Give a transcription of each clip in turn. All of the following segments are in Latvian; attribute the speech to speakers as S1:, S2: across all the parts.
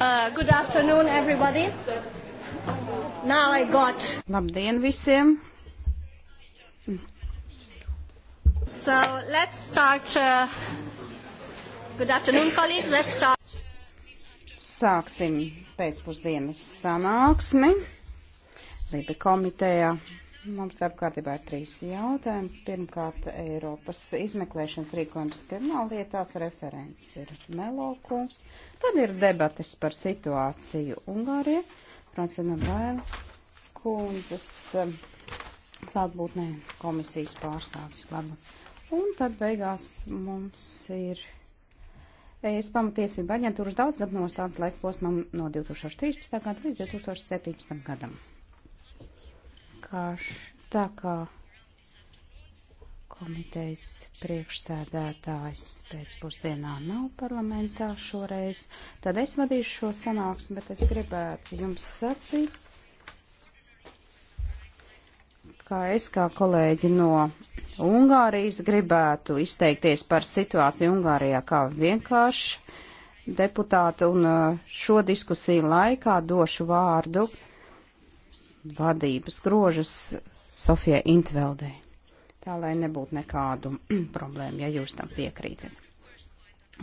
S1: Uh, good afternoon, everybody.
S2: Now I got. Labdien visiem. So let's start. Uh,
S1: good afternoon, colleagues. Let's start.
S2: Sāksim pēcpusdienas sanāksmi. Libi komitejā Mums darba kārtībā ir trīs jautājumi. Pirmkārt, Eiropas izmeklēšanas rīkojums krimināla lietās referents ir Melokums. Tad ir debates par situāciju Ungārijā. Francina Baila kundzes um, klātbūtnē komisijas pārstāvis klāba. Un tad beigās mums ir. Es pamatiesību aģentūras daudzgad nostāsts laikposmam no 2013. gada līdz 2017. gadam vienkārši tā kā komitejas priekšsēdētājs pēcpusdienā nav parlamentā šoreiz, tad es vadīšu šo sanāksmi, bet es gribētu jums sacīt, kā es kā kolēģi no Ungārijas gribētu izteikties par situāciju Ungārijā kā vienkārši deputātu un uh, šo diskusiju laikā došu vārdu vadības grožas Sofija Intveldē. Tā lai nebūtu nekādu problēmu, ja jūs tam piekrītat.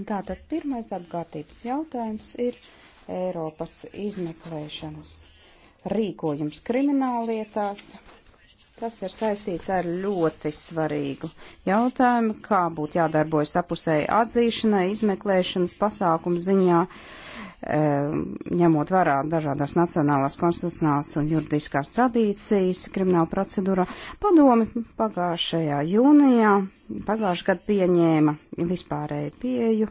S2: Tātad pirmais darba kārtības jautājums ir Eiropas izmeklēšanas rīkojums krimināllietās. Tas ir saistīts ar ļoti svarīgu jautājumu, kā būtu jādarbojas apusēji atzīšanai, izmeklēšanas pasākumu ziņā. Uh, Ehm, ņemot vērā dažādās nacionālās, konstitucionālās un juridiskās tradīcijas krimināla procedūra. Padomi pagājušajā jūnijā, pagājušajā gadu pieņēma vispārēju pieju.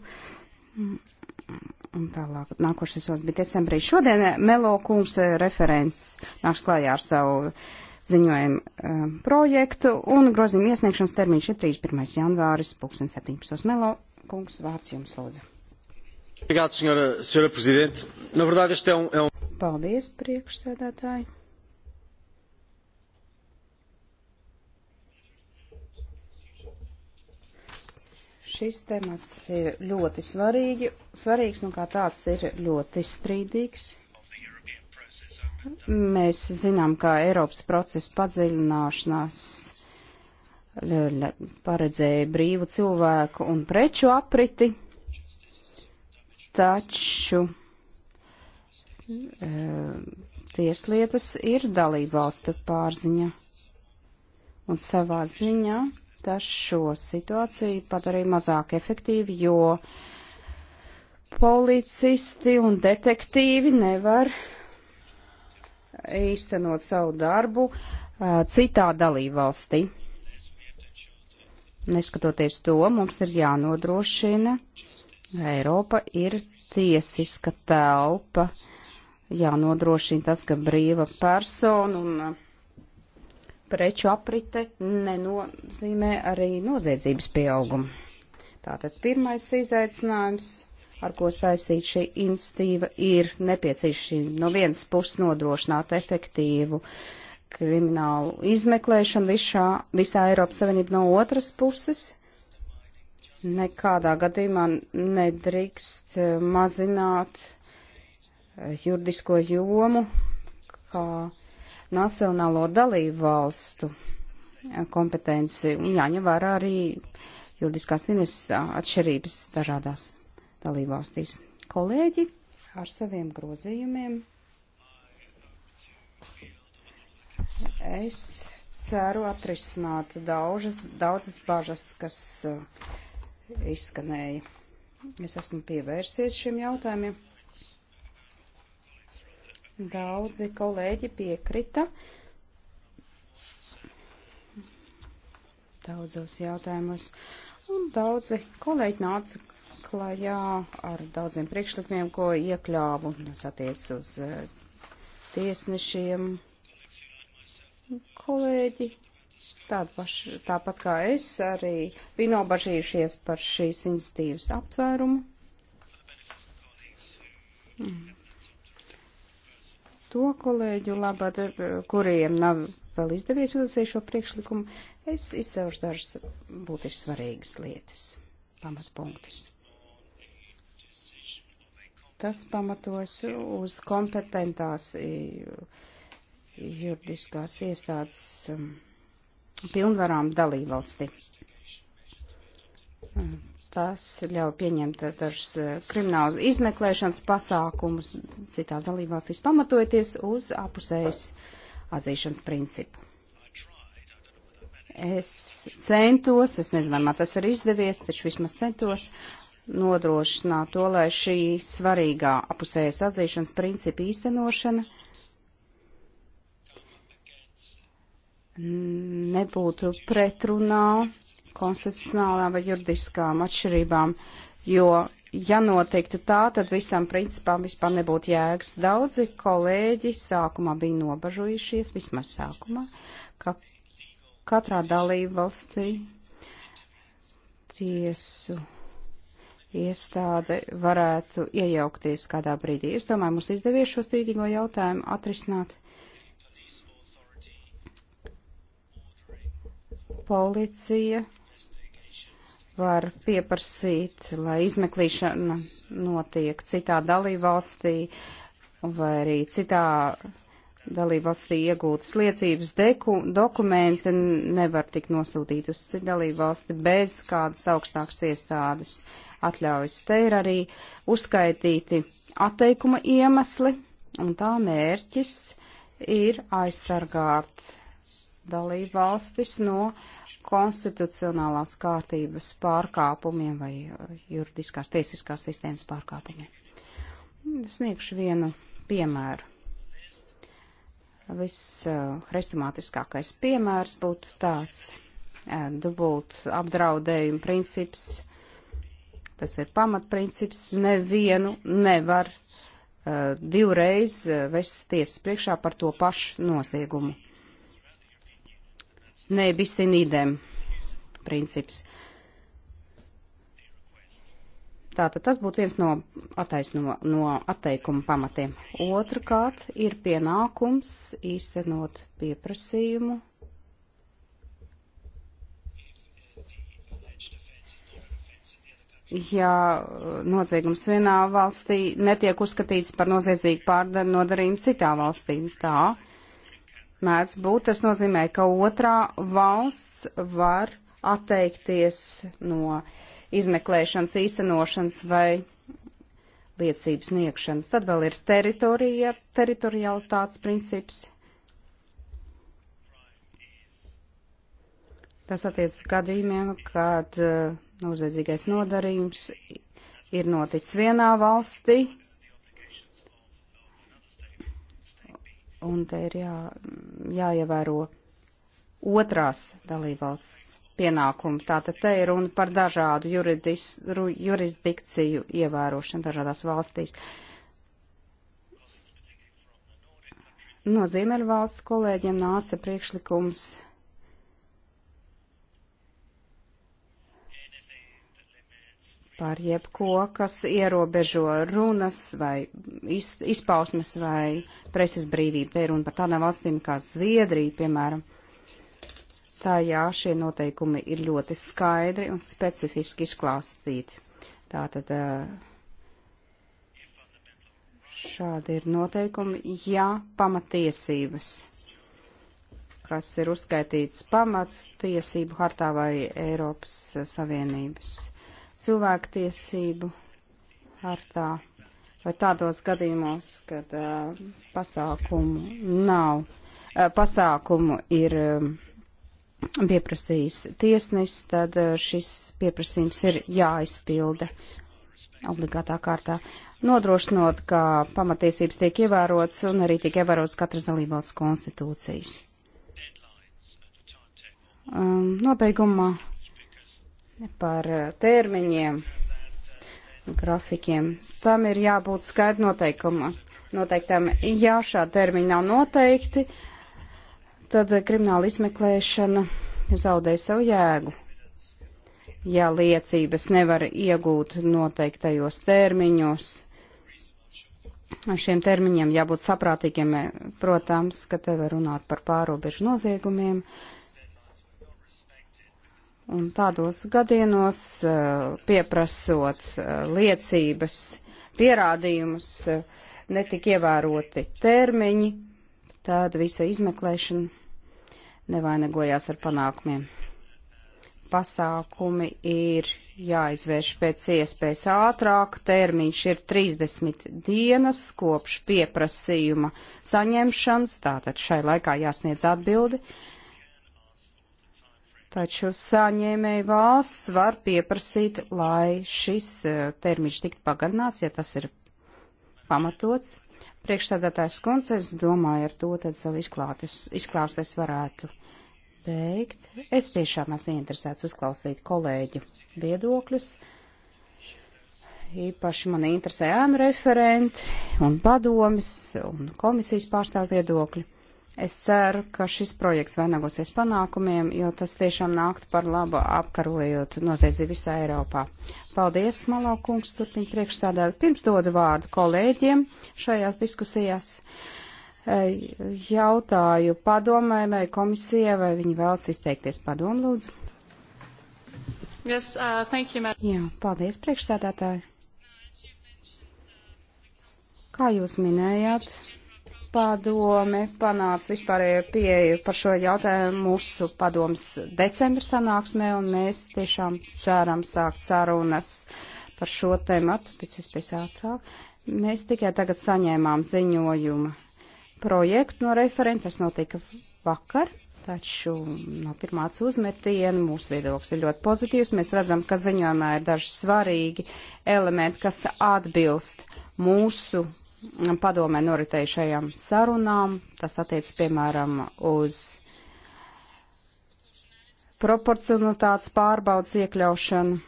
S2: Un tālāk, nākošais solis bija decembrī. Šodien Melo kungs eh, referents nāks klājā ar savu ziņojumu um, projektu un grozījuma iesniegšanas termiņš ir 31. janvāris 2017. Melo kungs vārds jums lūdzu. Um, um- Paldies, priekšsēdētāji! šis temats ir ļoti svarīgi, svarīgs un kā tāds ir ļoti strīdīgs. Mēs zinām, ka Eiropas procesa padziļināšanās paredzēja brīvu cilvēku un preču apriti, taču e, tieslietas ir dalība valstu pārziņa. Un savā ziņā tas šo situāciju padarīja mazāk efektīvi, jo policisti un detektīvi nevar īstenot savu darbu e, citā dalībvalstī. Neskatoties to, mums ir jānodrošina, Eiropa ir tiesiska telpa, jānodrošina tas, ka brīva persona un uh, preču aprite nenozīmē arī noziedzības pieaugumu. Tātad pirmais izaicinājums, ar ko saistīta šī institīva, ir nepieciešama no vienas puses nodrošināt efektīvu kriminālu izmeklēšanu visā, visā Eiropas Savienībā, no otras puses nekādā gadījumā nedrīkst eh, mazināt eh, juridisko jomu kā nacionālo dalību valstu eh, kompetenci un jāņem vērā arī juridiskās vienas atšķirības dažādās dalību valstīs. Kolēģi ar saviem grozījumiem. Es ceru atrisināt daužas, daudzas bažas, kas uh, izskanēja. Es esmu pievērsies šiem jautājumiem. Daudzi kolēģi piekrita daudzos jautājumos, un daudzi kolēģi nāca klajā ar daudziem priekšlikumiem, ko iekļāvu, tas attiec uz eh, tiesnešiem. Kolēģi Tāpaš, tāpat kā es arī bija nobažījušies par šīs institīvas aptvērumu. Mm. To kolēģu labad, kuriem nav vēl izdevies izlasīt šo priekšlikumu, es izsaušu dažas būtiski svarīgas lietas, pamatpunktus. Tas pamatos uz kompetentās juridiskās iestādes. Um, pilnvarām dalībvalsti. Tas ļauj pieņemt dažas eh, krimināla izmeklēšanas pasākumus citās dalībvalstīs pamatojoties uz apusējas atzīšanas principu. Es centos, es nezinu, vai man tas ir izdevies, taču vismaz centos nodrošināt to, lai šī svarīgā apusējas atzīšanas principa īstenošana uh, nebūtu pretrunā konstitucionālām vai juridiskām atšķirībām, jo, ja noteiktu tā, tad visam principām vispār nebūtu jēgas. Daudzi kolēģi sākumā bija nobažojušies, vismaz sākumā, ka katrā dalība valstī tiesu iestāde varētu iejaukties kādā brīdī. Es domāju, mums izdevies šo strīdīgo jautājumu atrisināt policija var pieprasīt, lai izmeklīšana notiek citā dalībvalstī vai arī citā dalībvalstī iegūtas liecības deku, dokumenti nevar tikt nosūtīt uz citu dalībvalsti bez kādas augstākas iestādes atļaujas. Te ir arī uzskaitīti atteikuma iemesli, un tā mērķis ir aizsargāt dalībvalstis no uh, konstitucionālās kārtības pārkāpumiem vai uh, juridiskās tiesiskās sistēmas pārkāpumiem. Mm, sniegšu vienu piemēru. Vishrestomātiskākais uh, piemērs būtu tāds uh, dubult apdraudējuma princips. Tas ir pamatprincips. Nevienu nevar uh, divreiz uh, vest tiesas priekšā par to pašu noziegumu nebisinīdēm princips. Tātad tas būtu viens no, attaisno, no atteikuma pamatiem. Otrakārt ir pienākums īstenot pieprasījumu. Ja noziegums vienā valstī netiek uzskatīts par noziedzīgu pārdarījumu citā valstī, tā mēdz būt. Tas nozīmē, ka otrā valsts var atteikties no izmeklēšanas, īstenošanas vai liecības sniegšanas. Tad vēl ir teritorija, teritorialitātes princips. Tas attiecas gadījumiem, kad uh, noziedzīgais nodarījums ir noticis vienā valstī, un te ir jā, jāievēro otrās dalībvalsts pienākumu. Tātad te ir runa par dažādu juridis, ru, jurisdikciju ievērošanu dažādās valstīs. No Ziemeļvalstu kolēģiem nāca priekšlikums par jebko, kas ierobežo runas vai iz, izpausmes vai preses brīvību. Te ir runa par tādām valstīm kā Zviedrija, piemēram. Tā jā, šie noteikumi ir ļoti skaidri un specifiski izklāstīti. Tātad eh, šādi ir noteikumi, ja pamatiesības, kas ir uzskaitīts pamatiesību hartā vai Eiropas Savienības cilvēktiesību hartā vai tādos gadījumos, kad uh, pasākumu nav, uh, pasākumu ir uh, pieprasījis tiesnis, tad uh, šis pieprasījums ir jāizpilda obligātā kārtā, nodrošinot, ka pamatiesības tiek ievērots un arī tiek ievērots katras dalībvalsts konstitūcijas. Um, nobeigumā par termiņiem. Uh, grafikiem. Tam ir jābūt skaidri noteikuma. Noteiktam, ja šādi termiņi nav noteikti, tad krimināla izmeklēšana zaudē savu jēgu. Ja liecības nevar iegūt noteiktajos termiņos, šiem termiņiem jābūt saprātīgiem, protams, ka te var runāt par pārobežu noziegumiem. Uh, Un tādos gadienos eh, pieprasot eh, liecības, pierādījumus, eh, netika ievēroti termiņi, tad visa izmeklēšana nevainagojās ar panākumiem. Pasākumi ir jāizvērš pēc iespējas ātrāk, termiņš ir 30 dienas kopš pieprasījuma saņemšanas, tātad šai laikā jāsniedz atbildi. Uh, Taču saņēmēji valsts var pieprasīt, lai šis e, termiņš tiktu pagarināts, ja tas ir pamatots. Priekšstādātājs kundze, es domāju, ar to tad savu izklāstes varētu beigt. Es tiešām esmu interesēts uzklausīt kolēģu viedokļus. Īpaši mani interesē ēnu referenti un padomis un komisijas pārstāv viedokļi. Es ceru, ka šis projekts vainagosies panākumiem, jo tas tiešām nāktu par labu apkarojot noziedzību visā Eiropā. Paldies, Malo kungs, turpin priekšsādāt. Pirms dodu vārdu kolēģiem šajās diskusijās. Eh, jautāju padomai vai komisijai, vai viņi vēlas izteikties padomu, lūdzu. Yes, uh, thank you, man. Jā, paldies, priekšsādātāji. Kā jūs minējāt? padome panāca vispārējo pieeju par šo jautājumu mūsu padomas decembra sanāksmē, un mēs tiešām ceram sākt sarunas par šo tematu pēc vispēc ātrāk. Mēs tikai tagad saņēmām ziņojumu projektu no referenta, tas notika vakar, taču no pirmās uzmetiena mūsu viedoklis ir ļoti pozitīvs. Mēs redzam, ka ziņojumā ir daži svarīgi elementi, kas atbilst mūsu padomē noritējušajām sarunām. Tas attiec, piemēram, uz proporcionalitātes pārbaudas iekļaušanu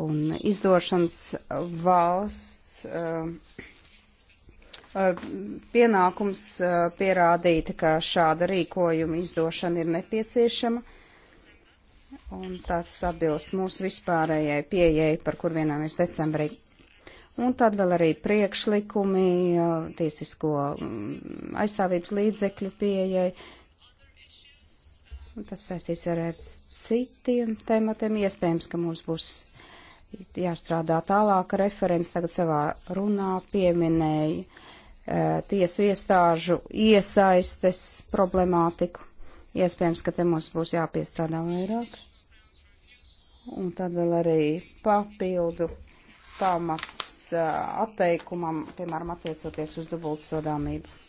S2: un izdošanas valsts uh, pienākums uh, pierādīt, ka šāda rīkojuma izdošana ir nepieciešama. Un tāds atbilst mūsu vispārējai pieejai, par kur vienā mēs decembrī Un tad vēl arī priekšlikumi tiesisko mm, aizstāvības līdzekļu pieejai. Tas saistīs arī ar citiem tematiem. Iespējams, ka mums būs jāstrādā tālāk. Referents tagad savā runā pieminēja eh, tiesu iestāžu iesaistes problemātiku. Iespējams, ka te mums būs jāpiestrādā vairāk. Un tad vēl arī papildu pamats atteikumam, piemēram, attiecoties uz dubultsodāmību.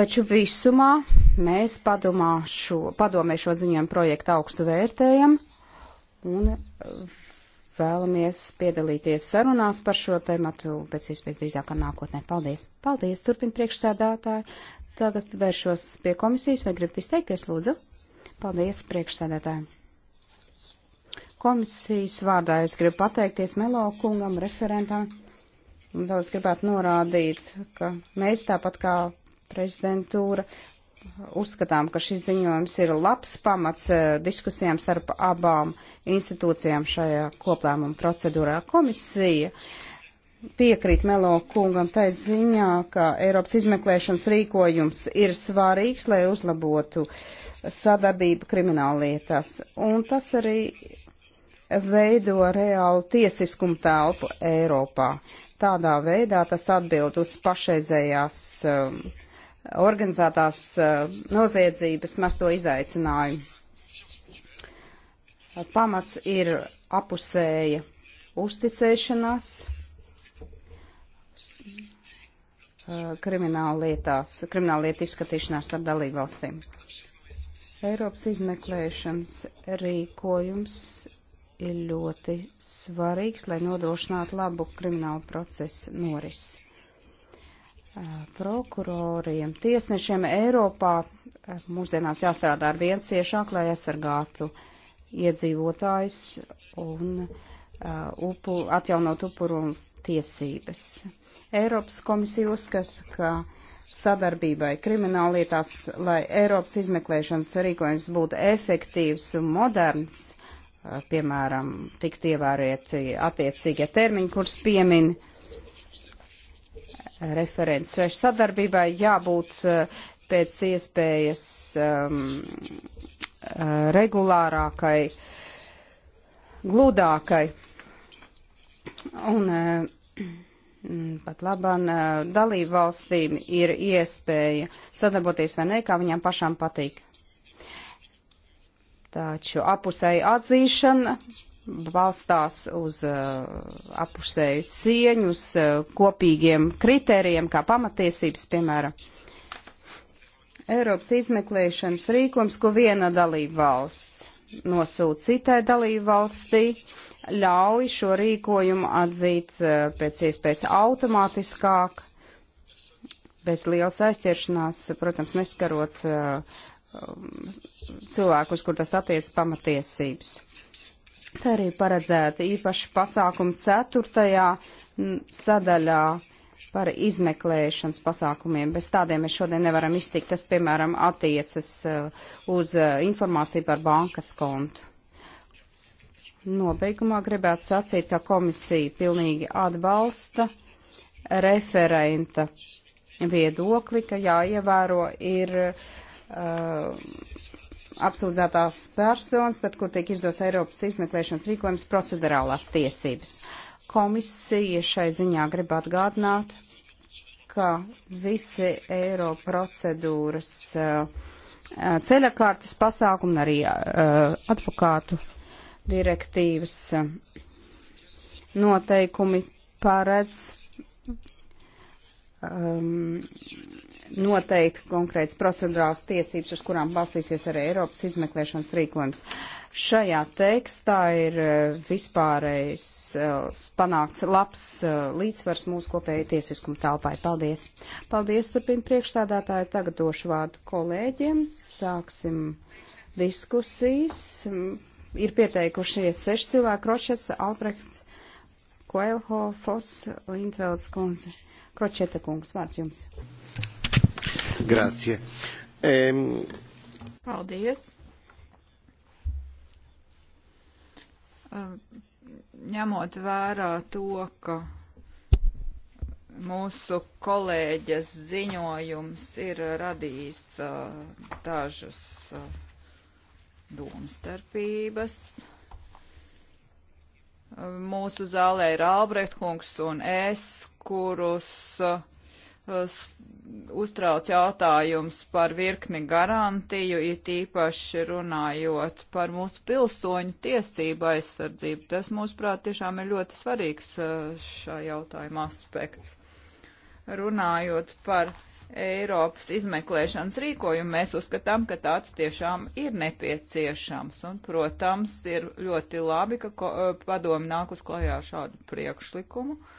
S2: Taču visumā mēs padomā šo, padomē šo ziņojumu projektu augstu vērtējam un vēlamies piedalīties sarunās par šo tematu pēc iespējas drīzākā nākotnē. Paldies! Paldies! Turpin priekšsēdētāji! Tagad vēršos pie komisijas, vai gribat izteikties, lūdzu? Paldies, priekšsēdētāji! Komisijas vārdā es gribu pateikties Melo kungam, referentam. Vēl es gribētu norādīt, ka mēs tāpat kā prezidentūra uzskatām, ka šis ziņojums ir labs pamats eh, diskusijām starp abām institūcijām šajā koplēmuma procedūrā. Komisija piekrīt Melo kungam tai ziņā, ka Eiropas izmeklēšanas rīkojums ir svarīgs, lai uzlabotu sadarbību krimināllietās. Un tas arī veido reālu tiesiskumu telpu Eiropā. Tādā veidā tas atbild uz pašreizējās um, organizētās uh, noziedzības mesto izaicinājumu. Pamats ir apusēja uzticēšanās uh, krimināllietās, krimināllietu izskatīšanās starp dalībvalstīm. Eiropas izmeklēšanas rīkojums ir ļoti svarīgs, lai nodrošinātu labu kriminālu procesu norisi. Prokuroriem, tiesnešiem Eiropā mūsdienās jāstrādā ar viens ciešāk, lai aizsargātu iedzīvotājs un uh, upu, atjaunot upuru un tiesības. Eiropas komisija uzskata, ka sadarbībai krimināllietās, lai Eiropas izmeklēšanas rīkojums būtu efektīvs un moderns, Eh, piemēram, tiktu ievērēti attiecīgie termiņi, kurus piemin eh, referents rešu sadarbībai, jābūt eh, pēc iespējas um, regulārākai, gludākai. Un uh, pat labam uh, dalību valstīm ir iespēja sadarboties vai nē, kā viņām pašām patīk. Taču apusēja atzīšana balstās uz uh, apusēju cieņu, uz uh, kopīgiem kritērijiem, kā pamatiesības, piemēram. Eiropas izmeklēšanas rīkums, ko viena dalība valsts nosūta citai dalību valstī, ļauj šo rīkojumu atzīt uh, pēc iespējas automātiskāk, bez lielas aizķeršanās, protams, neskarot uh, Um, cilvēku, uz kur tas attiec pamatiesības. Te arī paredzēta īpaši pasākuma ceturtajā sadaļā par izmeklēšanas pasākumiem. Bez tādiem mēs šodien nevaram iztikt. Tas, piemēram, attiecas uh, uz uh, informāciju par bankas kontu. Nobeigumā gribētu sacīt, ka komisija pilnīgi atbalsta referenta viedokli, ka jāievēro ir uh, Uh, apsūdzētās personas, pret kur tiek izdots Eiropas izmeklēšanas rīkojums procedurālās tiesības. Komisija šai ziņā grib atgādināt, ka visi eiro procedūras uh, uh, ceļakārtas pasākumi, arī advokātu direktīvas noteikumi paredz um, noteikt konkrētas procedurālas tiesības, uz kurām balstīsies arī Eiropas izmeklēšanas rīkojums. Šajā tekstā ir uh, vispārējais uh, panākts labs uh, līdzsvars mūsu kopējai tiesiskuma telpai. Paldies! Paldies, turpina priekšstādātāji. Tagad došu vārdu kolēģiem. Sāksim diskusijas. Mm, ir pieteikušies seši cilvēki - Rošas, Albrechts, Koelho, Fos, Intvelds kundze. Uh, Kročeta kungs, vārds jums.
S3: Grācie. Um...
S1: Paldies. Um, ņemot vērā to, ka mūsu kolēģes ziņojums ir radījis uh, dažas uh, domstarpības. Uh, mūsu zālē ir Albrecht kungs un es, kurus uh, uztrauc jautājums par virkni garantiju, it īpaši runājot par mūsu pilsoņu tiesību aizsardzību. Tas, mūsuprāt, tiešām ir ļoti svarīgs uh, šā jautājuma aspekts. Runājot par Eiropas izmeklēšanas rīkojumu, mēs uzskatām, ka tāds tiešām ir nepieciešams. Un, protams, ir ļoti labi, ka uh, padomi nāk uz klajā šādu priekšlikumu. Uh,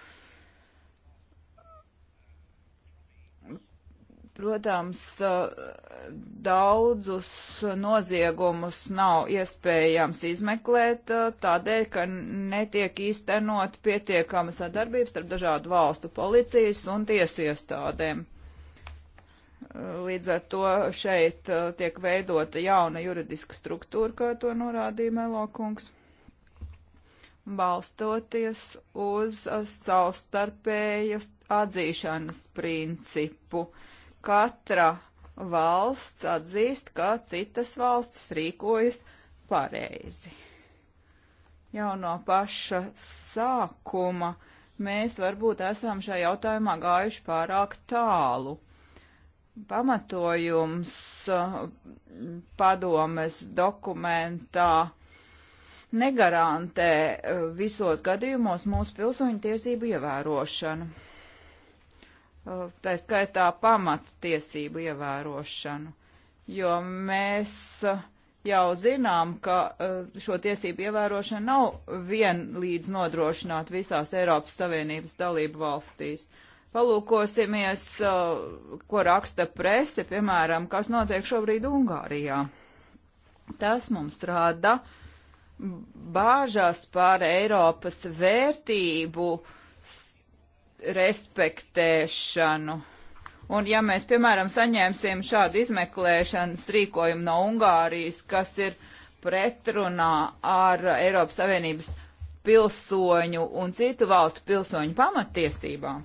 S1: Protams, daudzus noziegumus nav iespējams izmeklēt tādēļ, ka netiek īstenot pietiekama sadarbības starp dažādu valstu policijas un tiesu iestādēm. Līdz ar to šeit tiek veidota jauna juridiska struktūra, kā to norādīja Melokungs, balstoties uz savstarpējas atzīšanas principu. Uh, katra valsts atzīst, ka citas valsts rīkojas pareizi. Jau no paša sākuma mēs varbūt esam šajā jautājumā gājuši pārāk tālu. Pamatojums eh, padomes dokumentā negarantē eh, visos gadījumos mūsu pilsoņu tiesību ievērošanu. Uh, tā skaitā pamatstiesību ievērošanu, jo mēs uh, jau zinām, ka uh, šo tiesību ievērošana nav vienlīdz nodrošināta visās Eiropas Savienības dalību valstīs. Palūkosimies, ko raksta prese, piemēram, kas notiek šobrīd Ungārijā. Tas mums rāda bāžas par Eiropas vērtību uh, respektēšanu. Un ja mēs, piemēram, saņemsim šādu izmeklēšanas rīkojumu no Ungārijas, kas ir pretrunā ar Eiropas Savienības pilsoņu un citu valstu pilsoņu pamatiesībām,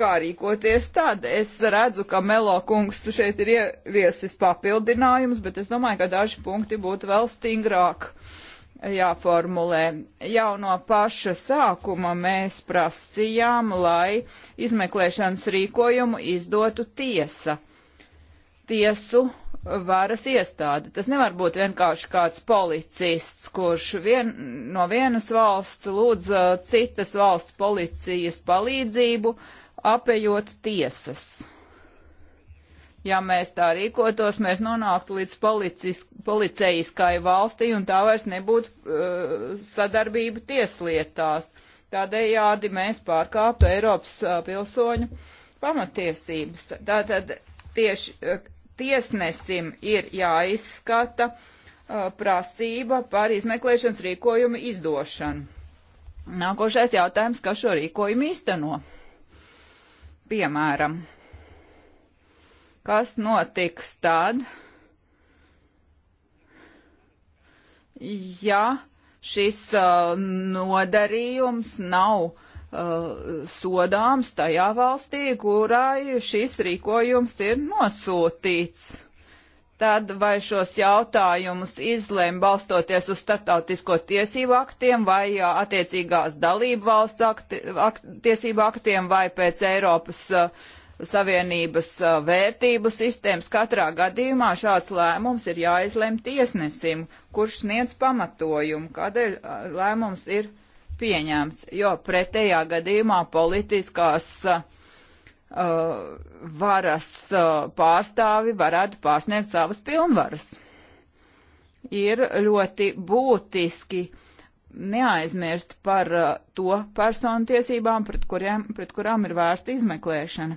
S1: kā rīkoties tad? Es redzu, ka Melo kungs šeit ir ieviesis papildinājums, bet es domāju, ka daži punkti būtu vēl stingrāk. Uh, jāformulē. Jau no paša sākuma mēs prasījām, lai izmeklēšanas rīkojumu izdotu tiesa. Tiesu varas iestāde. Tas nevar būt vienkārši kāds policists, kurš vien, no vienas valsts lūdz uh, citas valsts policijas palīdzību, apējot tiesas. Ja mēs tā rīkotos, mēs nonāktu līdz policis, policijiskai valstī un tā vairs nebūtu uh, sadarbība tieslietās. Tādējādi mēs pārkāptu Eiropas uh, pilsoņu pamatiesības. Tātad tieši uh, tiesnesim ir jāizskata uh, prasība par izmeklēšanas rīkojumu izdošanu. Nākošais jautājums, kas šo rīkojumu īsteno? Piemēram, Kas notiks tad, ja šis uh, nodarījums nav uh, sodāms tajā valstī, kurai šis rīkojums ir nosūtīts. Tad vai šos jautājumus izlēma balstoties uz starptautisko tiesību aktiem vai uh, attiecīgās dalību valsts akti, ak, tiesību aktiem vai pēc Eiropas uh, Savienības vērtību sistēmas. Katrā gadījumā šāds lēmums ir jāizlem tiesnesim, kurš sniedz pamatojumu, kādēļ lēmums ir pieņemts, jo pretējā gadījumā politiskās uh, varas uh, pārstāvi varētu pārsniegt savas pilnvaras. Ir ļoti būtiski neaizmirst par uh, to personu tiesībām, pret, kuriem, pret kurām ir vērsta izmeklēšana.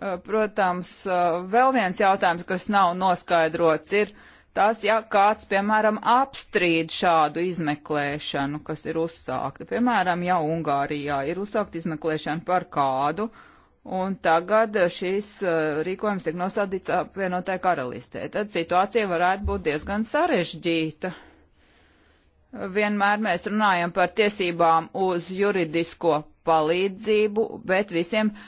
S1: Eh, protams, eh, vēl viens jautājums, kas nav noskaidrots, ir tas, ja kāds, piemēram, apstrīd šādu izmeklēšanu, kas ir uzsākta. Piemēram, ja Ungārijā ir uzsākta izmeklēšana par kādu, un tagad šīs eh, rīkojums tiek nosādīts apvienotāja karalistē, tad situācija varētu būt diezgan sarežģīta. Vienmēr mēs runājam par tiesībām uz juridisko palīdzību, bet visiem uh,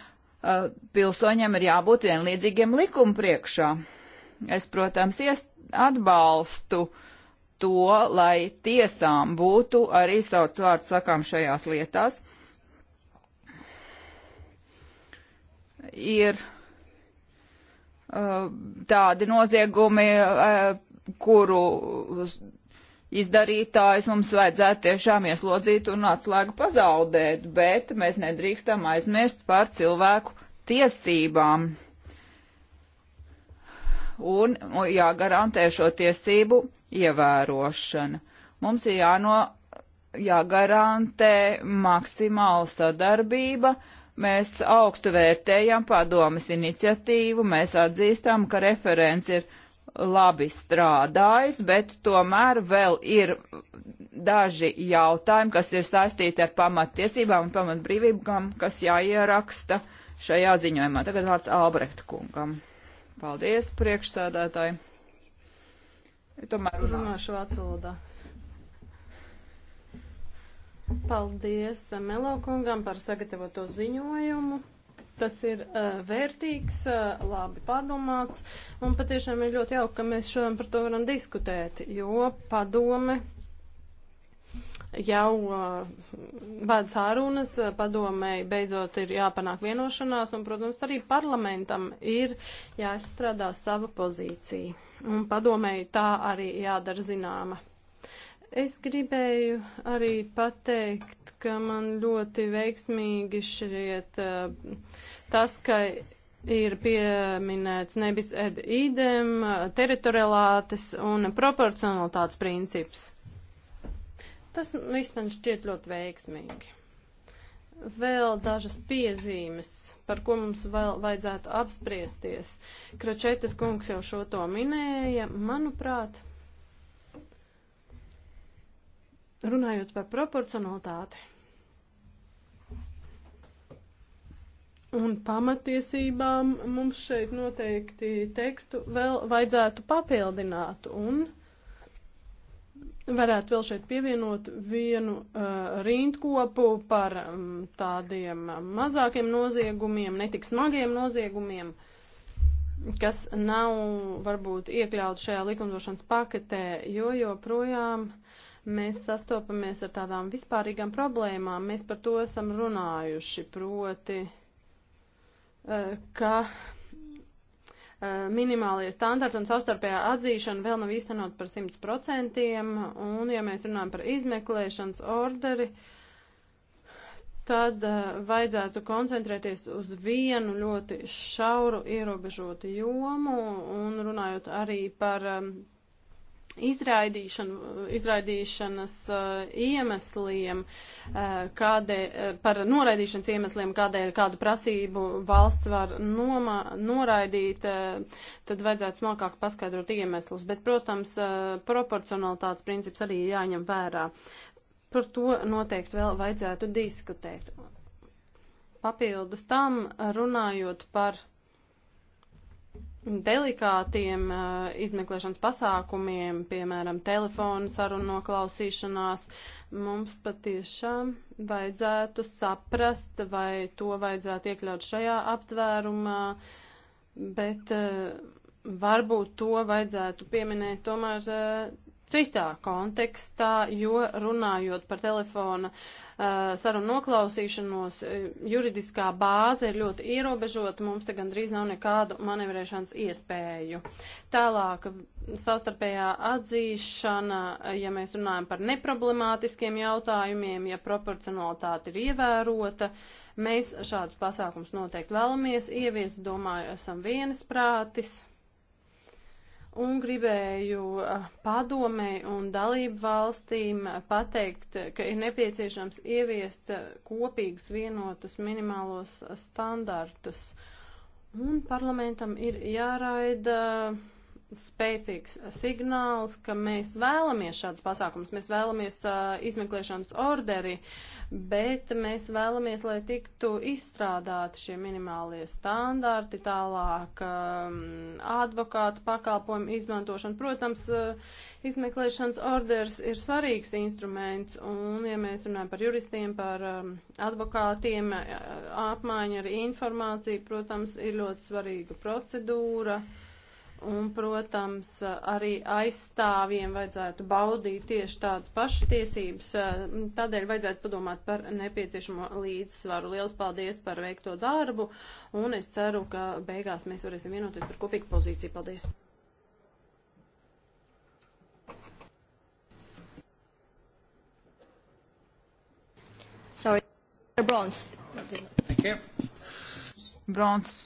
S1: Eh, pilsoņiem ir jābūt vienlīdzīgiem likumu priekšā. Es, protams, atbalstu to, lai tiesām būtu arī sauc vārds sakām šajās lietās. Ir eh, tādi noziegumi, eh, kuru izdarītājus mums vajadzētu tiešām ieslodzīt un atslēgu pazaudēt, bet mēs nedrīkstam aizmirst par cilvēku tiesībām. Un jāgarantē šo tiesību ievērošana. Mums ir jāno, jāgarantē maksimāla sadarbība. Mēs augstu vērtējam padomas iniciatīvu, mēs atzīstam, ka referents ir labi strādājis, bet tomēr vēl ir daži jautājumi, kas ir saistīti ar pamattiesībām un pamatbrīvībām, kas jāieraksta šajā ziņojumā. Tagad vārds Albrecht kungam. Paldies, priekšsēdētāji. Tomēr runāšu vācu valodā.
S3: Paldies Melo kungam par sagatavoto ziņojumu. Tas ir uh, vērtīgs, uh, labi pārdomāts, un patiešām ir ļoti jauki, ka mēs šodien par to varam diskutēt, jo padome jau uh, eh, vēd sārunas, padomēji beidzot ir jāpanāk vienošanās, un, protams, arī parlamentam ir jāizstrādā sava pozīcija, un padomēji tā arī jādara zināma. Es gribēju arī pateikt, ka man ļoti veiksmīgi šķiet tas, ka ir pieminēts nevis ed idem, teritorialātes un proporcionalitātes princips. Tas viss man šķiet ļoti veiksmīgi. Vēl dažas piezīmes, par ko mums vēl vajadzētu apspriesties. Kračetes kungs jau šo to minēja, manuprāt. Runājot par proporcionalitāti un pamatiesībām, mums šeit noteikti tekstu vēl vajadzētu papildināt un varētu vēl šeit pievienot vienu uh, rindkopu par um, tādiem mazākiem noziegumiem, netik smagiem noziegumiem. Uh, kas nav varbūt iekļauts šajā likumdošanas paketē, jo joprojām mēs sastopamies ar tādām vispārīgām problēmām. Mēs par to esam runājuši, proti, eh, ka eh, minimālie standarti un savstarpējā atzīšana vēl nav īstenot par 100%, un ja mēs runājam par izmeklēšanas orderi, tad uh, vajadzētu koncentrēties uz vienu ļoti šauru ierobežotu jomu un runājot arī par um, izraidīšanu, izraidīšanas eh, iemesliem, eh, kādē, eh, par noraidīšanas iemesliem, kādēļ kādu prasību valsts var noma, noraidīt, tad vajadzētu smalkāk paskaidrot iemeslus. Bet, protams, proporcionalitātes princips arī jāņem vērā. Par to noteikti vēl vajadzētu diskutēt. Papildus tam runājot par delikātiem uh, izmeklēšanas pasākumiem, piemēram, telefonu sarunu noklausīšanās, mums patiešām vajadzētu saprast, vai to vajadzētu iekļaut šajā aptvērumā, bet uh, varbūt to vajadzētu pieminēt tomēr uh, citā kontekstā, jo runājot par telefona uh, sarunu noklausīšanos, uh, juridiskā bāze ir ļoti ierobežota, mums te gandrīz nav nekādu manevrēšanas iespēju. Tālāk, savstarpējā atzīšana, ja mēs runājam par neproblemātiskiem jautājumiem, ja proporcionalitāte ir ievērota, mēs šādus pasākums noteikti vēlamies ieviest, domāju, esam vienas prātis un gribēju eh, padomei un dalību valstīm pateikt, ka ir nepieciešams ieviest eh, kopīgus vienotus minimālos standartus. Un parlamentam ir jāraida uh, spēcīgs signāls, ka mēs vēlamies šāds pasākums, mēs vēlamies uh, izmeklēšanas orderi, bet mēs vēlamies, lai tiktu izstrādāti šie minimālie standarti, tālāk um, advokātu pakalpojumu izmantošana. Protams, uh, izmeklēšanas orders ir svarīgs instruments, un ja mēs runājam par juristiem, par um, advokātiem, apmaiņa ar informāciju, protams, ir ļoti svarīga procedūra. Uh, Un, protams, arī aizstāvjiem vajadzētu baudīt tieši tādas pašas tiesības. Tādēļ vajadzētu padomāt par nepieciešamo līdzsvaru. Lielas paldies par veikto darbu, un es ceru, ka beigās mēs varēsim vienoties par kopīgu pozīciju. Paldies!
S1: Sorry, Brons. Thank you. Brons.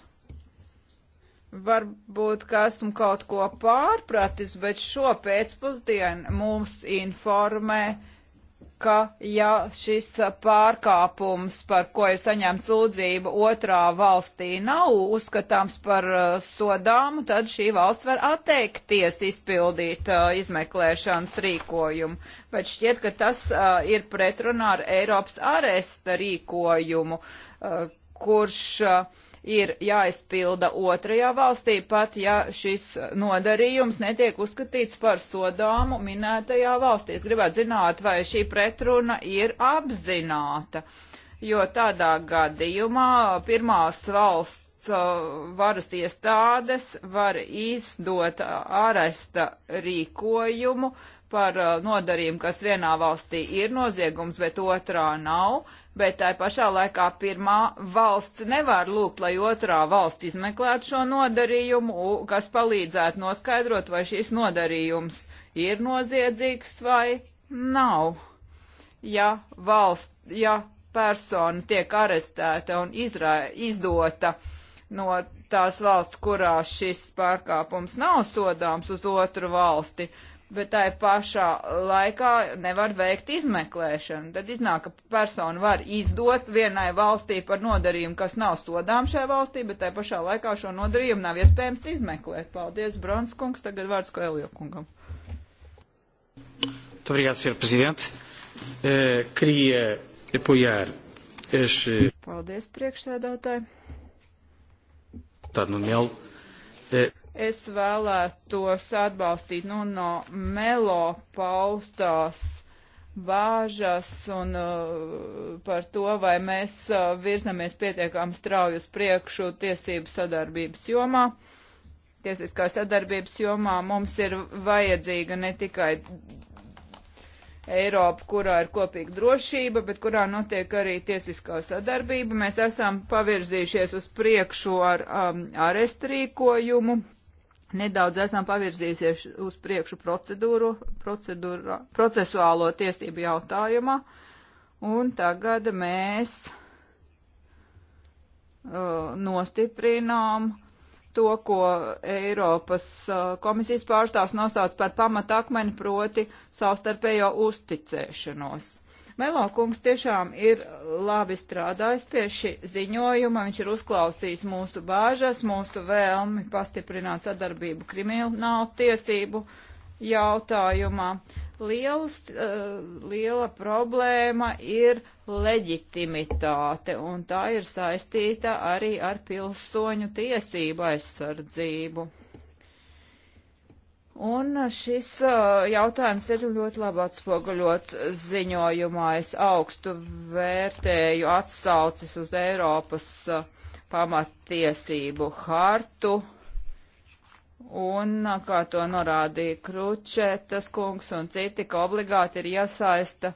S1: Varbūt, ka esmu kaut ko pārpratis, bet šo pēcpusdienu mums informē, ka ja šis pārkāpums, par ko ir saņemts sūdzība otrā valstī, nav uzskatāms par uh, sodāmu, tad šī valsts var atteikties izpildīt uh, izmeklēšanas rīkojumu. Bet šķiet, ka tas uh, ir pretrunā ar Eiropas aresta rīkojumu, uh, kurš uh, ir jāizpilda otrajā valstī, pat ja šis nodarījums netiek uzskatīts par sodāmu minētajā valstī. Es gribētu zināt, vai šī pretruna ir apzināta, jo tādā gadījumā pirmās valsts uh, varas iestādes var izdot āresta rīkojumu, uh, par uh, nodarījumu, kas vienā valstī ir noziegums, bet otrā nav, bet tai pašā laikā pirmā valsts nevar lūgt, lai otrā valsts izmeklētu šo nodarījumu, kas palīdzētu noskaidrot, vai šis nodarījums ir noziedzīgs vai nav. Ja valsts, ja persona tiek arestēta un izrā, izdota no tās valsts, kurā šis pārkāpums nav sodāms uz otru valsti, bet tai pašā laikā nevar veikt izmeklēšanu. Tad iznāk, ka persona var izdot vienai valstī par nodarījumu, kas nav stodām šai valstī, bet tai pašā laikā šo nodarījumu nav iespējams izmeklēt. Paldies, Bronskungs, tagad vārds Koelio kungam.
S2: Obrigado, Sr. Presidente. Uh, queria apoiar este.
S1: Paldies, priekšsēdētāji.
S2: Deputado Nuno Melo. Uh, eh,
S1: Es vēlētos atbalstīt nu no melo paustās bāžas un uh, par to, vai mēs uh, virzamies pietiekām strauju uz priekšu tiesību sadarbības jomā. Tiesiskā sadarbības jomā mums ir vajadzīga ne tikai Eiropa, kurā ir kopīga drošība, bet kurā notiek arī tiesiskā sadarbība. Mēs esam pavirzījušies uz priekšu ar um, arestrīkojumu. Ar Nedaudz esam pavirzījušies uz priekšu procedūru, procesuālo tiesību jautājumā, un tagad mēs uh, nostiprinām to, ko Eiropas uh, komisijas pārstāvs nosauc par pamatakmeni, proti savstarpējo uzticēšanos. Uh, Melokungs tiešām ir labi strādājis pie šī ziņojuma, viņš ir uzklausījis mūsu bāžas, mūsu vēlmi pastiprināt sadarbību kriminālu tiesību jautājumā. Liels, eh, liela problēma ir leģitimitāte, un tā ir saistīta arī ar pilsoņu tiesību aizsardzību. Un šis jautājums ir ļoti labi atspoguļots ziņojumā. Es augstu vērtēju atsaucis uz Eiropas pamattiesību hartu. Un, kā to norādīja Kručetas kungs un citi, ka obligāti ir jāsaista,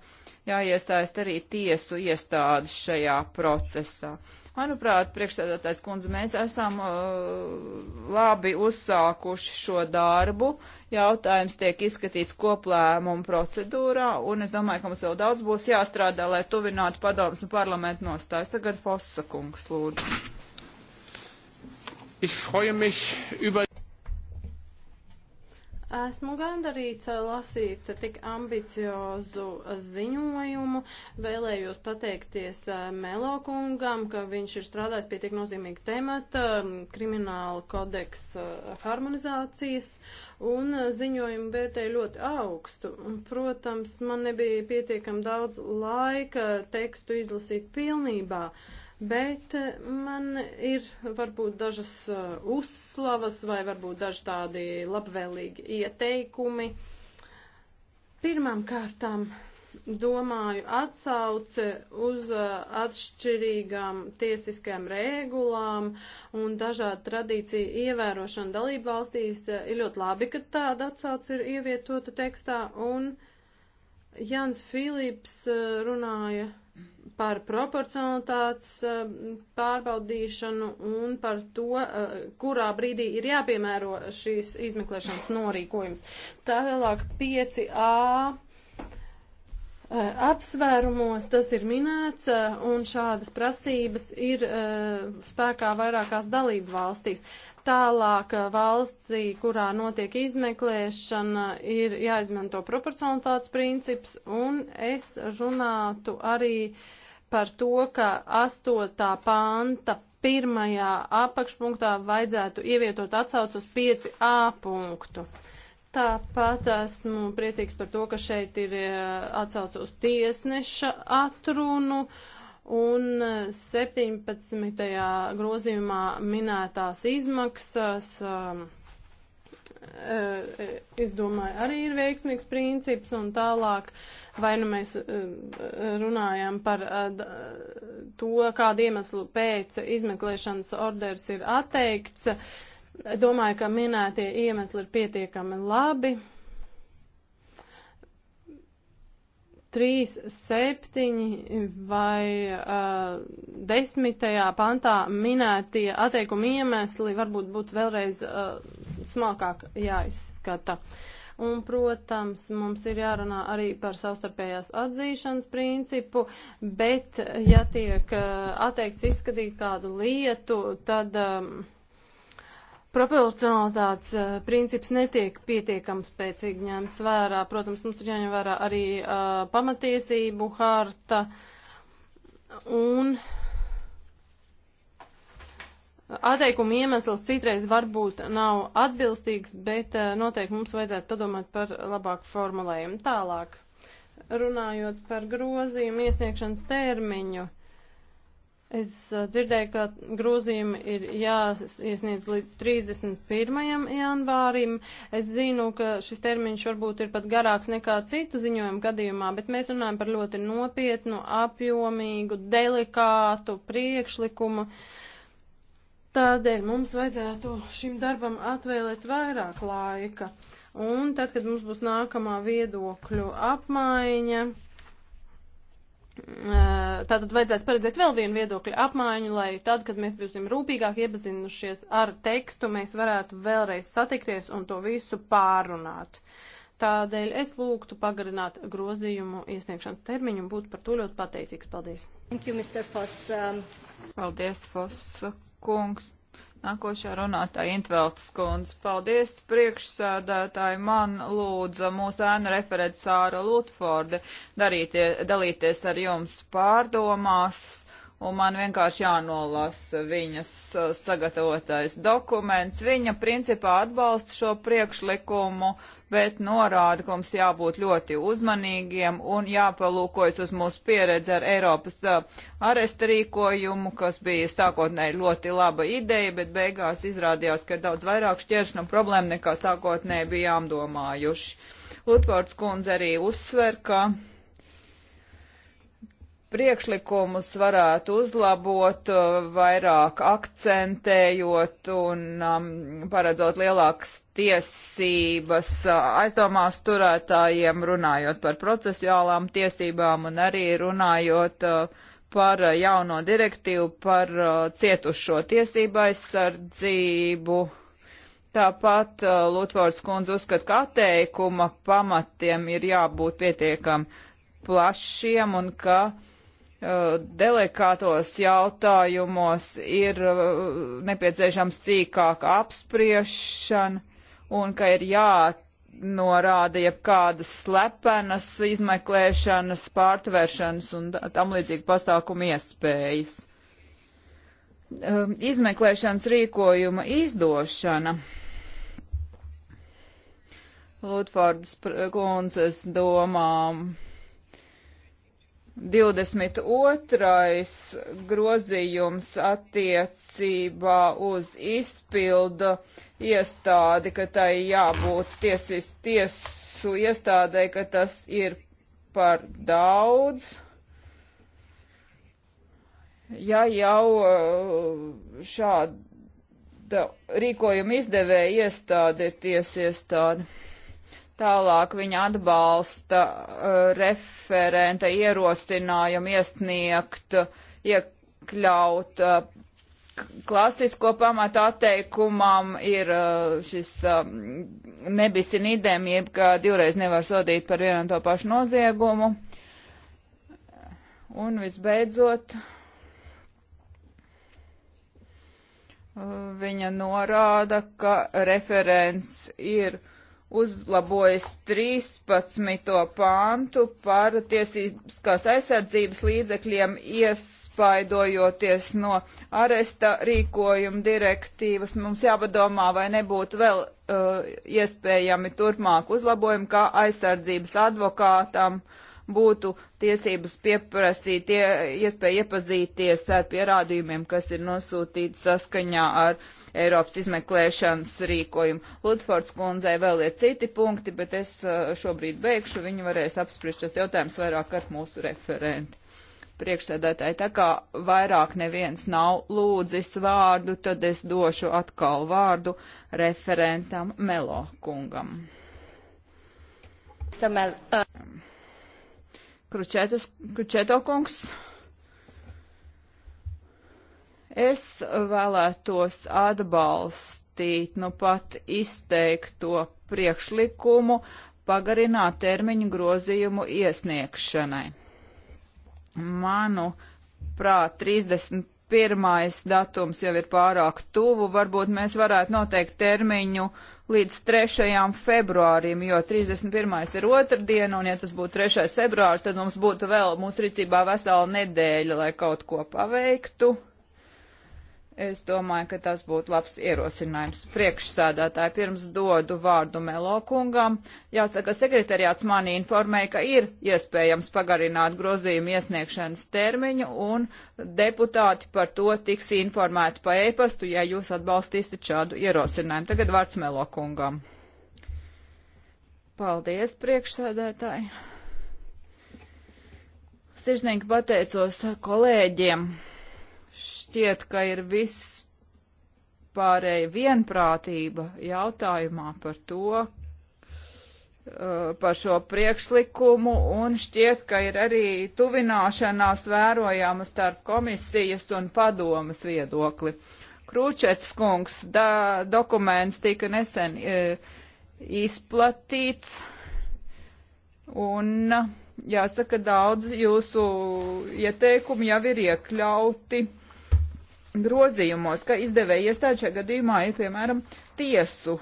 S1: jāiesaista arī tiesu iestādes šajā procesā. Uh, Manuprāt, priekšsēdētājs kundze, mēs esam uh, labi uzsākuši šo darbu. Jautājums tiek izskatīts koplēmumu procedūrā, un es domāju, ka mums vēl daudz būs jāstrādā, lai tuvinātu padomus un parlamentu nostājas. Tagad Fossa kungs lūdzu. Ich freue mich über
S3: Esmu gandarīts lasīt tik ambiciozu ziņojumu. Vēlējos pateikties eh, Melokungam, ka viņš ir strādājis pie tik nozīmīga temata mm, - krimināla kodeksa eh, harmonizācijas, un eh, ziņojumu vērtēju ļoti augstu. Protams, man nebija pietiekam daudz laika tekstu izlasīt pilnībā. Uh, Bet eh, man ir varbūt dažas eh, uzslavas vai varbūt daži tādi labvēlīgi ieteikumi. Pirmām kārtām domāju atsauce uz eh, atšķirīgām tiesiskajām regulām un dažādu tradīciju ievērošanu dalību valstīs. Ir ļoti labi, ka tāda atsauce ir ievietota tekstā un Jans Filips runāja par proporcionalitātes eh, pārbaudīšanu un par to, eh, kurā brīdī ir jāpiemēro šīs izmeklēšanas norīkojums. Tālāk 5a eh, apsvērumos tas ir minēts, un šādas prasības ir spēkā vairākās dalību valstīs. Tālāk eh, valstī, kurā notiek izmeklēšana, ir jāizmanto proporcionalitātes princips, un es runātu arī par to, ka 8. panta pirmajā apakšpunktā vajadzētu ievietot atsaucu uz 5a punktu. Tāpat esmu priecīgs par to, ka šeit ir eh, atsaucu uz tiesneša atrunu. Uh, un 17. Eh, grozījumā minētās izmaksas. Um, eh, eh, es domāju, arī ir veiksmīgs princips, un tālāk vai nu mēs runājam par to, kādu iemeslu pēc izmeklēšanas orders ir atteikts. Domāju, ka minētie iemesli ir pietiekami labi, 3, 7 vai uh, 10. pantā minētie atteikumi iemesli varbūt būtu vēlreiz uh, smalkāk jāizskata. Un, protams, mums ir jārunā arī par savstarpējās atzīšanas principu, bet ja tiek uh, atteikts izskatīt kādu lietu, tad. Uh, Proporcionalitātes uh, princips netiek pietiekami spēcīgi ņemts vērā. Protams, mums ir jāņem vērā arī uh, pamatiesību harta un atteikuma iemesls citreiz varbūt nav atbilstīgs, bet uh, noteikti mums vajadzētu padomāt par labāku formulējumu. Tālāk, runājot par grozījumu iesniegšanas termiņu. Uh, Es uh, dzirdēju, ka grozījumi ir jāiesniedz līdz 31. janvārim. Es zinu, ka šis termiņš varbūt ir pat garāks nekā citu ziņojumu gadījumā, bet mēs runājam par ļoti nopietnu, apjomīgu, delikātu priekšlikumu. Tādēļ mums vajadzētu šim darbam atvēlēt vairāk laika. Un tad, kad mums būs nākamā viedokļu apmaiņa Tātad vajadzētu paredzēt vēl vienu viedokļu apmaiņu, lai tad, kad mēs būsim rūpīgāk iepazinušies ar tekstu, mēs varētu vēlreiz satikties un to visu pārunāt. Tādēļ es lūgtu pagarināt grozījumu iesniegšanas termiņu
S1: un būtu par to ļoti pateicīgs. Paldies! Thank you, Mr. Foss. Um... Paldies, Foss kungs! Nākošā runātāja Intveltas kundze. Paldies, priekšsēdētāji. Man lūdza mūsu ēna referents Sāra Lutforde darītie, dalīties ar jums pārdomās. Uh, un man vienkārši jānolasa viņas uh, sagatavotais dokuments. Viņa principā atbalsta šo priekšlikumu, bet norāda, ka mums jābūt ļoti uzmanīgiem un jāpalūkojas uz mūsu pieredzi ar Eiropas uh, aresta rīkojumu, kas bija sākotnēji ļoti laba ideja, bet beigās izrādījās, ka ir daudz vairāk šķēršņu problēmu nekā sākotnēji bijām domājuši. Lutvārds kundze arī uzsver, ka priekšlikumus varētu uzlabot, vairāk akcentējot un um, paredzot lielākas tiesības aizdomās turētājiem, runājot par procesuālām tiesībām un arī runājot uh, par jauno direktīvu par uh, cietušo tiesību aizsardzību. Tāpat uh, Lutvārds kundze uzskata, ka atteikuma pamatiem ir jābūt pietiekam plašiem un ka uh, Uh, delikātos jautājumos ir uh, nepieciešams sīkāka apspriešana un ka ir jānorāda jebkādas slepenas izmeklēšanas, pārtvēršanas un tam līdzīgi pasākumu iespējas. Um, izmeklēšanas rīkojuma izdošana. Lutfords kundzes domām 22. grozījums attiecībā uz izpildu iestādi, ka tai jābūt tiesis, tiesu iestādē, ka tas ir par daudz. Ja jau uh, šāda rīkojuma izdevēja iestāde ir tiesa iestāde. Tālāk viņa atbalsta uh, referenta ierosinājumu iesniegt, iekļaut uh, klasisko pamatu atteikumam ir uh, šis um, nebisin idem, jeb ka divreiz nevar sodīt par vienu un to pašu noziegumu. Un visbeidzot, uh, viņa norāda, ka referents ir uzlabojas 13. pāntu par tiesības aizsardzības līdzekļiem iespaidojoties no aresta rīkojuma direktīvas. Mums jāpadomā, vai nebūtu vēl uh, iespējami turpmāk uzlabojumi kā aizsardzības advokātam uh, būtu tiesības pieprasīt, ie, iespēja iepazīties ar pierādījumiem, kas ir nosūtīti saskaņā ar Eiropas izmeklēšanas rīkojumu. Ludfords kundzei vēl ir citi punkti, bet es uh, šobrīd beigšu, viņi varēs apspriest šos jautājumus vairāk ar mūsu referenti. Priekšsēdētāji, tā kā vairāk neviens nav lūdzis vārdu, tad es došu atkal vārdu referentam Melo kungam. Mr. Mel, uh... Um. Kručētas, Kručēto kungs. Es vēlētos atbalstīt nu pat izteikto priekšlikumu pagarināt termiņu grozījumu iesniegšanai. Manu prāt, 31. datums jau ir pārāk tuvu, varbūt mēs varētu noteikt termiņu līdz 3. februārim, jo 31. ir otrdiena, un ja tas būtu 3. februārs, tad mums būtu vēl mūsu rīcībā vesela nedēļa, lai kaut ko paveiktu. Es domāju, ka tas būtu labs ierosinājums priekšsādātāji. Pirms dodu vārdu Melokungam, jāsaka, sekretariāts mani informēja, ka ir iespējams pagarināt grozījumu iesniegšanas termiņu, un deputāti par to tiks informēti pa e-pastu, ja jūs atbalstīsiet šādu ierosinājumu. Tagad vārds Melokungam. Paldies, priekšsādātāji. Sirsnīgi pateicos kolēģiem šķiet, ka ir vispārēja vienprātība jautājumā par to, uh, par šo priekšlikumu, un šķiet, ka ir arī tuvināšanās vērojama starp komisijas un padomas viedokli. Krūčets kungs da, dokuments tika nesen e, izplatīts, un uh, jāsaka, daudz jūsu ieteikumu jau ir iekļauti grozījumos, ka izdevēja iestāde šajā gadījumā ir, piemēram, tiesu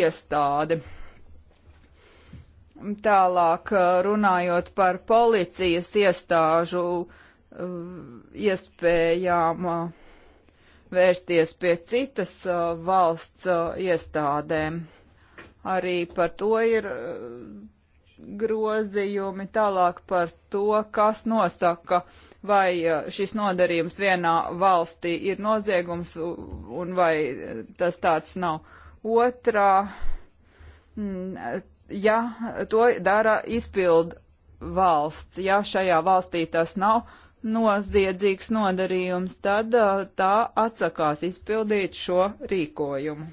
S1: iestāde. Tālāk eh, runājot par policijas iestāžu eh, iespējām eh, vērsties pie citas valsts iestādēm. Arī par to ir grozījumi tālāk par to, kas nosaka uh, vai uh, šis nodarījums vienā valstī ir noziegums un vai uh, tas tāds nav. Otrā, mm, ja to dara izpild valsts, ja šajā valstī tas nav noziedzīgs nodarījums, tad uh, tā atsakās izpildīt šo rīkojumu.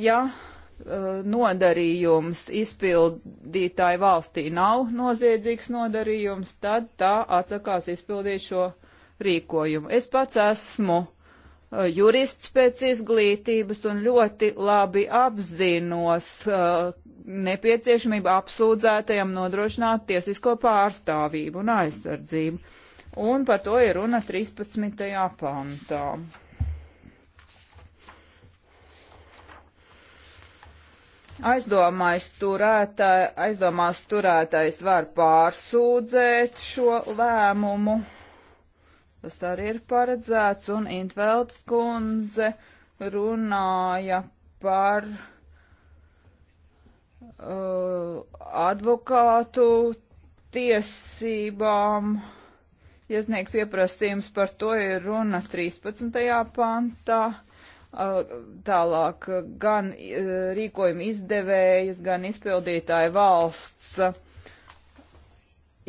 S1: Ja nodarījums izpildītāji valstī nav noziedzīgs nodarījums, tad tā atsakās izpildīt šo rīkojumu. Es pats esmu uh, jurists pēc izglītības un ļoti labi apzinos uh, nepieciešamību apsūdzētajam nodrošināt tiesisko pārstāvību un aizsardzību. Un par to ir runa 13. pantā. Aizdomās, turētā, aizdomās turētais var pārsūdzēt šo lēmumu. Tas arī ir paredzēts, un Intvelds kundze runāja par uh, advokātu tiesībām. Iesniegt pieprasījums par to ir runa 13. pantā tālāk gan rīkojuma izdevējas, gan izpildītāja valsts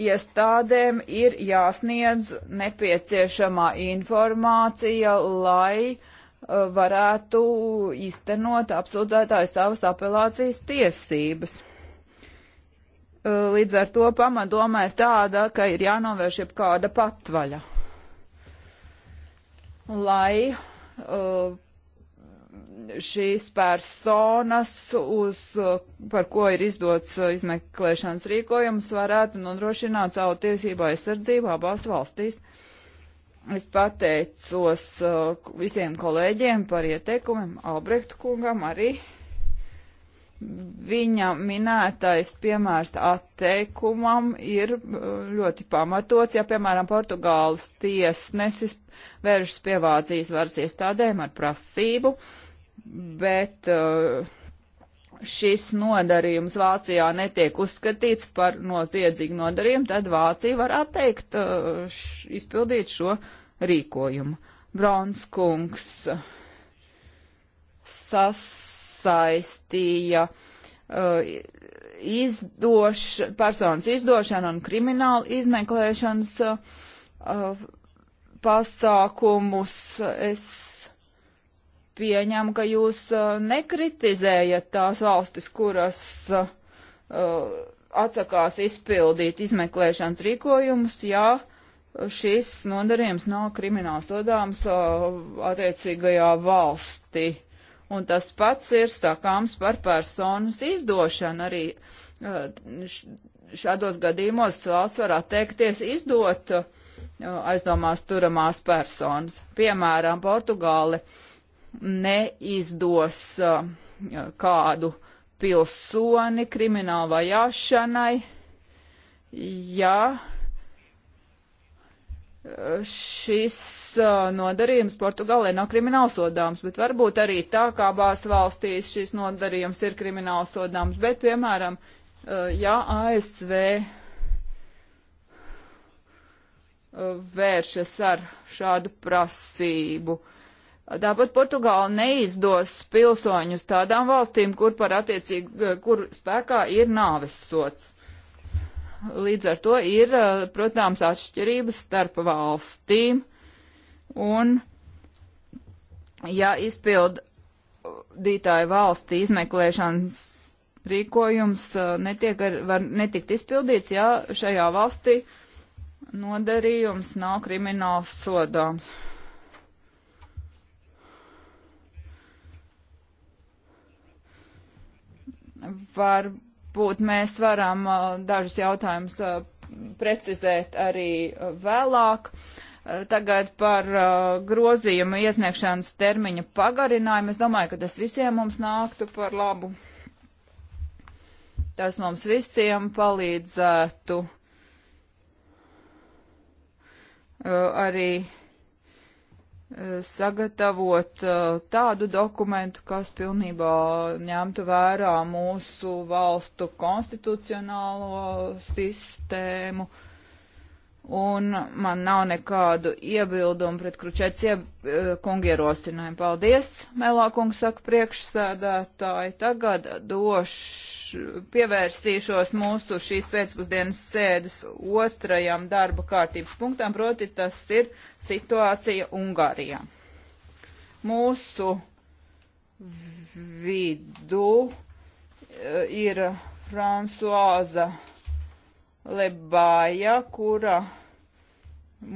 S1: iestādēm ir jāsniedz nepieciešamā informācija, lai varētu iztenot apsūdzētāju savas apelācijas tiesības. Līdz ar to pamatdomē ir tāda, ka ir jānovērš jau kāda patvaļa, lai uh, šīs personas, uz, par ko ir izdots izmeklēšanas rīkojums, varētu nodrošināt savu tiesību aizsardzību abās valstīs. Es pateicos uh, visiem kolēģiem par ieteikumiem, Albrecht kungam arī. Viņa minētais piemērs atteikumam ir uh, ļoti pamatots, ja, piemēram, Portugāles tiesnesis vēršas pie Vācijas varas iestādēm ar prasību uh, bet uh, šis nodarījums Vācijā netiek uzskatīts par noziedzīgu nodarījumu, tad Vācija var atteikt uh, š, izpildīt šo rīkojumu. Bronskungs sasaistīja uh, izdoš, personas izdošanu un kriminālu izmeklēšanas uh, uh pasākumus. Es pieņem, ka jūs uh, nekritizējat tās valstis, kuras uh, uh, atsakās izpildīt izmeklēšanas rīkojumus, ja šis nodarījums nav krimināls sodāms attiecīgajā valstī. Un tas pats ir sakāms par personas izdošanu arī. Šādos gadījumos valsts var atteikties izdot aizdomās turamās personas. Piemēram, Portugāli uh, neizdos uh, kādu pilsoni krimināla vajāšanai, ja uh, šis uh, nodarījums Portugālē nav kriminālsodāms, bet varbūt arī tā kā abās valstīs šis nodarījums ir kriminālsodāms, bet, piemēram, ja ASV vēršas ar šādu prasību, uh, Tāpat Portugāla neizdos pilsoņus tādām valstīm, kur par attiecīgi, kur spēkā ir nāves sots. Līdz ar to ir, eh, protams, atšķirības starp valstīm, un, ja izpildītāja valsti izmeklēšanas rīkojums eh, netiek, ar, var netikt izpildīts, ja šajā valstī nodarījums nav krimināls sodāms. Varbūt mēs varam uh, dažus jautājumus uh, precizēt arī uh, vēlāk. Tagad par grozījumu iesniegšanas termiņa pagarinājumu. Es domāju, ka tas visiem mums nāktu par labu. Tas mums visiem palīdzētu arī sagatavot uh, tādu dokumentu, kas pilnībā ņemtu vērā mūsu valstu konstitucionālo sistēmu, uh, un man nav nekādu iebildumu pret Kručets e, kungierosinājumu. Paldies, Melākungs saka priekšsēdētāji. Tagad došu, pievērsīšos mūsu šīs pēcpusdienas sēdes otrajam darba kārtības punktam, proti tas ir situācija Ungārijā. Mūsu vidu e, ir Fransuāza Lebāja, kura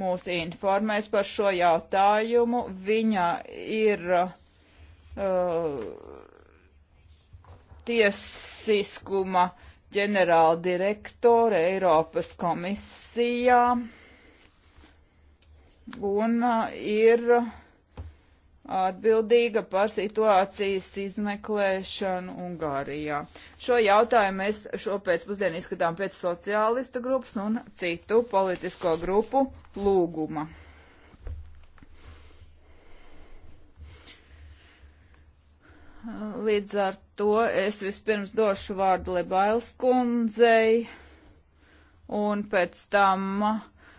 S1: mūs informēs par šo jautājumu. Viņa ir uh, tiesiskuma ģenerāla direktore Eiropas komisijā un uh, ir uh, atbildīga par situācijas izmeklēšanu Ungārijā. Šo jautājumu mēs šo pēcpusdienu izskatām pēc sociālista grupas un citu politisko grupu lūguma. Līdz ar to es vispirms došu vārdu Lebails kundzei un pēc tam uh,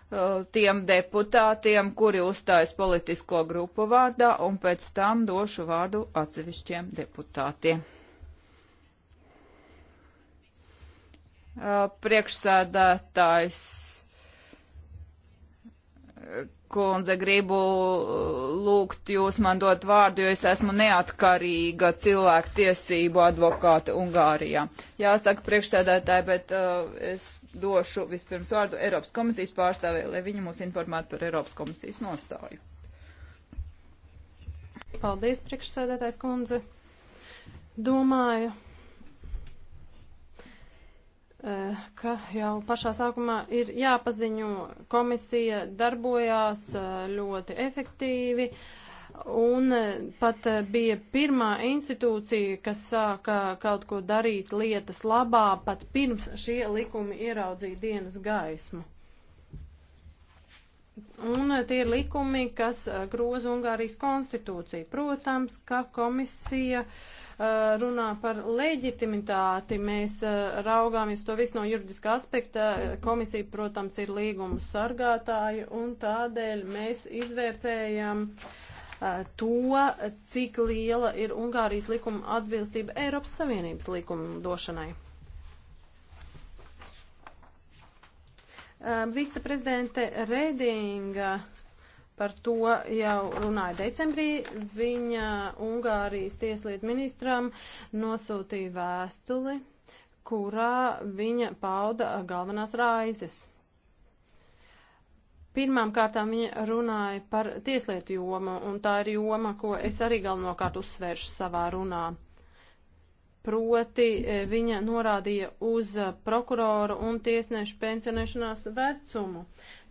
S1: Uh, tiem deputātiem, kuri uzstājas politisko grupu vārdā, un pēc tam došu vārdu atsevišķiem deputātiem. Uh, priekšsēdētājs kundze, gribu uh, lūgt jūs man dot vārdu, jo es esmu neatkarīga cilvēku tiesību advokāte Ungārijā. Jāsaka priekšsēdētāji, bet uh, es došu vispirms vārdu Eiropas komisijas pārstāvē, lai viņi mūs informētu par Eiropas komisijas nostāju. Paldies, priekšsēdētājs kundze. Domāju,
S3: Eh, ka jau pašā sākumā ir jāpaziņo, komisija darbojās eh, ļoti efektīvi, un eh, pat bija pirmā institūcija, kas sāka kaut ko darīt lietas labā, pat pirms šie likumi ieraudzīja dienas gaismu. Un tie ir likumi, kas groza Ungārijas konstitūciju. Protams, ka komisija uh, Eh, runā par leģitimitāti. Mēs eh, raugāmies to visu no juridiska aspekta. Komisija, protams, ir līgumu sargātāji un tādēļ mēs izvērtējam eh, to, cik liela ir Ungārijas likuma atbilstība Eiropas Savienības likuma došanai. Viceprezidente Redinga Par to jau runāja decembrī. Viņa Ungārijas tieslietu ministram nosūtīja vēstuli, kurā viņa pauda galvenās raizes. Pirmām kārtām viņa runāja par tieslietu jomu, un tā ir joma, ko es arī galvenokārt uzsvēršu savā runā proti e, viņa norādīja uz prokuroru un tiesnešu pensionēšanās vecumu.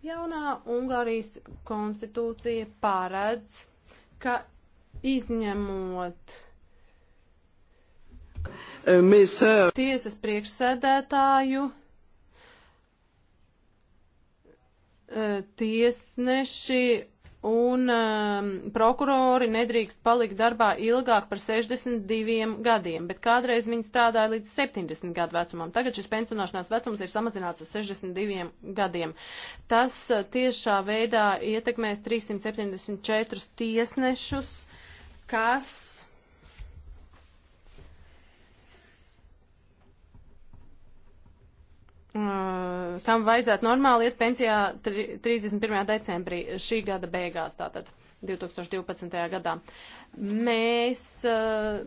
S3: Jaunā Ungārijas konstitūcija paredz, ka izņemot eh, Mēs, uh... tiesas priekšsēdētāju e, tiesneši un um, prokurori nedrīkst palikt darbā ilgāk par 62 gadiem, bet kādreiz viņi strādāja līdz 70 gadu vecumam. Tagad šis pensionāšanās vecums ir samazināts uz 62 gadiem. Tas uh, tiešā veidā ietekmēs 374 tiesnešus, kas kam vajadzētu normāli iet pensijā 31. decembrī šī gada beigās, tātad 2012. gadā. Mēs uh,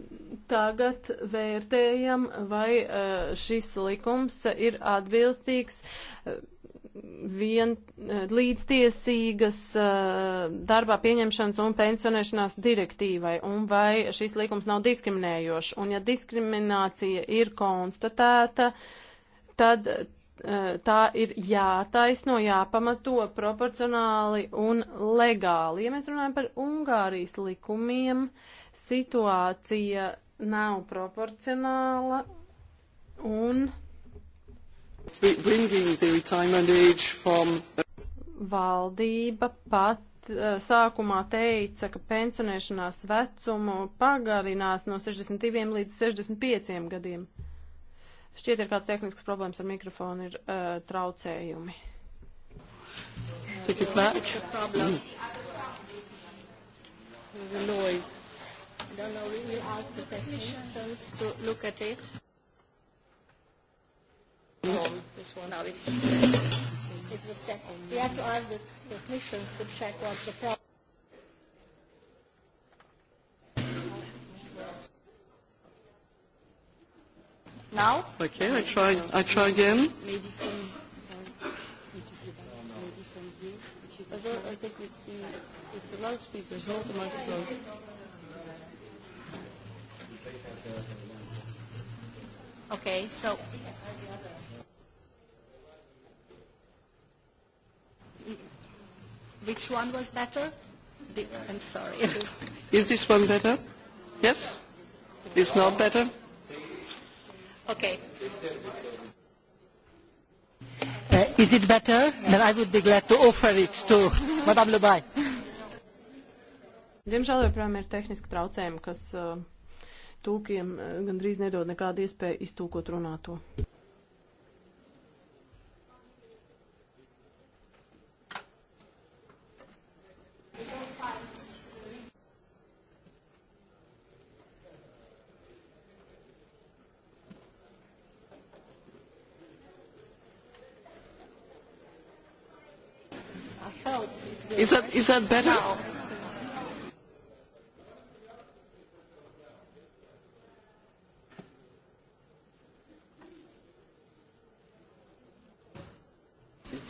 S3: tagad vērtējam, vai uh, šis likums ir atbilstīgs uh, vien līdztiesīgas darbā pieņemšanas un pensionēšanās direktīvai, un vai šis likums nav diskriminējošs. Un ja diskriminācija ir konstatēta, tad Eh, tā ir jātaisno, jāpamato proporcionāli un legāli. Ja mēs runājam par Ungārijas likumiem, situācija nav proporcionāla un. From... Valdība pat eh, sākumā teica, ka pensionēšanās vecumu pagarinās no 62 līdz 65 gadiem. Šķiet, ir kāds tehnisks problēmas ar mikrofonu, ir uh, traucējumi.
S2: Tik izmērķi. The noise. I don't know, we will ask the technicians to look at it. No, oh, this one, now it's the second. It's
S1: the second. We have to ask the
S2: technicians to check what's the problem. Now? Okay, I try, I try again. Maybe
S3: from, sorry, Mrs. Lebach, maybe from
S1: here. I, don't, I think it's the, it's the loudspeakers, not the microphone.
S3: Okay, so. Which one was better? The, I'm sorry. Is this one better? Yes? It's not better? Okay.
S1: Uh, is it better? Then I would be glad to offer it to Madame Labai.
S3: Diemžēl joprojām ir tehniski traucējumi, kas uh, tūkiem uh, gandrīz nedod nekādu iespēju iztūkot runāto.
S1: Is that better? Now.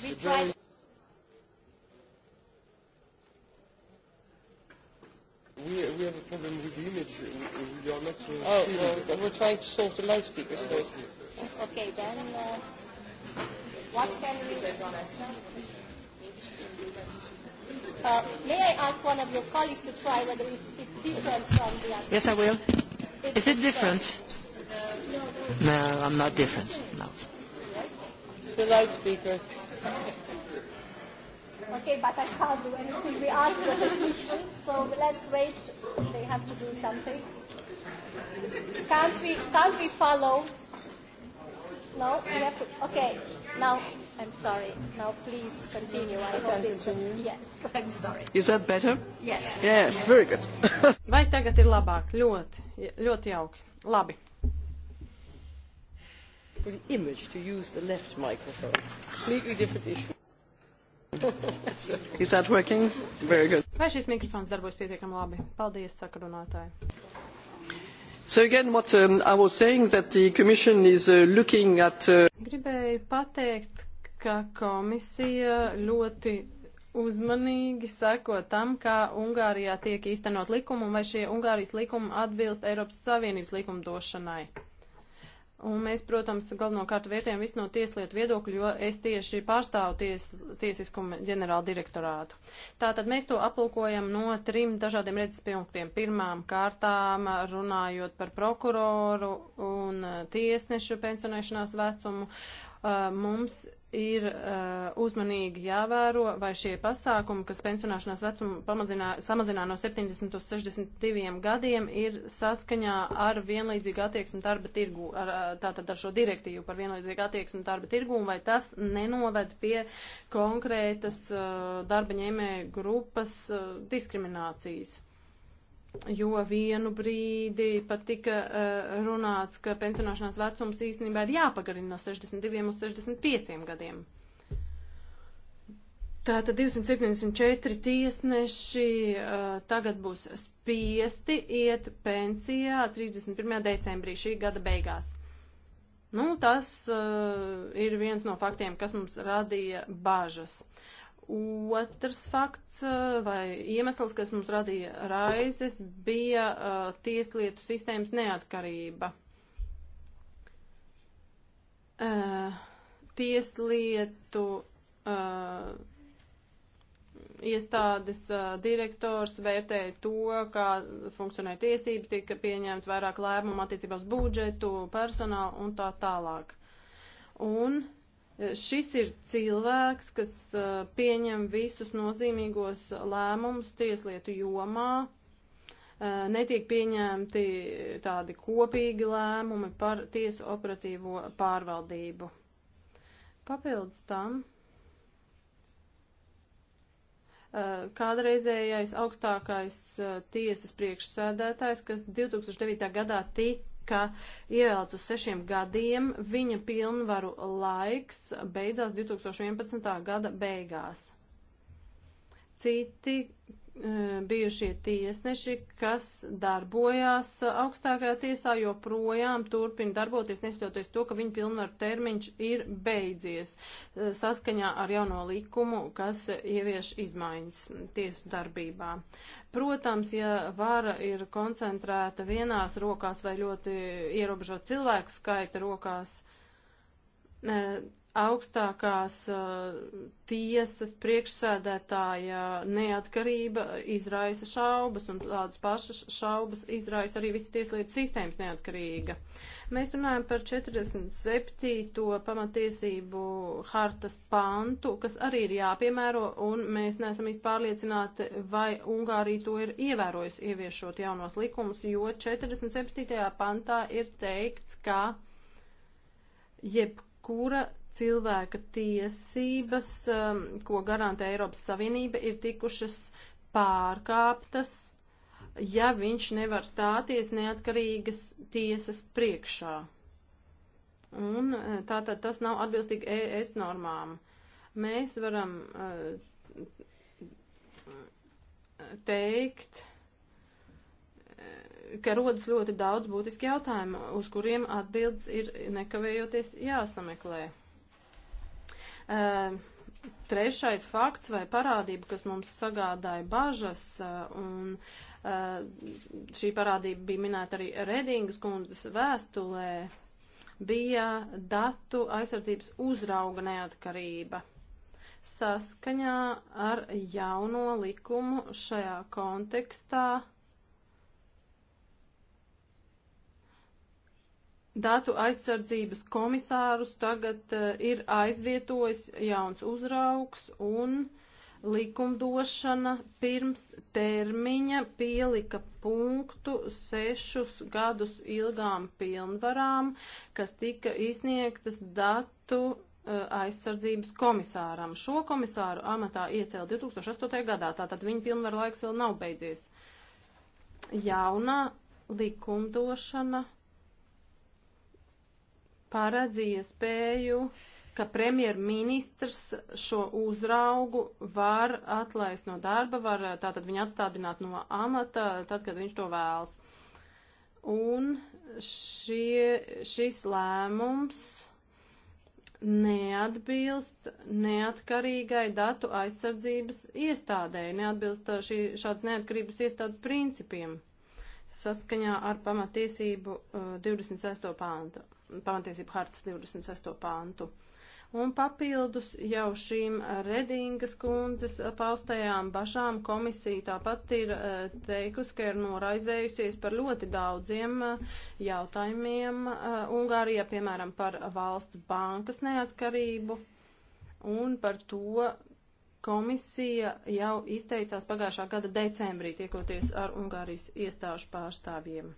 S3: We tried. We, we have a problem with the image. We, uh, we are not. Uh, oh, well, we're trying
S2: to solve the loudspeakers first. Okay, then. Uh, what can we do? Uh, may I ask one of your colleagues to try whether
S3: it's different from the other? Yes, I will. It's Is it different? different? No, no, no, I'm not different. No.
S1: It's the loudspeaker. Okay, but I can't do anything. We asked the technicians, so let's
S3: wait. They have to do something. Can't we, can't we follow? No, we have to. Okay. Now, I'm sorry. Now, please continue. I hope it's... Yes, I'm sorry.
S1: Is that better? Yes. Yes, very good.
S3: Vai tagad ir labāk? Ļoti, ļoti jauki. Labi. For the image to use the left microphone. Completely different issue. Is that working? Very good. Vai šis mikrofons darbojas pietiekami labi? Paldies, saka runātāji. So again, what um, I was saying that the Commission is uh, looking at. Uh... Gribēju pateikt, ka komisija ļoti uzmanīgi seko tam, kā Ungārijā tiek īstenot likumu un vai šie Ungārijas likumi atbilst Eiropas Savienības likumdošanai. Un mēs, protams, galvenokārt vērtējam visu no tieslietu viedokļu, jo es tieši pārstāvu ties, tiesiskumu ģenerāla direktorātu. Tātad mēs to aplūkojam no trim dažādiem redzespunktiem. Pirmām kārtām runājot par prokuroru un tiesnešu pensionēšanās vecumu, mums ir uh, uzmanīgi jāvēro, vai šie pasākumi, kas pensionēšanās vecumu pamazinā, samazinā no 70 uz 62 gadiem, ir saskaņā ar vienlīdzīgu attieksmi darba tirgu, ar, eh, tātad ar šo direktīvu par vienlīdzīgu attieksmi darba tirgu, un vai tas nenoved pie konkrētas uh, darba ņēmē grupas uh, diskriminācijas jo vienu brīdi pat tika uh, runāts, ka pensionēšanās vecums īstenībā ir jāpagarina no 62 uz 65 gadiem. Tātad 274 tiesneši uh, tagad būs spiesti iet pensijā 31. decembrī šī gada beigās. Nu, tas uh, ir viens no faktiem, kas mums radīja bažas. Uh, Otrs fakts eh, vai iemesls, kas mums radīja raizes, bija uh, tieslietu sistēmas neatkarība. Uh, tieslietu uh, iestādes uh, direktors vērtēja to, kā funkcionē tiesības, tika pieņemts vairāk lēmumu attiecībā uz budžetu, personālu un tā tālāk. Un uh, Šis ir cilvēks, kas pieņem visus nozīmīgos lēmumus tieslietu jomā, netiek pieņemti tādi kopīgi lēmumi par tiesu operatīvo pārvaldību. Papildus tam kādreizējais augstākais tiesas priekšsēdētājs, kas 2009. gadā tika ka ievēlēts uz sešiem gadiem viņa pilnvaru laiks beidzās 2011. gada beigās. Citi E, bijušie tiesneši, kas darbojās augstākajā tiesā, joprojām turpina darboties, nestoties to, ka viņa pilnvaru termiņš ir beidzies e, saskaņā ar jauno likumu, kas ievieš izmaiņas tiesu darbībā. Protams, ja vara ir koncentrēta vienās rokās vai ļoti ierobežot cilvēku skaita rokās, e, augstākās uh, tiesas priekšsēdētāja neatkarība izraisa šaubas, un tādas pašas šaubas izraisa arī visas tieslietu sistēmas neatkarīga. Mēs runājam par 47. pamatiesību hartas pantu, kas arī ir jāpiemēro, un mēs neesam īsti pārliecināti, vai Ungārija to ir ievērojusi ieviešot jaunos likumus, jo 47. pantā ir teikts, ka jebkura cilvēka tiesības, um, ko garantē Eiropas Savienība, ir tikušas pārkāptas, ja viņš nevar stāties neatkarīgas tiesas priekšā. Un uh, tātad tas nav atbilstīgi ES normām. Mēs varam uh, teikt, uh, ka rodas ļoti daudz būtiski jautājumu, uz kuriem atbildes ir nekavējoties jāsameklē trešais fakts vai parādība, kas mums sagādāja bažas, un šī parādība bija minēta arī Redingas kundzes vēstulē, bija datu aizsardzības uzrauga neatkarība. Saskaņā ar jauno likumu šajā kontekstā datu aizsardzības komisārus tagad uh, ir aizvietojis jauns uzraugs un likumdošana pirms termiņa pielika punktu sešus gadus ilgām pilnvarām, kas tika izsniegtas datu uh, aizsardzības komisāram. Šo komisāru amatā iecēla 2008. gadā, tātad viņa pilnvaru laiks vēl nav beidzies. Jaunā likumdošana paredz iespēju, ka premjerministrs šo uzraugu var atlaist no darba, var eh, tātad viņu atstādināt no amata, tad, kad viņš to vēlas. Un šie, šis lēmums neatbilst neatkarīgai datu aizsardzības iestādēji, neatbilst eh, šī, šāds neatkarības iestādes principiem saskaņā ar pamatiesību uh, eh, 26. pāntu pamatiesību hartas 26. pantu. Un papildus jau šīm Redingas kundzes paustajām bažām komisija tāpat ir e, teikusi, ka ir noraizējusies par ļoti daudziem e, jautājumiem e, Ungārijā, piemēram, par valsts bankas neatkarību un par to, komisija jau izteicās pagājušā gada decembrī, tiekoties ar Ungārijas iestāžu pārstāvjiem.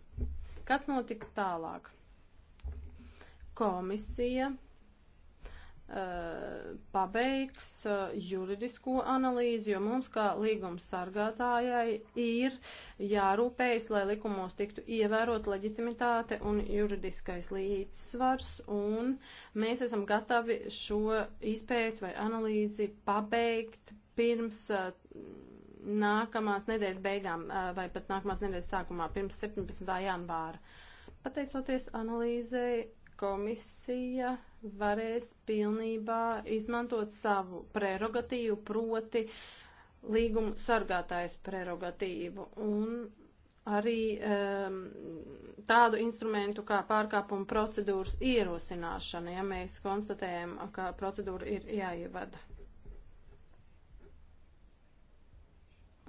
S3: Kas notiks tālāk? komisija eh, pabeigs eh, juridisko analīzi, jo mums kā līguma sargātājai ir jārūpējas, lai likumos tiktu ievērot leģitimitāte un juridiskais līdzsvars, un mēs esam gatavi šo izpēti vai analīzi pabeigt pirms eh, nākamās nedēļas beigām vai pat nākamās nedēļas sākumā, pirms 17. janvāra. Pateicoties analīzei, komisija varēs pilnībā izmantot savu prerogatīvu, proti līgumu sargātājs prerogatīvu un arī um, tādu instrumentu kā pārkāpuma procedūras ierosināšana, ja mēs konstatējam, ka procedūra ir jāievada.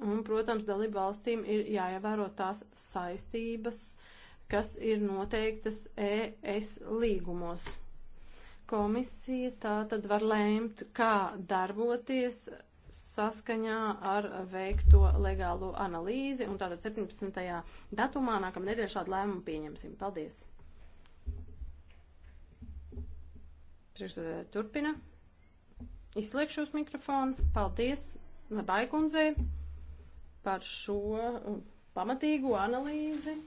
S3: Un, protams, dalību valstīm ir jāievēro tās saistības, uh, kas ir noteiktas ES līgumos. Komisija tā tad var lēmt, kā darboties saskaņā ar veikto legālo analīzi, un tātad 17. datumā nākamnedēļ šādu lēmumu pieņemsim. Paldies! Priekšsēdētāji turpina. Izslēgšos mikrofonu. Paldies Labaikundzei par šo uh, pamatīgo analīzi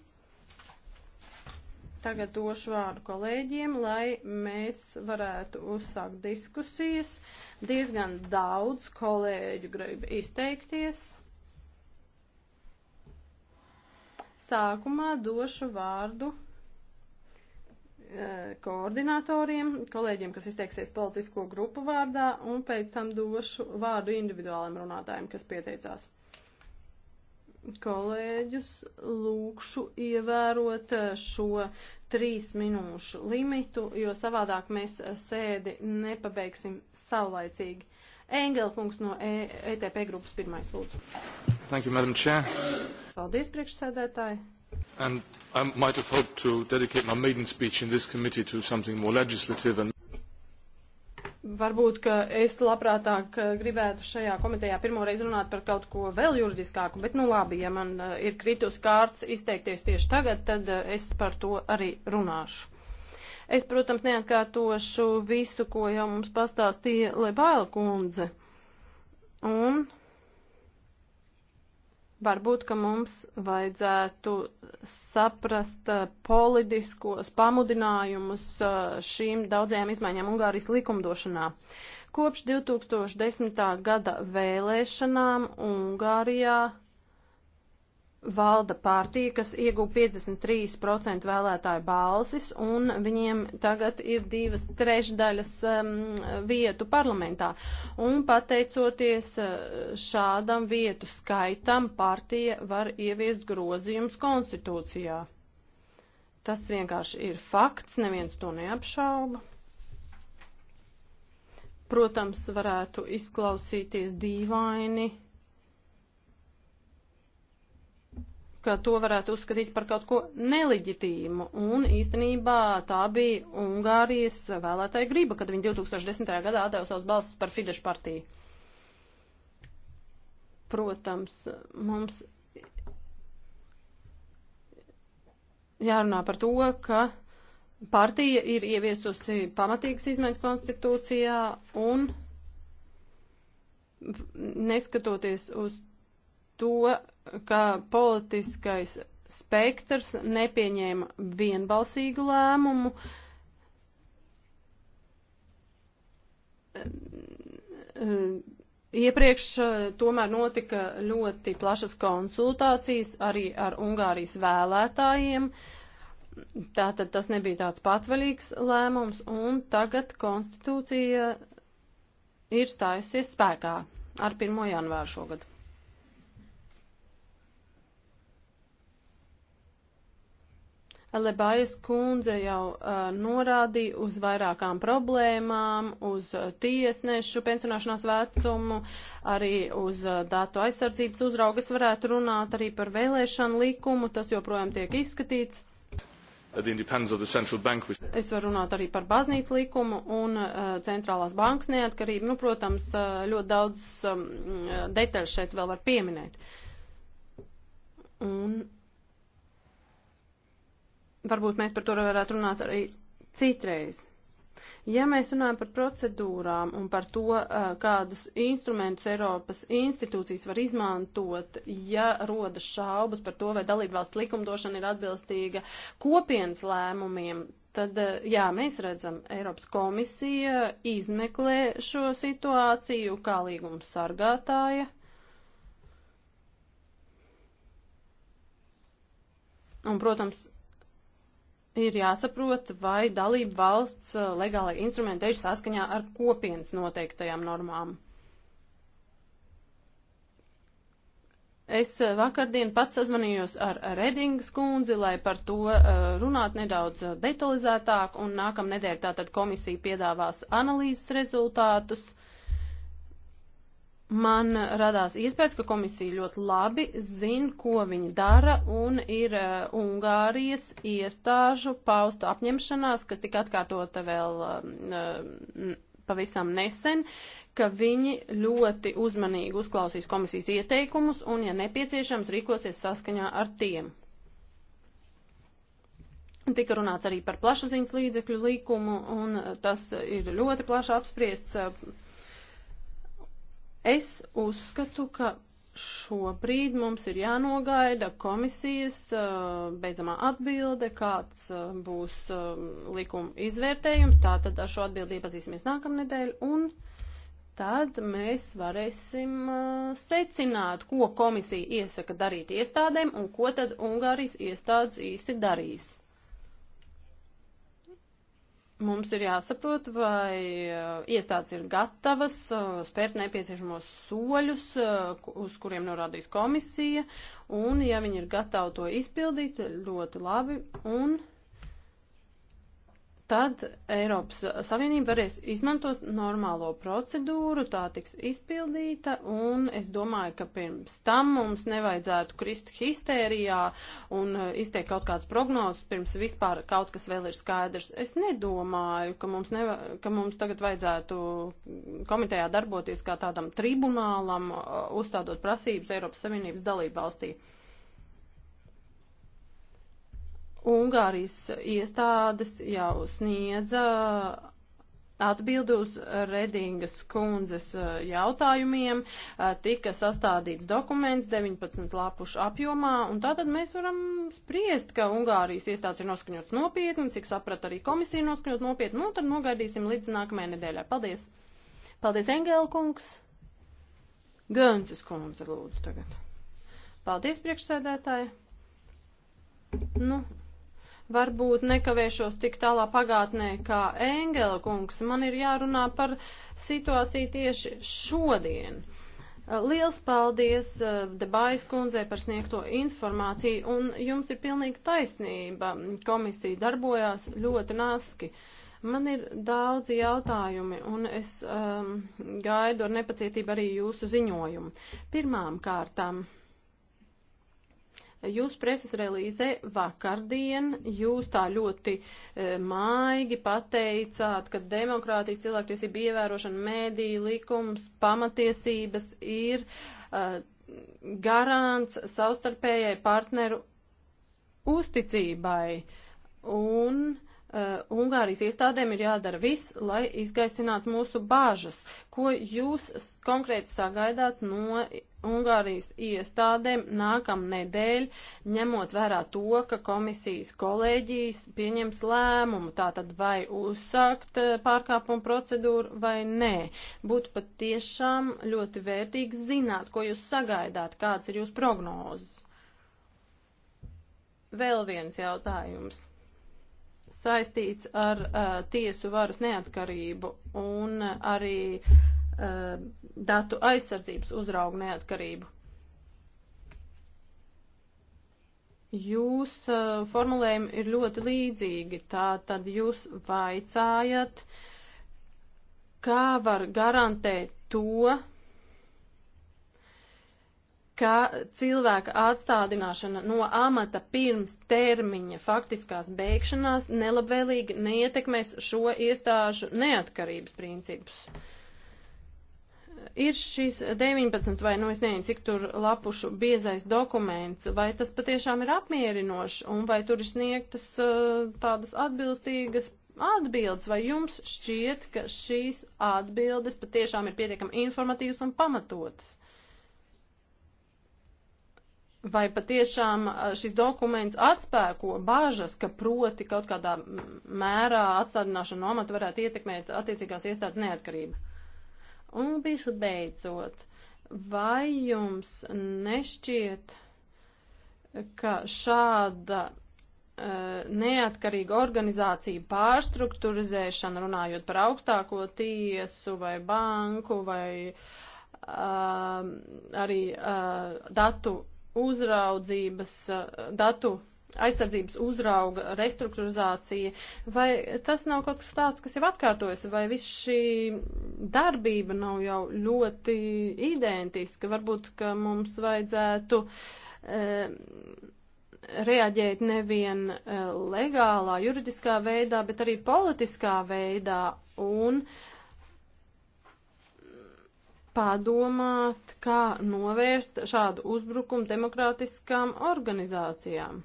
S3: tagad došu vārdu kolēģiem, lai mēs varētu uzsākt diskusijas. Diezgan daudz kolēģu grib izteikties. Sākumā došu vārdu eh, koordinatoriem, kolēģiem, kas izteiksies politisko grupu vārdā, un pēc tam došu vārdu individuāliem runātājiem, kas pieteicās. Kolēģus lūkšu ievērot eh, šo trīs minūšu limitu, jo savādāk mēs sēdi nepabeigsim saulaicīgi. Engelkungs no e ETP grupas pirmais lūdzu. Thank you, Madam Chair. Paldies, priekšsēdētāji. And I might have hoped to dedicate my maiden speech in this committee to something more legislative and Varbūt, ka es labprātāk eh, gribētu šajā komitejā pirmoreiz runāt par kaut ko vēl juridiskāku, bet nu labi, ja man eh, ir kritus kārts izteikties tieši tagad, tad eh, es par to arī runāšu. Es, protams, neatkārtošu visu, ko jau mums pastāstīja Lebaila kundze. Un Varbūt, ka mums vajadzētu saprast eh, politiskos pamudinājumus eh, šīm daudzajām izmaiņām Ungārijas likumdošanā. Kopš 2010. gada vēlēšanām Ungārijā valda partija, kas ieguva 53% vēlētāju balsis, un viņiem tagad ir divas trešdaļas um, vietu parlamentā. Un pateicoties uh, šādam vietu skaitam, partija var ieviest grozījums konstitūcijā. Tas vienkārši ir fakts, neviens to neapšauba. Protams, varētu izklausīties dīvaini ka to varētu uzskatīt par kaut ko neleģitīmu. Un īstenībā tā bija Ungārijas vēlētāja griba, kad viņi 2010. gadā atdeva savus balsis par Fidesz partiju. Protams, mums jārunā par to, ka partija ir ieviesusi pamatīgas izmaiņas konstitūcijā un neskatoties uz to, ka politiskais spektrs nepieņēma vienbalsīgu lēmumu. Iepriekš eh, tomēr notika ļoti plašas konsultācijas arī ar Ungārijas vēlētājiem. Tātad tas nebija tāds patvaļīgs lēmums, un tagad konstitūcija ir stājusies spēkā ar 1. janvāru šogad. Lebājas kundze jau uh, norādīja uz vairākām problēmām, uz uh, tiesnešu pensionāšanās vecumu, arī uz uh, datu aizsardzības uzraugas varētu runāt arī par vēlēšanu likumu, tas joprojām tiek izskatīts. Es varu runāt arī par baznīcas likumu un uh, centrālās bankas neatkarību. Nu, protams, uh, ļoti daudz um, uh, detaļu šeit vēl var pieminēt. Un varbūt mēs par to varētu runāt arī citreiz. Ja mēs runājam par procedūrām un par to, eh, kādus instrumentus Eiropas institūcijas var izmantot, ja rodas šaubas par to, vai dalībvalsts likumdošana ir atbilstīga kopienas lēmumiem, tad, eh, jā, mēs redzam, Eiropas komisija izmeklē šo situāciju kā līguma sargātāja. Un, protams, ir jāsaprot, vai dalība valsts uh, legālai instrumenti ir saskaņā ar kopienas noteiktajām normām. Es uh, vakardien pats sazvanījos ar Redingas kundzi, lai par to uh, runāt nedaudz detalizētāk, un nākamnedēļ tātad komisija piedāvās analīzes rezultātus. Uh, man radās iespējas, ka komisija ļoti labi zina, ko viņi dara, un ir uh, Ungārijas iestāžu paustu apņemšanās, kas tika atkārtota vēl uh, pavisam nesen, ka viņi ļoti uzmanīgi uzklausīs komisijas ieteikumus un, ja nepieciešams, rīkosies saskaņā ar tiem. Tika runāts arī par plašsaziņas līdzekļu likumu, un tas ir ļoti plaši apspriests eh, Es uzskatu, ka šobrīd mums ir jānogaida komisijas uh, beidzamā atbilde, kāds uh, būs um, likuma izvērtējums. Tātad ar šo atbildi iepazīsimies nākamnedēļ un tad mēs varēsim uh, secināt, ko komisija iesaka darīt iestādēm un ko tad Ungārijas iestādes īsti darīs mums ir jāsaprot, vai eh, iestādes ir gatavas eh, spērt nepieciešamos soļus, eh, uz kuriem norādīs komisija, un ja viņi ir gatavi to izpildīt, ļoti labi. Un tad Eiropas Savienība varēs izmantot normālo procedūru, tā tiks izpildīta, un es domāju, ka pirms tam mums nevajadzētu krist histērijā un uh, izteikt kaut kādas prognozes, pirms vispār kaut kas vēl ir skaidrs. Es nedomāju, ka mums, neva, ka mums tagad vajadzētu komitejā darboties kā tādam tribunālam, uh, uzstādot prasības Eiropas Savienības dalību valstī. Ungārijas iestādes jau sniedza Atbildi uz Redingas kundzes uh, jautājumiem uh, tika sastādīts dokuments 19 lapušu apjomā, un tātad mēs varam spriest, ka Ungārijas iestādes ir noskaņots nopietni, cik saprat arī komisija noskaņot nopietni, nu tad nogaidīsim līdz nākamajai nedēļai. Paldies! Paldies, Engēla kungs! Gönces kundze lūdzu tagad. Paldies, priekšsēdētāji! Nu varbūt nekavēšos tik tālā pagātnē kā Engela kungs. Man ir jārunā par situāciju tieši šodien. Uh, liels paldies uh, Debājas kundzei par sniegto informāciju, un jums ir pilnīgi taisnība. Komisija darbojās ļoti naski. Man ir daudzi jautājumi, un es um, gaidu ar nepacietību arī jūsu ziņojumu. Pirmām kārtām. Jūs preses relīzē vakardien, jūs tā ļoti e, maigi pateicāt, ka demokrātijas cilvēktiesība ievērošana, mēdī, likums, pamatiesības ir e, garants savstarpējai partneru uzticībai. Un Uh, Ungārijas iestādēm ir jādara viss, lai izgaistinātu mūsu bāžas. Ko jūs konkrēti sagaidāt no Ungārijas iestādēm nākamnedēļ, ņemot vērā to, ka komisijas kolēģijas pieņems lēmumu, tātad vai uzsākt eh, pārkāpumu procedūru vai nē. Būtu pat tiešām ļoti vērtīgi zināt, ko jūs sagaidāt, kāds ir jūsu prognozes. Vēl viens jautājums saistīts ar uh, tiesu varas neatkarību un arī uh, Uh, datu aizsardzības uzraugu neatkarību. Jūs uh, formulējumi ir ļoti līdzīgi, tā tad jūs vaicājat, kā var garantēt to, ka cilvēka atstādināšana no amata pirms termiņa faktiskās beigšanās nelabvēlīgi neietekmēs šo iestāžu neatkarības principus. Uh, ir šis 19 vai, nu es nezinu, cik tur lapušu biezais dokuments, vai tas patiešām ir apmierinošs un vai tur ir sniegtas tādas atbilstīgas atbildes, vai jums šķiet, ka šīs atbildes patiešām ir pietiekami informatīvas un pamatotas? Vai patiešām šis dokuments atspēko bāžas, ka proti kaut kādā mērā atstādināšana nomata varētu ietekmēt attiecīgās iestādes neatkarību? Un beidzot, beidzot, vai jums nešķiet, ka šāda uh, neatkarīga organizācija pārstruktūrizēšana, runājot par augstāko tiesu vai banku vai uh, arī uh, datu uzraudzības, datu aizsardzības uzrauga restruktūrizācija, vai tas nav kaut kas tāds, kas jau atkārtojas, vai viss šī darbība nav jau ļoti identiska, varbūt, ka mums vajadzētu e, reaģēt nevien e, legālā, juridiskā veidā, bet arī politiskā veidā un padomāt, kā novērst šādu uzbrukumu demokrātiskām organizācijām.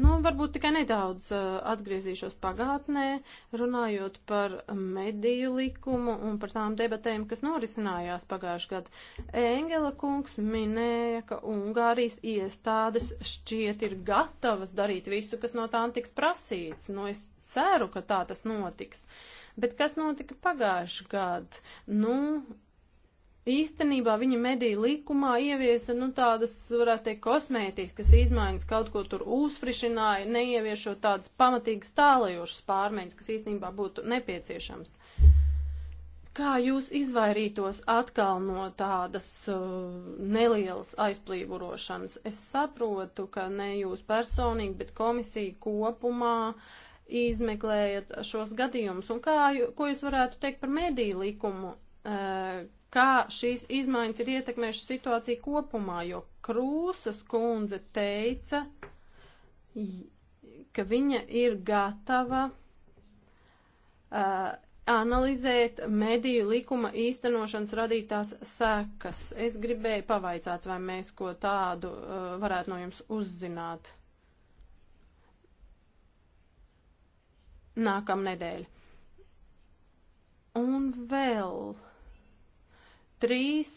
S3: Nu, varbūt tikai nedaudz uh, atgriezīšos pagātnē, runājot par mediju likumu un par tām debatēm, kas norisinājās pagājušajā gadā. Engela kungs minēja, ka Ungārijas iestādes šķiet ir gatavas darīt visu, kas no tām tiks prasīts. Nu, es ceru, ka tā tas notiks. Bet kas notika pagājušajā gadā? Nu, īstenībā viņa mediju likumā ieviesa, nu, tādas, varētu teikt, kosmētiskas izmaiņas, kaut ko tur uzfrišināja, neieviešot tādas pamatīgas tālajošas pārmaiņas, kas īstenībā būtu nepieciešams. Kā jūs izvairītos atkal no tādas uh, nelielas aizplīvurošanas? Es saprotu, ka ne jūs personīgi, bet komisija kopumā uh, izmeklējat šos gadījumus, un kā, ko jūs varētu teikt par mediju likumu, uh, kā šīs izmaiņas ir ietekmējušas situāciju kopumā, jo Krūsas kundze teica, ka viņa ir gatava uh, analizēt mediju likuma īstenošanas radītās sekas. Es gribēju pavaicāt, vai mēs ko tādu uh, varētu no jums uzzināt nākamnedēļ. Un vēl trīs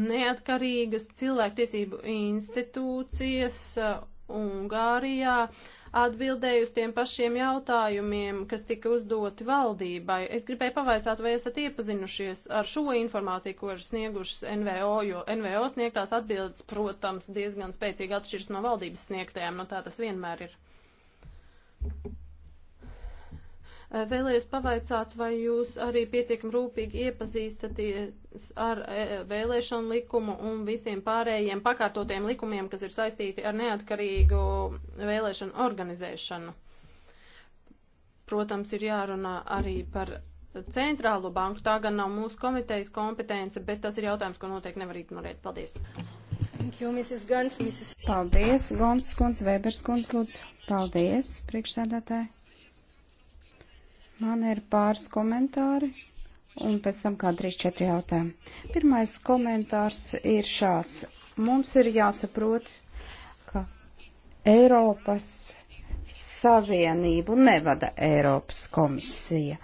S3: neatkarīgas cilvēktiesību institūcijas uh, Ungārijā atbildēju uz tiem pašiem jautājumiem, kas tika uzdoti valdībai. Es gribēju pavaicāt, vai esat iepazinušies ar šo informāciju, ko ir sniegušas NVO, jo NVO sniegtās atbildes, protams, diezgan spēcīgi atšķiras no valdības sniegtajām, no nu tā tas vienmēr ir. Eh, vēlējos pavaicāt, vai jūs arī pietiekami rūpīgi iepazīstaties ar eh, vēlēšanu likumu un visiem pārējiem pakārtotiem likumiem, kas ir saistīti ar neatkarīgu vēlēšanu organizēšanu. Protams, ir jārunā arī par centrālo banku. Tā gan nav mūsu komitejas kompetence, bet tas ir jautājums, ko noteikti nevar ignorēt. Paldies!
S2: Thank you, Mrs. Guns, Mrs. Paldies, Gons, Kunds, Vēbers, Kunds, lūdzu. Paldies, priekšsēdētāji. Man ir pāris komentāri un pēc tam kā 3-4 jautājumi. Pirmais komentārs ir šāds. Mums ir jāsaprot, ka Eiropas Savienību nevada Eiropas komisija.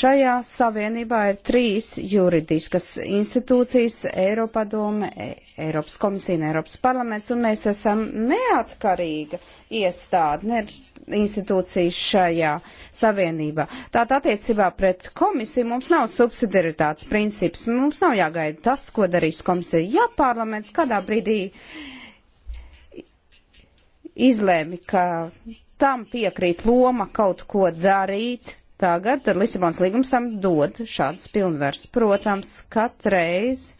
S2: Šajā savienībā ir trīs juridiskas institūcijas - Eiropadome, e, Eiropas komisija un Eiropas parlaments, un mēs esam neatkarīga iestāde, ne institūcijas šajā savienībā. Tātad attiecībā pret komisiju mums nav subsidiaritātes princips. Mums nav jāgaida tas, ko darīs komisija. Ja parlaments kādā brīdī izlēmi, ka tam piekrīt loma kaut ko darīt, tagad Lisabons līgums tam dod šādas pilnvers. Protams, katreiz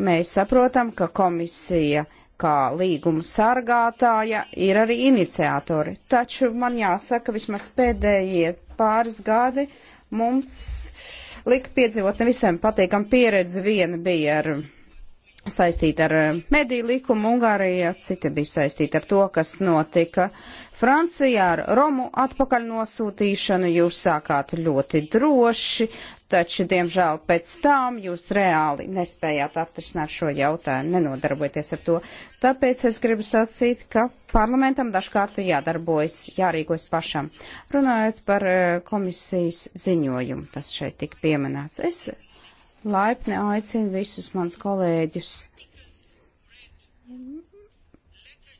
S2: mēs saprotam, ka komisija kā līguma sargātāja ir arī iniciatori. Taču man jāsaka, vismaz pēdējie pāris gadi mums lika piedzīvot nevisiem patīkam pieredzi. Viena bija ar saistīta ar eh, mediju likumu Ungārijā, cita bija saistīta ar to, kas notika Francijā ar Romu atpakaļ nosūtīšanu. Jūs sākāt ļoti droši, taču, diemžēl, pēc tam jūs reāli nespējāt atrisināt šo jautājumu, nenodarbojoties ar to. Tāpēc es gribu sacīt, ka parlamentam dažkārt ir jādarbojas, jārīkojas pašam. Runājot par eh, komisijas ziņojumu, tas šeit tik pieminēts. Es laipni aicinu visus mans kolēģus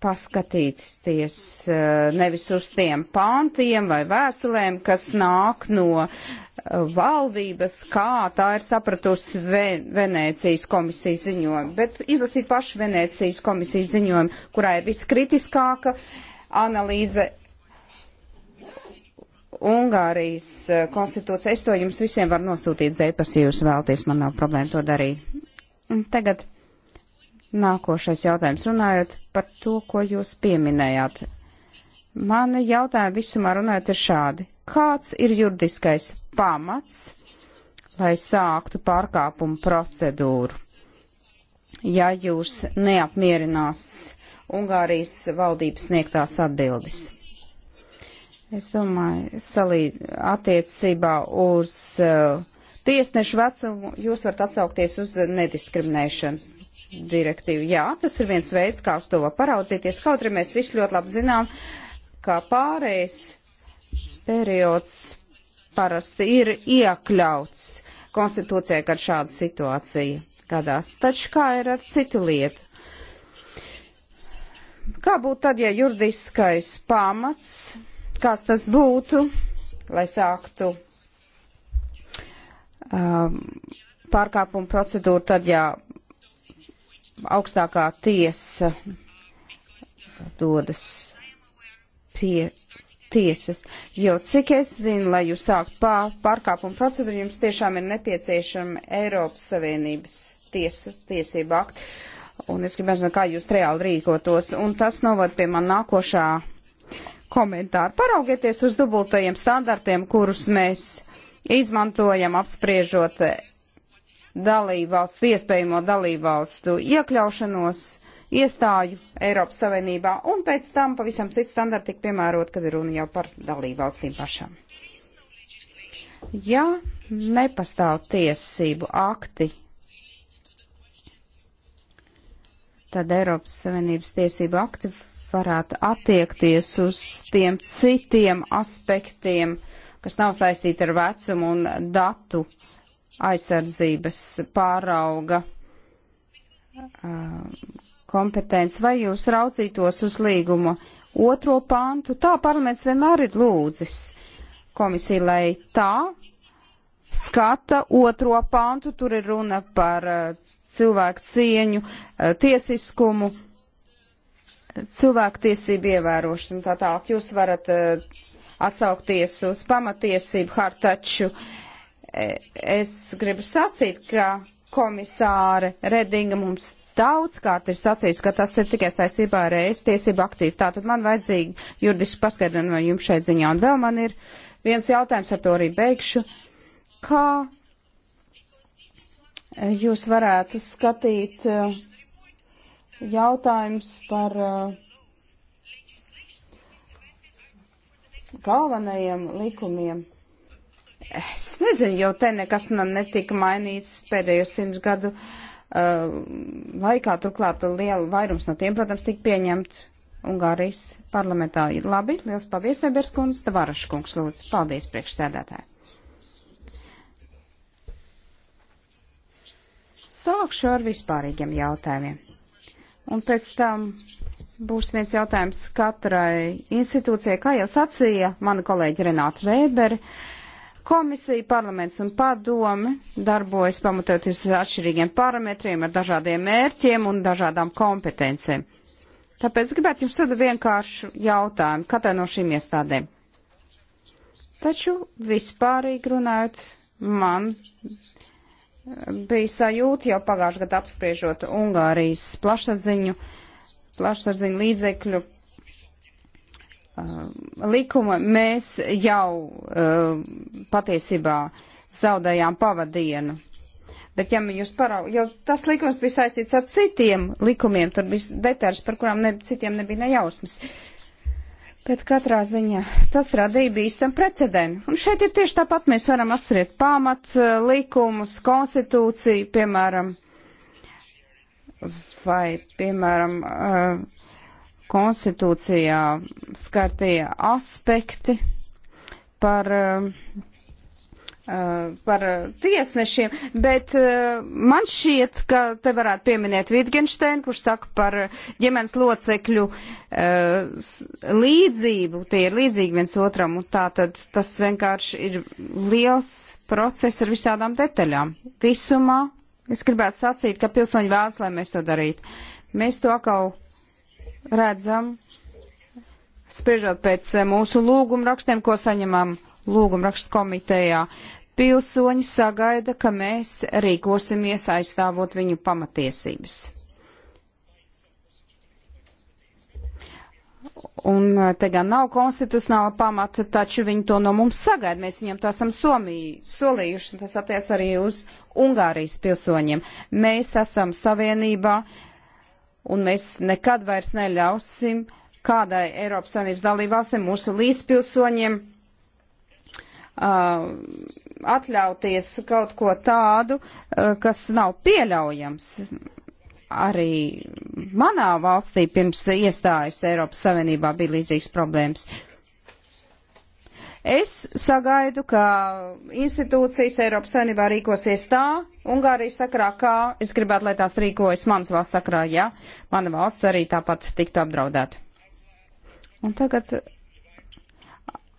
S2: paskatīties eh, nevis uz tiem pāntiem vai vēstulēm, kas nāk no eh, valdības, kā tā ir sapratusi Venēcijas komisijas ziņojumu, bet izlasīt pašu Venēcijas komisijas ziņojumu, kurā ir viskritiskāka analīze Ungārijas eh, konstitūcija. Es to jums visiem varu nosūtīt zēpas, ja jūs vēlties, man nav problēma to darīt. Tagad Nākošais jautājums runājot par to, ko jūs pieminējāt. Mani jautājumi visumā runājot ir šādi. Kāds ir juridiskais pamats, lai sāktu pārkāpumu procedūru? Ja jūs neapmierinās Ungārijas valdības sniegtās atbildes. Es domāju, salīd, attiecībā uz uh, tiesnešu vecumu jūs varat atsaukties uz nediskriminēšanas direktīvu. Jā, tas ir viens veids, kā uz to paraudzīties, kaut arī mēs visi ļoti labi zinām, ka pārējais periods parasti ir iekļauts konstitūcijā, kad šāda situācija gadās. Taču kā ir ar citu lietu? Kā būtu tad, ja juridiskais pamats, kāds tas būtu, lai sāktu um, pārkāpumu procedūru, tad, ja augstākā tiesa dodas pie tiesas, jo cik es zinu, lai jūs sākt pār, pārkāpumu procedūru, jums tiešām ir nepieciešama Eiropas Savienības tiesu, tiesība akti. Un es gribētu zināt, kā jūs reāli rīkotos. Un tas novad pie man nākošā komentāra. Paraugieties uz dubultajiem standartiem, kurus mēs izmantojam apspriežot dalībvalstu, iespējamo dalībvalstu iekļaušanos iestāju Eiropas Savienībā, un pēc tam pavisam cits standarti tika piemērot, kad ir runa jau par dalībvalstīm pašām. Ja nepastāv tiesību akti, tad Eiropas Savienības tiesību akti varētu attiekties uz tiem citiem aspektiem, kas nav saistīti ar vecumu un datu uh, aizsardzības pārauga kompetence, vai jūs raucītos uz līguma otro pantu. Tā parlaments vienmēr ir lūdzis komisiju, lai tā skata otro pantu, tur ir runa par cilvēku cieņu, tiesiskumu, cilvēku tiesību ievērošanu. Tā tālāk jūs varat atsaukties uz pamatiesību hartaču. Uh, E, es gribu sacīt, ka komisāre Redinga mums daudzkārt ir sacījusi, ka tas ir tikai saistībā ar es tiesību aktīvu. Tātad man vajadzīgi juridiski paskaidrojumi no jums šai ziņā. Un vēl man ir viens jautājums, ar to arī beigšu. Kā jūs varētu skatīt e, jautājums par e, galvenajiem likumiem? Es nezinu, jo te nekas netika mainīts pēdējo simts gadu uh, laikā. Turklāt liela vairums no tiem, protams, tika pieņemt Ungārijas parlamentā. Labi, liels paldies, Weberskundze, Tavaraškungs, lūdzu. Paldies, priekšsēdētāji. Sākšu ar vispārīgiem jautājumiem. Un pēc tam būs viens jautājums katrai institūcijai, kā jau sacīja mana kolēģi Renāta Vēberi. Uh, Komisija, parlaments un padomi darbojas pamatoties uz atšķirīgiem parametriem ar dažādiem mērķiem un dažādām kompetencēm. Tāpēc gribētu jums tad vienkāršu jautājumu katrai no šīm iestādēm. Taču vispārīgi runājot, man bija sajūta jau pagājušajā gadā apspriežot Ungārijas plašsaziņu, plašsaziņu līdzekļu Uh, likuma mēs jau uh, patiesībā zaudējām pavadienu. Bet, ja jūs parau, jo tas likums bija saistīts ar citiem likumiem, tur bija detaļas, par kurām ne, citiem nebija nejausmas. Bet katrā ziņā tas radīja bīstam precedentu. Un šeit ir tieši tāpat mēs varam atcerēt pamat uh, likumus, konstitūciju, piemēram, vai, piemēram, uh, konstitūcijā skartie aspekti par, eh, eh, par tiesnešiem, bet eh, man šķiet, ka te varētu pieminēt Wittgensteinu, kurš saka par ģimenes locekļu līdzību, tie ir līdzīgi viens otram, un tā tad tas vienkārši ir liels process ar visādām detaļām. Visumā es gribētu sacīt, ka pilsoņi vēlas, lai mēs to darītu. Mēs to kaut redzam, spriežot pēc eh, mūsu lūgumrakstiem, ko saņemam lūgumrakstu komitejā, pilsoņi sagaida, ka mēs rīkosimies aizstāvot viņu pamatiesības. Un eh, te gan nav konstitucionāla pamata, taču viņi to no mums sagaida. Mēs viņam to esam Somiju solījuši, un tas attiec arī uz Ungārijas pilsoņiem. Mēs esam savienībā, uh, un mēs nekad vairs neļausim kādai Eiropas Savienības dalībvalstīm mūsu līdzpilsoņiem uh, atļauties kaut ko tādu, uh, kas nav pieļaujams. Arī manā valstī pirms iestājas Eiropas Savienībā bija līdzīgas problēmas. Es sagaidu, ka institūcijas Eiropas Savienībā rīkosies tā, Ungārijas sakrā, kā es gribētu, lai tās rīkojas manas valsts sakrā, ja mana valsts arī tāpat tiktu apdraudēta. Un tagad,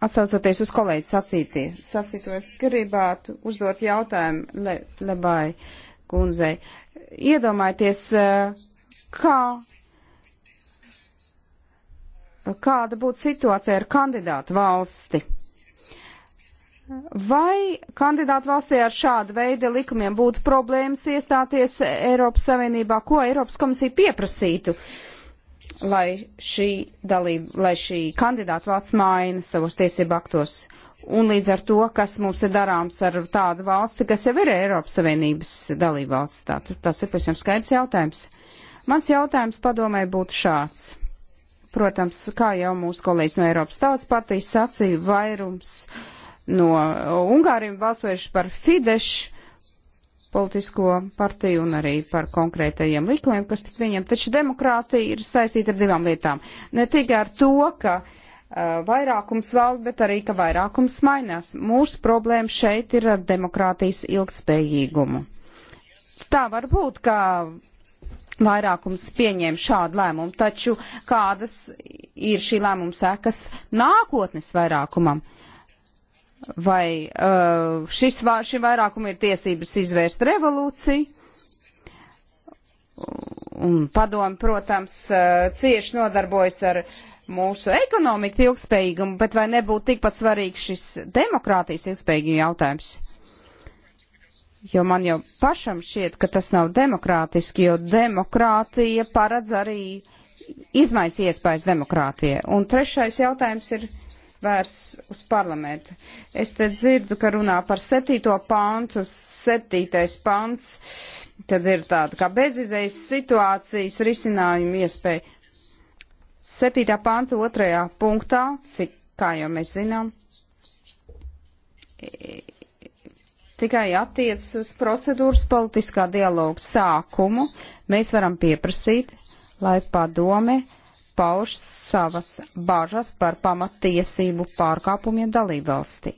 S2: atsaucoties uz kolēģi sacīti, sacīto, es gribētu uzdot jautājumu le, Labai kundzei. Iedomājieties, eh, kā kāda būtu situācija ar kandidātu valsti, Vai kandidātu valstī ar šādu veidu likumiem būtu problēmas iestāties Eiropas Savienībā? Ko Eiropas komisija pieprasītu, lai šī, dalība, lai šī kandidātu valsts maina savos tiesību aktos? Un līdz ar to, kas mums ir darāms ar tādu valsti, kas jau ir Eiropas Savienības dalība valsts, tā, tas ir pēc jums skaidrs jautājums. Mans jautājums padomē būtu šāds. Protams, kā jau mūsu kolēģis no Eiropas Tautas partijas sacīja, vairums uh, no Ungāriem balsojuši par Fidešu politisko partiju un arī par konkrētajiem likumiem, kas tas viņam. Taču demokrātija ir saistīta ar divām lietām. Ne tikai ar to, ka uh, vairākums valda, bet arī, ka vairākums mainās. Mūsu problēma šeit ir ar demokrātijas ilgspējīgumu. Tā var būt, ka vairākums pieņēma šādu lēmumu, taču kādas ir šī lēmuma sekas nākotnes vairākumam? Uh, vai uh, šis, šim vairākumam ir tiesības izvērst revolūciju. Un padomi, protams, uh, cieši nodarbojas ar mūsu ekonomiku ilgspējīgumu, bet vai nebūtu tikpat svarīgs šis demokrātijas ilgspējīguma jautājums? Jo man jau pašam šķiet, ka tas nav demokrātiski, jo demokrātija paredz arī izmaiņas iespējas demokrātijai. Un trešais jautājums ir vērs uz parlamentu. Es te dzirdu, ka runā par septīto pantu, septītais pants, tad ir tāda kā bezizējas situācijas risinājuma iespēja. Septītā panta otrajā punktā, cik kā jau mēs zinām, tikai attiecas uz procedūras politiskā dialoga sākumu, mēs varam pieprasīt, lai padome pauž savas bažas par pamatiesību pārkāpumiem dalībvalstī.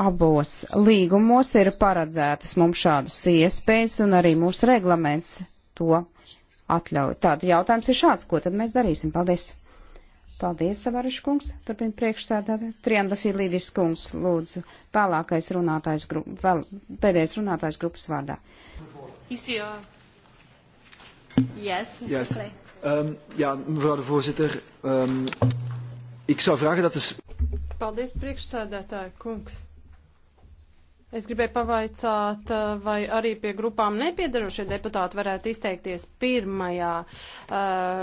S2: Abos līgumos ir paredzētas mums šādas iespējas un arī mūsu reglaments to atļauj. Tātad jautājums ir šāds, ko tad mēs darīsim? Paldies! Paldies, Tavariš kungs, turpin priekšstādātā. Trianda Filīdis kungs, lūdzu, vēlākais runātājs, gru, vēl, pēdējais runātājs grupas vārdā.
S1: Izjā. Yes, Mr. Yes. Clay. Um, ja, mevrouw de voorzitter, um, ik zou vragen dat de...
S3: Paldies, priekšsēdētāji kungs. Es gribēju pavaicāt, eh, vai arī pie grupām nepiedarošie deputāti varētu izteikties pirmajā uh,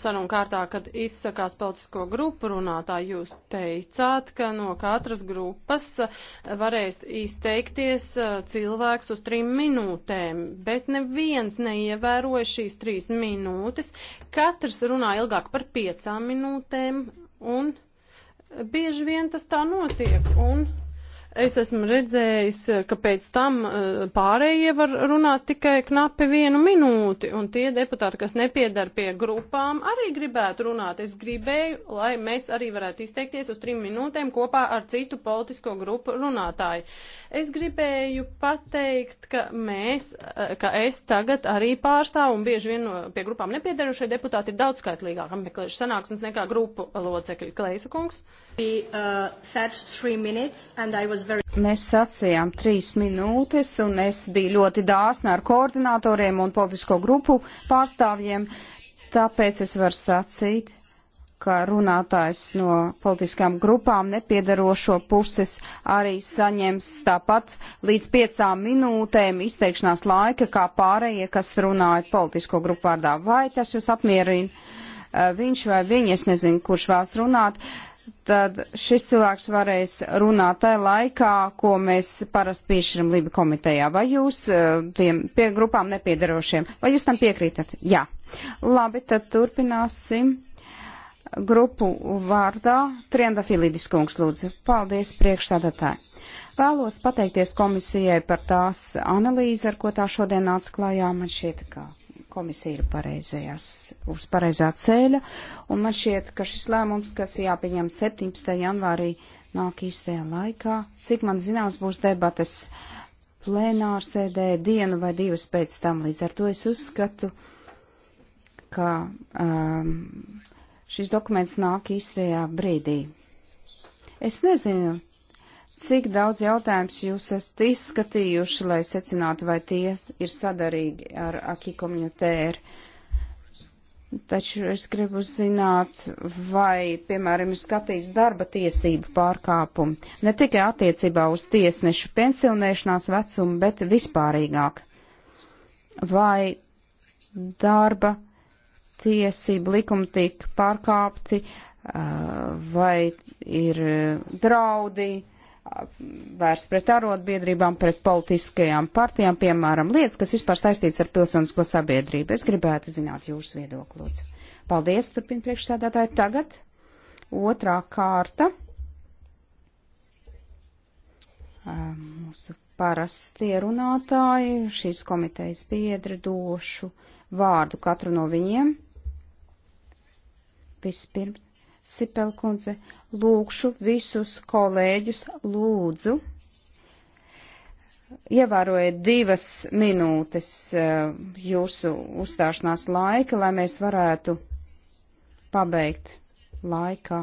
S3: sarunu kārtā, kad izsakās politisko grupu runātāji. Jūs teicāt, ka no katras grupas eh, varēs izteikties cilvēks uz trim minūtēm, bet neviens neievēroja šīs trīs minūtes. Katrs runā ilgāk par piecām minūtēm un bieži vien tas tā notiek. Un Es esmu redzējis, ka pēc tam eh, pārējie var runāt tikai knapi vienu minūti, un tie deputāti, kas nepiedar pie grupām, arī gribētu runāt. Es gribēju, lai mēs arī varētu izteikties uz trim minūtēm kopā ar citu politisko grupu runātāju. Es gribēju pateikt, ka mēs, eh, ka es tagad arī pārstāvu, un bieži vien eh, pie grupām nepiedarušie deputāti ir daudz skaitlīgāk apmeklējuši sanāksmes nekā grupu locekļi. Kleisa kungs. We, uh, very...
S2: Mēs sacījām trīs minūtes, un es biju ļoti dāsna ar koordinatoriem un politisko grupu pārstāvjiem, tāpēc es varu sacīt, ka runātājs no politiskām grupām nepiedarošo puses arī saņems tāpat līdz piecām minūtēm izteikšanās laika, kā pārējie, kas runāja politisko grupu vārdā. Vai tas jūs apmierina? Viņš vai viņa, es nezinu, kurš vēlas runāt. Uh, tad šis cilvēks varēs runāt tajā laikā, ko mēs parasti piešķiram Libi komitejā, vai jūs eh, tiem pie grupām nepiedarošiem, vai jūs tam piekrītat? Jā. Labi, tad turpināsim grupu vārdā. Trienda Filidis kungs lūdzu. Paldies priekšstādātāji. Vēlos pateikties komisijai par tās analīzi, ar ko tā šodien atklājā. Man šķiet, ka komisija ir pareizajās, uz pareizā ceļa, un man šķiet, ka šis lēmums, kas jāpieņem 17. janvārī, nāk īstajā laikā. Cik man zināms, būs debates plēnārsēdē dienu vai divas pēc tam, līdz ar to es uzskatu, ka um, šis dokuments nāk īstajā brīdī. Es nezinu, Cik daudz jautājums jūs esat izskatījuši, lai secinātu, vai tie ir sadarīgi ar aki komunitēru? Taču es gribu zināt, vai, piemēram, ir skatīts darba tiesību pārkāpumi, ne tikai attiecībā uz tiesnešu pensionēšanās vecumu, bet vispārīgāk. Vai darba tiesību likumi tiek pārkāpti, vai ir draudi, vērsts pret arotbiedrībām, pret politiskajām partijām, piemēram, lietas, kas vispār saistīts ar pilsonisko sabiedrību. Es gribētu zināt jūsu viedokli, lūdzu. Paldies, turpina priekšsēdētāji. Tagad otrā kārta. Mūsu parastie runātāji, šīs komitejas biedri došu vārdu katru no viņiem. Vispirms, Sipelkundze, lūkšu visus kolēģus lūdzu. Ievērojiet divas minūtes eh, jūsu uzstāšanās laika, lai mēs varētu pabeigt laikā.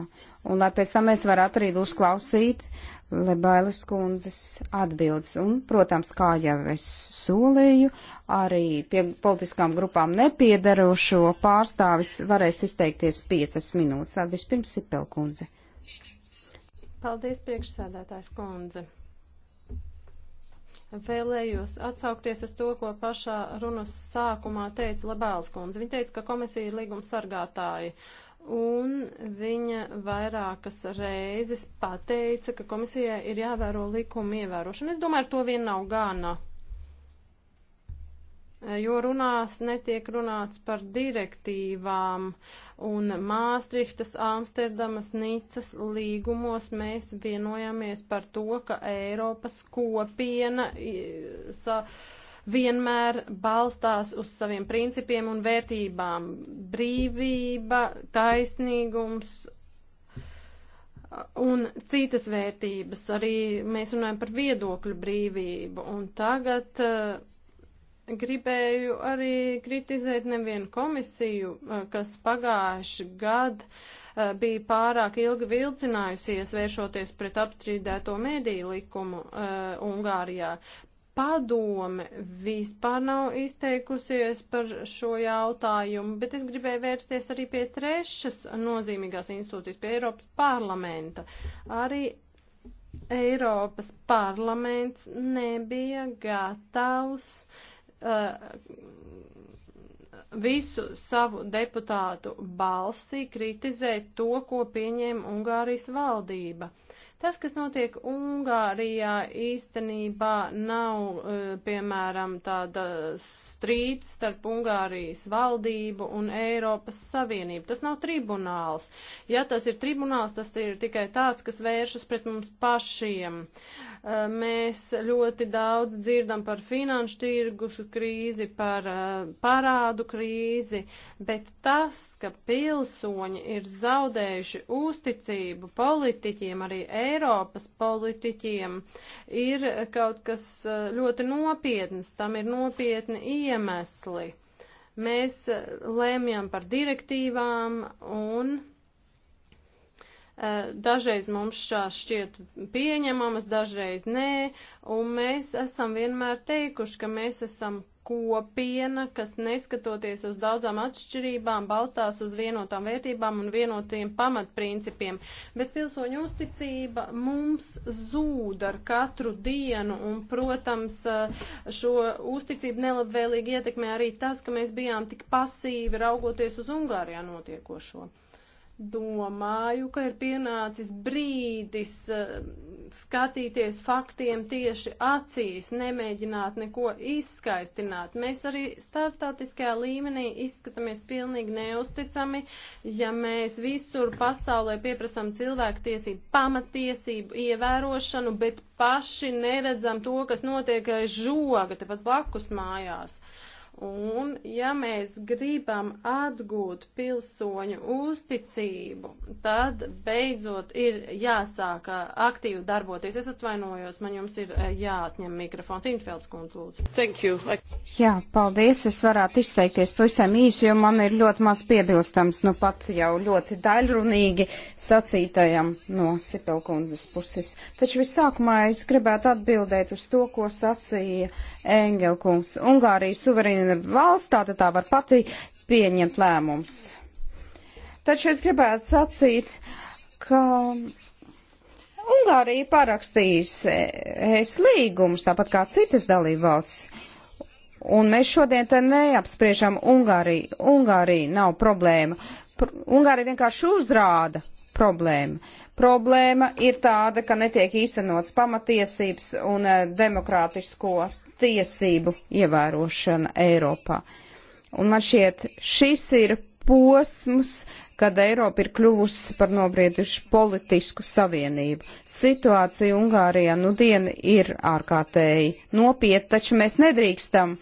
S2: Un lai pēc tam mēs varētu arī uzklausīt Lebailas kundzes atbildes. Un, protams, kā jau es solīju, arī pie politiskām grupām nepiedarošo pārstāvis varēs izteikties piecas minūtes. Tad vispirms Sipel kundze.
S3: Paldies, priekšsēdētājs kundze. Vēlējos atsaukties uz to, ko pašā runas sākumā teica Lebēls kundze. Viņa teica, ka komisija ir līguma sargātāji. Un viņa vairākas reizes pateica, ka komisijai ir jāvēro likuma ievērošana. Es domāju, ar to vien nav gana jo runās netiek runāts par direktīvām, un Māstrihtas, Amsterdamas, Nīcas līgumos mēs vienojamies par to, ka Eiropas kopiena sa, vienmēr balstās uz saviem principiem un vērtībām - brīvība, taisnīgums. Un citas vērtības, arī mēs runājam par viedokļu brīvību, un tagad uh, gribēju arī kritizēt nevienu komisiju, eh, kas pagājuši gadu eh, bija pārāk ilgi vilcinājusies vēršoties pret apstrīdēto mediju likumu uh, Ungārijā. Padome vispār nav izteikusies par šo jautājumu, bet es gribēju vērsties arī pie trešas nozīmīgās institūcijas, pie Eiropas parlamenta. Arī Eiropas parlaments nebija gatavs uh, Uh, visu savu deputātu balsi kritizēt to, ko pieņēma Ungārijas valdība. Tas, kas notiek Ungārijā, īstenībā nav, uh, piemēram, tāda strīds starp Ungārijas valdību un Eiropas Savienību. Tas nav tribunāls. Ja tas ir tribunāls, tas ir tikai tāds, kas vēršas pret mums pašiem. Uh, Eh, mēs ļoti daudz dzirdam par finanšu tirgus krīzi, par eh, parādu krīzi, bet tas, ka pilsoņi ir zaudējuši uzticību politiķiem, arī Eiropas politiķiem, ir kaut kas eh, ļoti nopietns, tam ir nopietni iemesli mēs lēmjam par direktīvām un Eh, dažreiz mums šās šķiet pieņemamas, dažreiz nē, un mēs esam vienmēr teikuši, ka mēs esam kopiena, kas neskatoties uz daudzām atšķirībām, balstās uz vienotām vērtībām un vienotiem pamatprincipiem. Bet pilsoņu uzticība mums zūd ar katru dienu, un, protams, eh, šo uzticību nelabvēlīgi ietekmē arī tas, ka mēs bijām tik pasīvi raugoties uz Ungārijā notiekošo domāju, ka ir pienācis brīdis eh, skatīties faktiem tieši acīs, nemēģināt neko izskaistināt. Mēs arī startautiskajā līmenī izskatāmies pilnīgi neusticami, ja mēs visur pasaulē pieprasām cilvēktiesību, pamatiesību ievērošanu, bet paši neredzam to, kas notiek aiz žoga, tepat blakus mājās. Uh, Un, ja mēs gribam atgūt pilsoņu uzticību, tad beidzot ir jāsāk aktīvi darboties. Es atvainojos, man jums ir jāatņem mikrofons. Infelds kundze, lūdzu. Thank you. I...
S2: Jā, paldies. Es varētu izteikties pavisam īsi, jo man ir ļoti maz piebilstams, nu pat jau ļoti daļrunīgi sacītajam no Sipelkundzes puses. Taču visākumā es gribētu atbildēt uz to, ko sacīja Engelkungs. Ungārija suverēna apstiprina valsts, tātad tā var pati pieņemt lēmums. Taču es gribētu sacīt, ka Ungārija parakstījis es līgumus, tāpat kā citas dalībvalsts. Un mēs šodien te neapspriežam Ungāriju. Ungārija nav problēma. Pr Ungārija vienkārši uzrāda problēmu. Problēma ir tāda, ka netiek īstenots pamatiesības un eh, demokrātisko tiesību ievērošana Eiropā. Un man šķiet, šis ir posms, kad Eiropa ir kļuvusi par nobriedušu politisku savienību. Situācija Ungārijā nu diena ir ārkārtēji nopietna, taču mēs nedrīkstam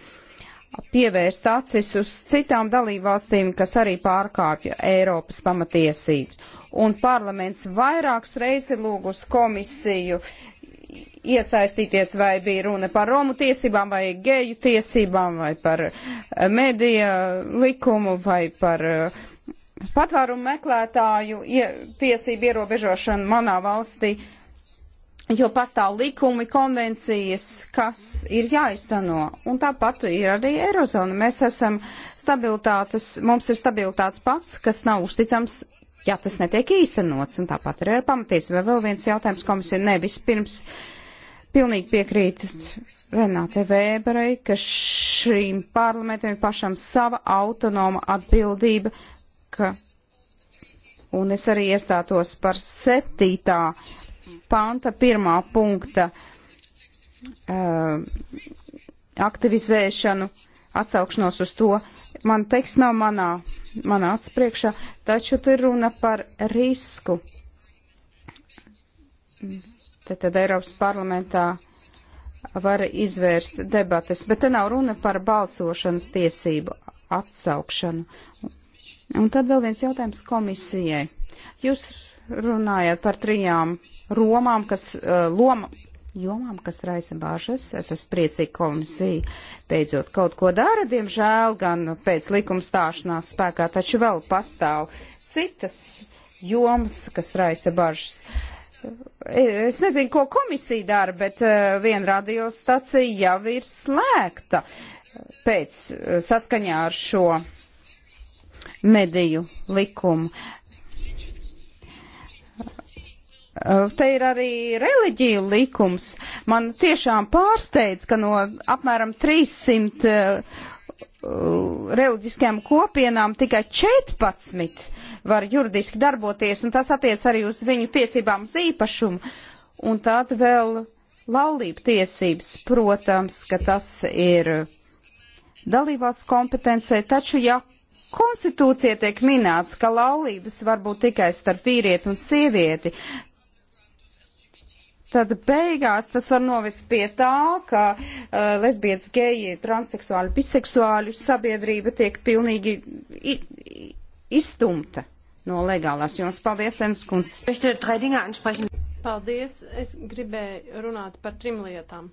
S2: pievērst acis uz citām dalībvalstīm, kas arī pārkāpja Eiropas pamatiesības. Un parlaments vairākas reizes ir lūgus komisiju uh, iesaistīties, vai bija runa par Romu tiesībām, vai geju tiesībām, vai par eh, medija likumu, vai par eh, patvērumu meklētāju tiesību ierobežošanu manā valstī, jo pastāv likumi, konvencijas, kas ir jāiztano. Un tāpat ir arī Eirozona. Mēs esam stabilitātes, mums ir stabilitātes pats, kas nav uzticams ja tas netiek īstenots, un tāpat arī ar pamatiesību. Vēl viens jautājums komisija nevis pirms Pilnīgi piekrīt Renāte Vēberei, ka šīm parlamentiem ir pašam sava autonoma atbildība, ka, un es arī iestātos par septītā panta pirmā punkta uh, aktivizēšanu, atsaukšanos uz to. Man teksts nav manā, manā atspriekšā, taču tur runa par risku. Mm Tad, tad Eiropas parlamentā var izvērst debates, bet te nav runa par balsošanas tiesību atsaukšanu. Un tad vēl viens jautājums komisijai. Jūs runājat par trijām romām, kas, uh, loma, jomām, kas raisa bāžas. Es esmu priecīgi komisija beidzot kaut ko dara, diemžēl, gan pēc likuma stāšanās spēkā, taču vēl pastāv citas jomas, kas raisa bažas. Uh, Es nezinu, ko komisija dara, bet eh, viena radiostacija jau ir slēgta pēc eh, saskaņā ar šo mediju likumu. Eh, te ir arī reliģija likums. Man tiešām pārsteidz, ka no apmēram 300 reliģiskajām kopienām tikai 14 var juridiski darboties, un tas attiec arī uz viņu tiesībām uz īpašumu. Un tad vēl laulība tiesības, protams, ka tas ir dalībās kompetencē, taču ja konstitūcija tiek minēts, ka laulības var būt tikai starp vīrieti un sievieti, tad beigās tas var novest pie tā, ka uh, lesbietas, geji, transseksuāļu, biseksuāļu sabiedrība tiek pilnīgi izstumta no legālās jomas. Paldies, Lenas kundze.
S3: Paldies. Es gribēju runāt par trim lietām.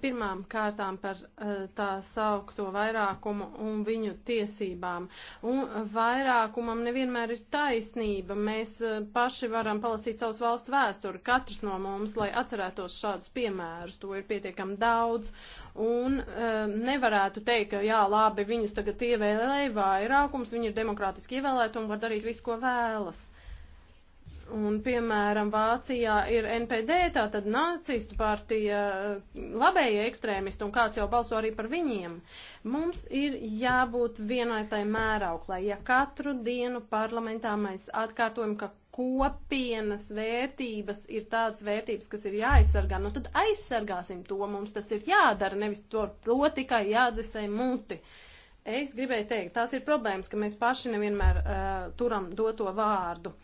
S3: Pirmām kārtām par eh, tā saukto vairākumu un viņu tiesībām. Un vairākumam nevienmēr ir taisnība. Mēs eh, paši varam palasīt savus valsts vēsturi, katrs no mums, lai atcerētos šādus piemērus. To ir pietiekami daudz un um, nevarētu teikt, ka jā, labi, viņus tagad ievēlēja vairākums, viņi ir demokrātiski ievēlēti un var darīt visu, ko vēlas. Un, piemēram, Vācijā ir NPD, tā tad nācistu partija, uh, labējie ekstrēmisti, un kāds jau balso arī par viņiem. Mums ir jābūt vienai tai mērauklē. Ja katru dienu parlamentā mēs atkārtojam, ka kopienas vērtības ir tādas vērtības, kas ir jāaizsargā, nu tad aizsargāsim to, mums tas ir jādara, nevis to proti tikai jādzisē muti. Es gribēju teikt, tās ir problēmas, ka mēs paši nevienmēr uh, turam doto vārdu.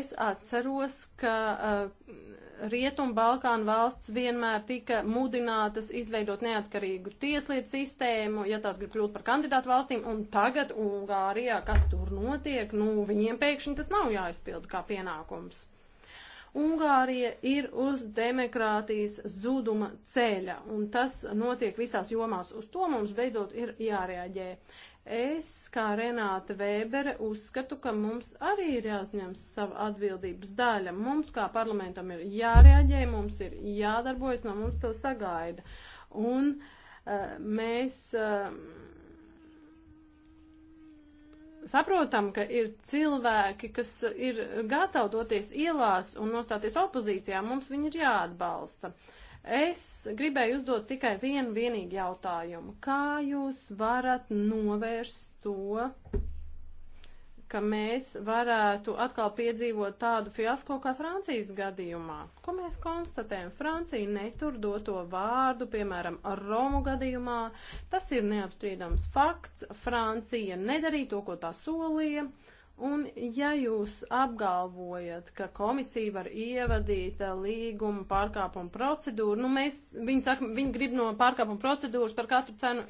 S3: Es atceros, ka uh, Rietumbalkānu valsts vienmēr tika mudinātas izveidot neatkarīgu tieslietu sistēmu, ja tās grib kļūt par kandidātu valstīm, un tagad Ungārijā, kas tur notiek, nu, viņiem pēkšņi tas nav jāizpilda kā pienākums. Ungārija ir uz demokrātijas zuduma ceļa, un tas notiek visās jomās. Uz to mums beidzot ir jārēģē. Es, kā Renāta Vēbere, uzskatu, ka mums arī ir jāuzņems sava atbildības daļa. Mums, kā parlamentam, ir jārēģē, mums ir jādarbojas, no mums to sagaida. Un uh, mēs uh, saprotam, ka ir cilvēki, kas ir gatavi doties ielās un nostāties opozīcijā. Mums viņi ir jāatbalsta. Uh, Es gribēju uzdot tikai vienu vienīgu jautājumu. Kā jūs varat novērst to, ka mēs varētu atkal piedzīvot tādu fiasko kā Francijas gadījumā? Ko mēs konstatējam? Francija netur doto vārdu, piemēram, Romu gadījumā. Tas ir neapstrīdams fakts. Francija nedarīja to, ko tā solīja. Uh, Un ja jūs apgalvojat, ka komisija var ievadīt eh, līguma pārkāpuma procedūru, nu mēs, viņi saka, viņi grib no pārkāpuma procedūras par katru cenu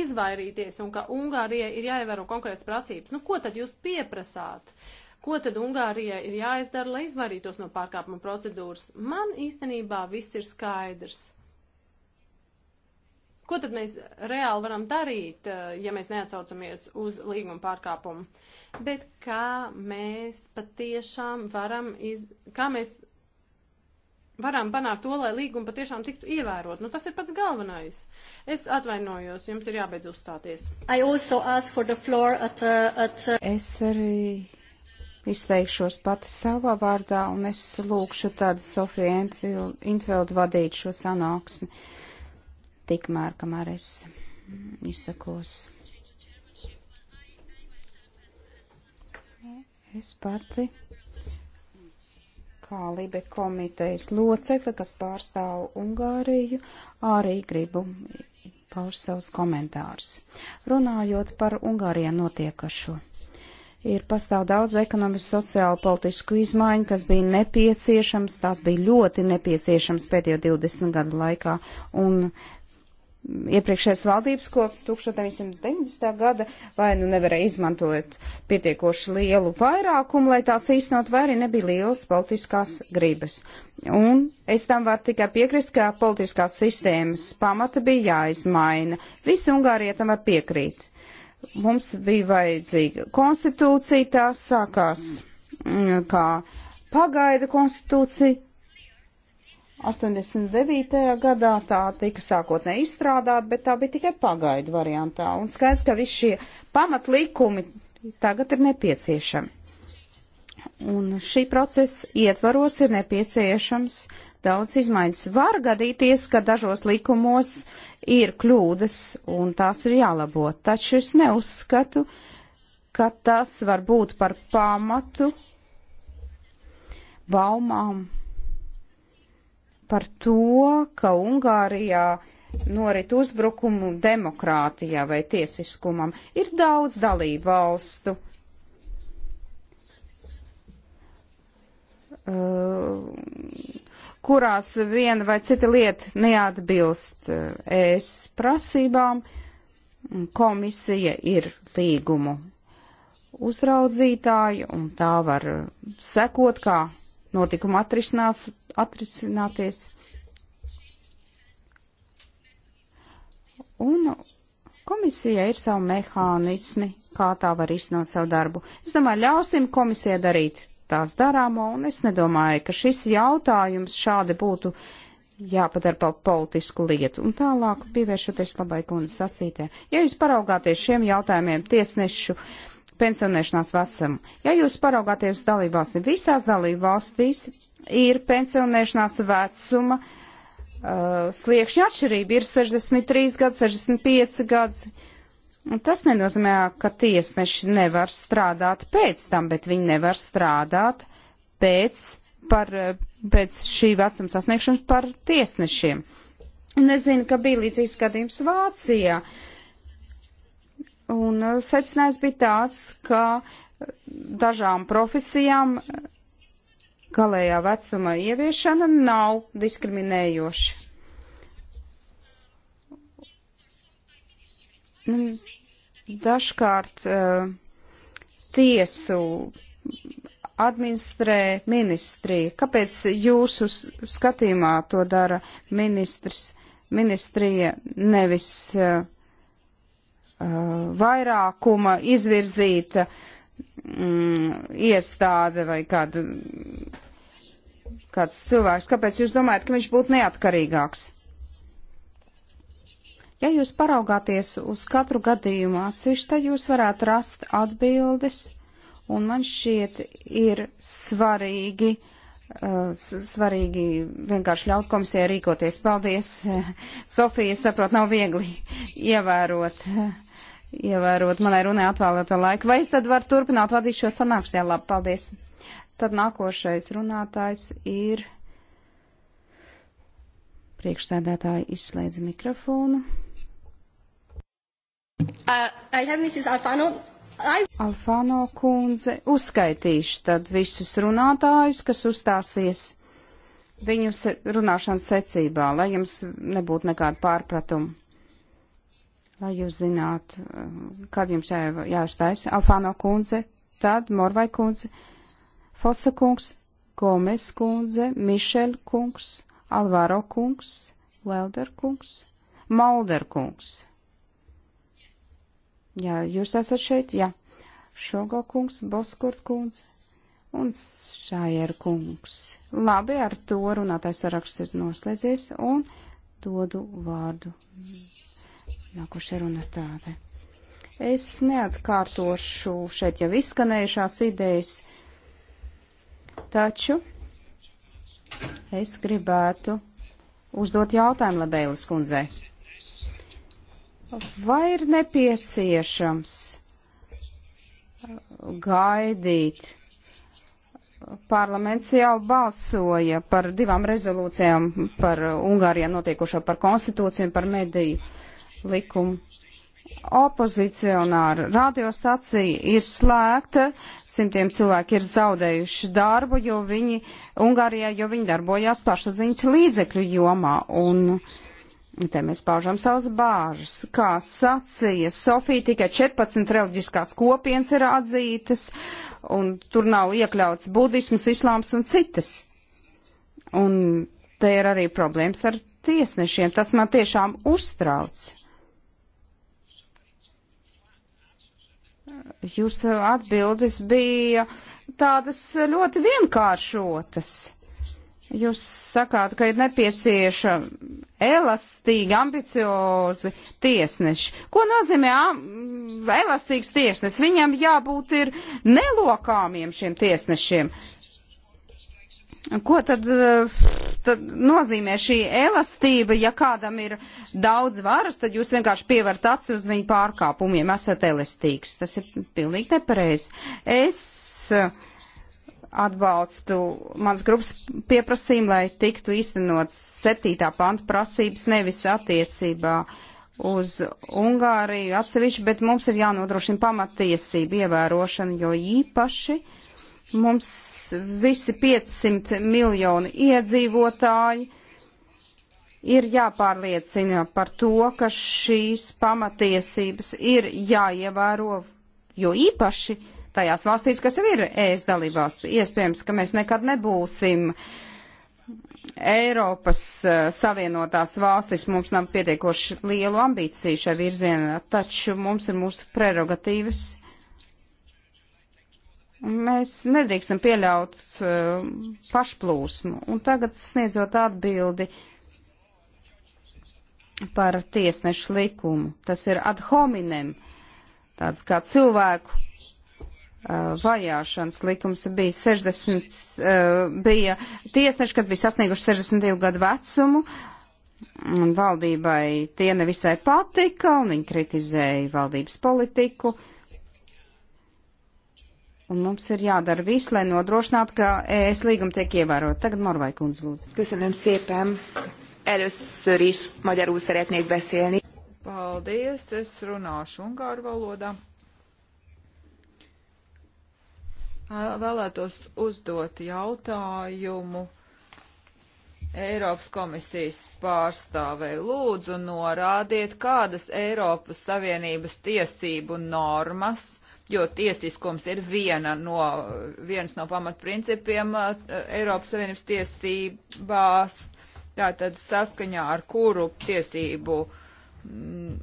S3: izvairīties un ka Ungārijai ir jāievēro konkrētas prasības. Nu ko tad jūs pieprasāt? Ko tad Ungārijai ir jāizdara, lai izvairītos no pārkāpuma procedūras? Man īstenībā viss ir skaidrs. Ko tad mēs reāli varam darīt, eh, ja mēs neatsaucamies uz līguma pārkāpumu? Bet kā mēs patiešām varam, iz... kā mēs varam panākt to, lai līguma patiešām tiktu ievērot. Nu, tas ir pats galvenais. Es atvainojos, jums ir jābeidz uzstāties.
S2: At, uh, at... Uh, es arī izteikšos pati savā vārdā, un es lūkšu tādu Sofiju Intveldu vadīt šo sanāksmi. Uh, tikmēr, kamēr es izsakos. Es pati kā Libe komitejas locekle, kas pārstāv Ungāriju, arī gribu paust savus komentārus. Runājot par Ungārijā notiekašo. Ir pastāv daudz ekonomisku, sociālu, politisku izmaiņu, kas bija nepieciešams, tās bija ļoti nepieciešams pēdējo 20 gadu laikā, un iepriekšējās valdības kopš 1990. gada vai nu nevarēja izmantot pietiekoši lielu vairākumu, lai tās īstenot, vai arī nebija lielas politiskās gribas. Un es tam varu tikai piekrist, ka politiskās sistēmas pamata bija jāizmaina. Visi Ungārija tam var piekrīt. Mums bija vajadzīga konstitūcija, tā sākās mm, kā pagaida konstitūcija, 89. gadā tā tika sākotnē izstrādāta, bet tā bija tikai pagaidu variantā. Un skaidrs, ka visi šie pamatlikumi tagad ir nepieciešami. Un šī procesa ietvaros ir nepieciešams daudz izmaiņas. Var gadīties, ka dažos likumos ir kļūdas un tās ir jālabo, taču es neuzskatu, ka tas var būt par pamatu baumām par to, ka Ungārijā norit uzbrukumu demokrātijā vai tiesiskumam. Ir daudz dalību valstu. Eh, kurās viena vai cita lieta neatbilst eh, es prasībām, komisija ir līgumu uzraudzītāju, un tā var sekot, kā notikuma atrisinās, atrisināties. Un komisija ir savu mehānismi, kā tā var izsnot savu darbu. Es domāju, ļausim komisijai darīt tās darāmo, un es nedomāju, ka šis jautājums šādi būtu jāpadara par politisku lietu. Un tālāk, pievēršoties labai kundzes sacītē, ja jūs paraugāties šiem jautājumiem tiesnešu uh, pensionēšanās vecumu. Ja jūs paraugāties uz dalību valsti, visās dalību valstīs ir pensionēšanās vecuma uh, sliekšņa atšķirība, ir 63 gadi, 65 gadi. Un tas nenozīmē, ka tiesneši nevar strādāt pēc tam, bet viņi nevar strādāt pēc, par, uh, pēc šī vecuma sasniegšanas par tiesnešiem. Nezinu, ka bija līdzīgs gadījums Vācijā. Uh, Un uh, secinājums bija tāds, ka dažām profesijām galējā vecuma ieviešana nav diskriminējoša. Dažkārt uh, tiesu administrē ministrija. Kāpēc jūsu skatījumā to dara ministrs, ministrija nevis uh, Uh, vairākuma izvirzīta mm, iestāde vai kādu, kāds cilvēks. Kāpēc jūs domājat, ka viņš būtu neatkarīgāks? Ja jūs paraugāties uz katru gadījumu atsevišķi, tad jūs varētu rast atbildes, un man šķiet ir svarīgi uh, svarīgi vienkārši ļaut komisijai rīkoties. Paldies, Sofija, saprot, nav viegli ievērot, ievērot manai runai atvēlēto laiku. Vai es tad varu turpināt vadīt šo sanāksmi? Jā, labi, paldies. Tad nākošais runātājs ir priekšsēdētāji izslēdz mikrofonu.
S3: Uh, I have Mrs. Alfano.
S2: Alfāno kundze, uzskaitīšu tad visus runātājus, kas uzstāsies viņu se runāšanas secībā, lai jums nebūtu nekāda pārpratuma. Lai jūs zinātu, kad jums jā, jāuztais Alfāno kundze, tad Morvai kundze, Fosa kungs, Gomes kundze, Mišel kungs, Alvaro kungs, Welder kungs, Malder kungs. Jā, jūs esat šeit? Jā. Šogo kungs, Boskurt kungs un Šājer kungs. Labi, ar to runātais saraksts ir noslēdzies un dodu vārdu. Nākošie runātāji. Es neatkārtošu šeit jau izskanējušās idejas, taču es gribētu uzdot jautājumu Labēlis kundzei. Vai ir nepieciešams uh, gaidīt? Parlaments jau balsoja par divām rezolūcijām, par uh, Ungārijā notiekošo, par konstitūciju un par mediju likumu. Opozicionāra radiostacija ir slēgta, simtiem cilvēki ir zaudējuši darbu, jo viņi Ungārijā, jo viņi darbojās plašsaziņas līdzekļu jomā. Un, uh, Te mēs paužam savas bāžas. Kā sacīja Sofija, tikai 14 reliģiskās kopienas ir atzītas, un tur nav iekļauts budisms, islāms un citas. Un te ir arī problēmas ar tiesnešiem. Tas man tiešām uztrauc. Jūsu atbildes bija tādas ļoti vienkāršotas. Jūs sakāt, ka ir nepieciešami elastīgi, ambiciozi tiesneši. Ko nozīmē elastīgs tiesnesis? Viņam jābūt ir nelokāmiem šiem tiesnešiem. Ko tad, tad nozīmē šī elastība, ja kādam ir daudz varas, tad jūs vienkārši pievarat acis uz viņu pārkāpumiem, esat elastīgs. Tas ir pilnīgi nepareizi. Es uh, atbalstu mans grupas pieprasījumu, lai tiktu īstenots septītā panta prasības nevis attiecībā uz Ungāriju atsevišķi, bet mums ir jānodrošina pamatiesību ievērošana, jo īpaši mums visi 500 miljoni iedzīvotāji ir jāpārliecina par to, ka šīs pamatiesības ir jāievēro, jo īpaši tajās valstīs, kas jau ir ES dalībās. Iespējams, ka mēs nekad nebūsim Eiropas eh, Savienotās valstis, mums nav pietiekoši lielu ambīciju šai virzienā, taču mums ir mūsu prerogatīvas. Mēs nedrīkstam pieļaut uh, pašplūsmu. Un tagad sniedzot atbildi par tiesnešu likumu. Tas ir ad hominem, tāds kā cilvēku Eh, vajāšanas likums bija 60, eh, bija tiesneši, kas bija sasnieguši 62 gadu vecumu, un valdībai tie nevisai patika, un viņi kritizēja valdības politiku. Un mums ir jādara viss, lai nodrošinātu, ka ES līguma tiek ievērot. Tagad Morvai kundze lūdzu. Köszönöm szépen. Először is magyarul szeretnék
S1: beszélni. Paldies, es runāšu ungāru valodā. vēlētos uzdot jautājumu Eiropas komisijas pārstāvei. Lūdzu, norādiet, kādas Eiropas Savienības tiesību normas, jo tiesiskums ir viena no, viens no pamatprincipiem Eiropas Savienības tiesībās, tātad saskaņā ar kuru tiesību mm,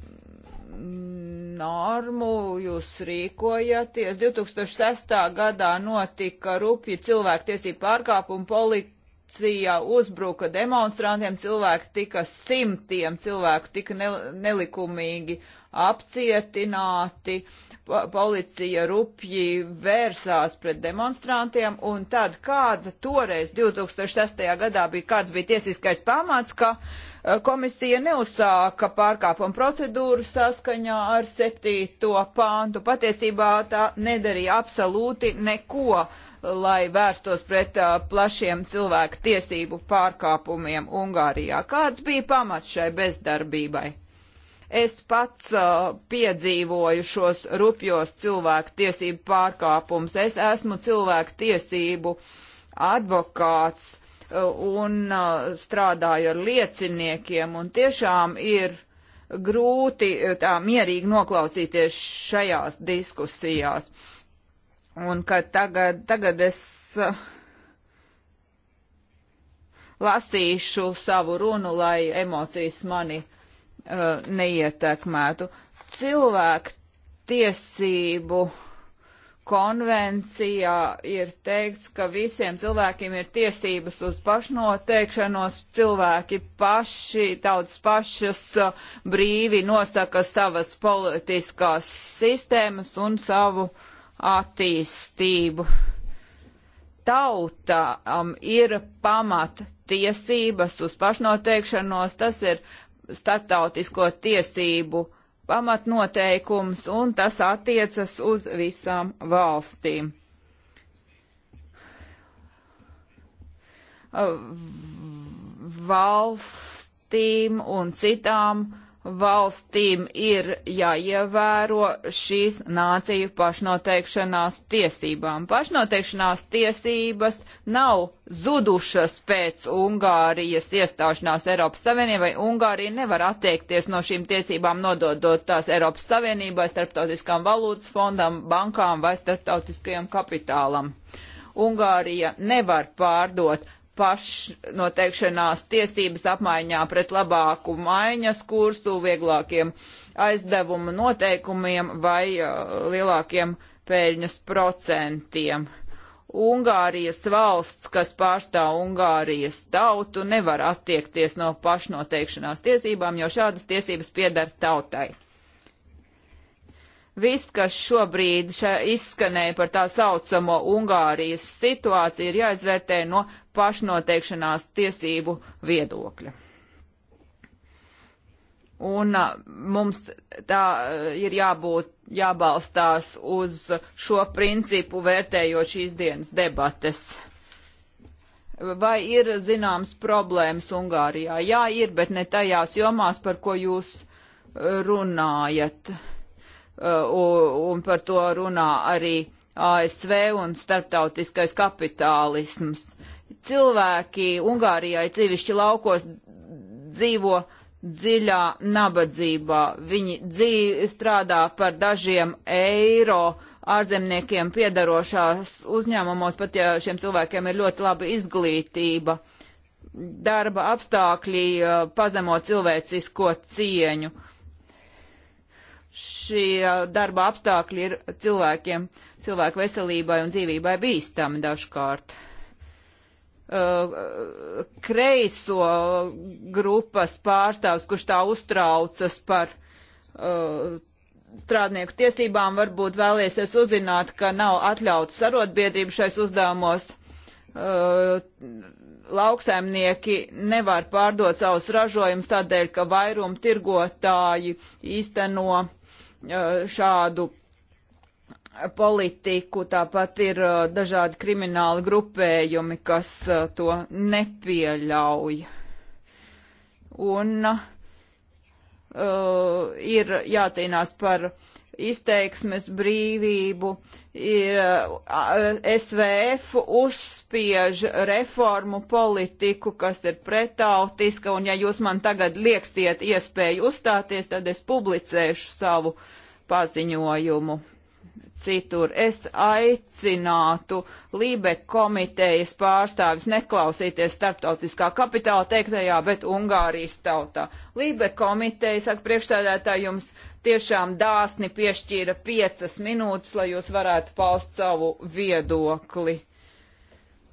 S1: normu jūs rīkojaties. 2006. gadā notika rupji cilvēktiesību pārkāpumi, policija uzbruka demonstrantiem, cilvēki tika simtiem, cilvēku tika nelikumīgi apcietināti, po policija rupji vērsās pret demonstrantiem, un tad kāda toreiz 2006. gadā bija, kāds bija tiesiskais pamats, ka uh, Eh, komisija neuzsāka pārkāpuma procedūru saskaņā ar septīto pāntu. Patiesībā tā nedarīja absolūti neko, lai vērstos pret uh, plašiem cilvēku tiesību pārkāpumiem Ungārijā. Kāds bija pamats šai bezdarbībai? Es pats uh, piedzīvoju šos rupjos cilvēku tiesību pārkāpumus. Es esmu cilvēku tiesību advokāts. Uh, un uh, strādāju ar lieciniekiem, un tiešām ir grūti uh, tā mierīgi noklausīties šajās diskusijās. Un ka tagad, tagad es uh, lasīšu savu runu, lai emocijas mani uh, neietekmētu. Cilvēku tiesību uh, konvencijā ir teikts, ka visiem cilvēkiem ir tiesības uz pašnoteikšanos, cilvēki paši, tautas pašas brīvi nosaka savas politiskās sistēmas un savu attīstību. Tautām um, ir pamat tiesības uz pašnoteikšanos, tas ir starptautisko tiesību pamatnoteikums, un tas attiecas uz visām valstīm. Valstīm un citām valstīm valstīm ir jāievēro šīs nāciju pašnoteikšanās tiesībām. Pašnoteikšanās tiesības nav zudušas pēc Ungārijas iestāšanās Eiropas Savienībai. Ungārija nevar atteikties no šīm tiesībām nododot tās Eiropas Savienībai, starptautiskām valūtas fondam, bankām vai starptautiskajam kapitālam. Ungārija nevar pārdot pašnoteikšanās tiesības apmaiņā pret labāku maiņas kursu, vieglākiem aizdevuma noteikumiem vai uh, lielākiem pēļņas procentiem. Ungārijas valsts, kas pārstāv Ungārijas tautu, nevar attiekties no pašnoteikšanās tiesībām, jo šādas tiesības piedara tautai. Viss, kas šobrīd izskanēja par tā saucamo Ungārijas situāciju, ir jāizvērtē no pašnoteikšanās tiesību viedokļa. Un a, mums tā ir jābūt, jābalstās uz šo principu vērtējot šīs dienas debates. Vai ir zināms problēmas Ungārijā? Jā, ir, bet ne tajās jomās, par ko jūs runājat. Uh, Uh, un par to runā arī ASV un starptautiskais kapitālisms. Cilvēki Ungārijai cīvišķi laukos dzīvo dziļā nabadzībā. Viņi dzīvi strādā par dažiem eiro ārzemniekiem piedarošās uzņēmumos, pat ja šiem cilvēkiem ir ļoti laba izglītība. Darba apstākļi uh, pazemo cilvēcisko cieņu. Uh, šie darba apstākļi ir cilvēkiem, cilvēku veselībai un dzīvībai bīstami dažkārt. Uh, kreiso grupas pārstāvs, kurš tā uztraucas par uh, strādnieku tiesībām, varbūt vēliesies uzzināt, ka nav atļauts sarotbiedrību šais uzdevumos. Uh, lauksaimnieki nevar pārdot savus ražojumus tādēļ, ka vairum tirgotāji īsteno šādu politiku, tāpat ir dažādi krimināli grupējumi, kas to nepieļauj. Un uh, ir jācīnās par uh, izteiksmes brīvību, ir SVF uzspiež reformu politiku, kas ir pretautiska, un ja jūs man tagad liekstiet iespēju uzstāties, tad es publicēšu savu paziņojumu. Citur es aicinātu Lībe komitejas pārstāvis neklausīties starptautiskā kapitāla teiktajā, bet Ungārijas tautā. Lībe komiteja, saka priekšstādētā, jums uh, tiešām dāsni piešķīra piecas minūtes, lai jūs varētu paust savu viedokli.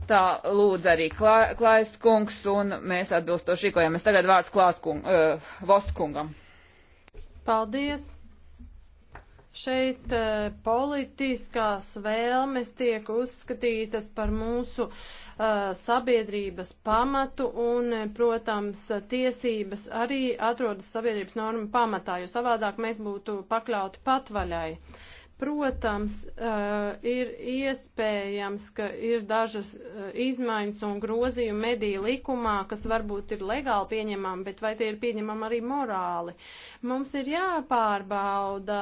S1: Tā lūdz arī klā, Klais kungs, un mēs atbilstoši rīkojamies. Tagad vārds Klās kung, uh, Vostkungam.
S3: Paldies! Šeit uh, politiskās vēlmes tiek uzskatītas par mūsu uh, sabiedrības pamatu un, e, protams, tiesības arī atrodas sabiedrības norma pamatā, jo savādāk mēs būtu pakļauti patvaļai. Uh, Protams, eh, ir iespējams, ka ir dažas eh, izmaiņas un grozījumi mediju likumā, kas varbūt ir legāli pieņemami, bet vai tie ir pieņemami arī morāli. Mums ir jāpārbauda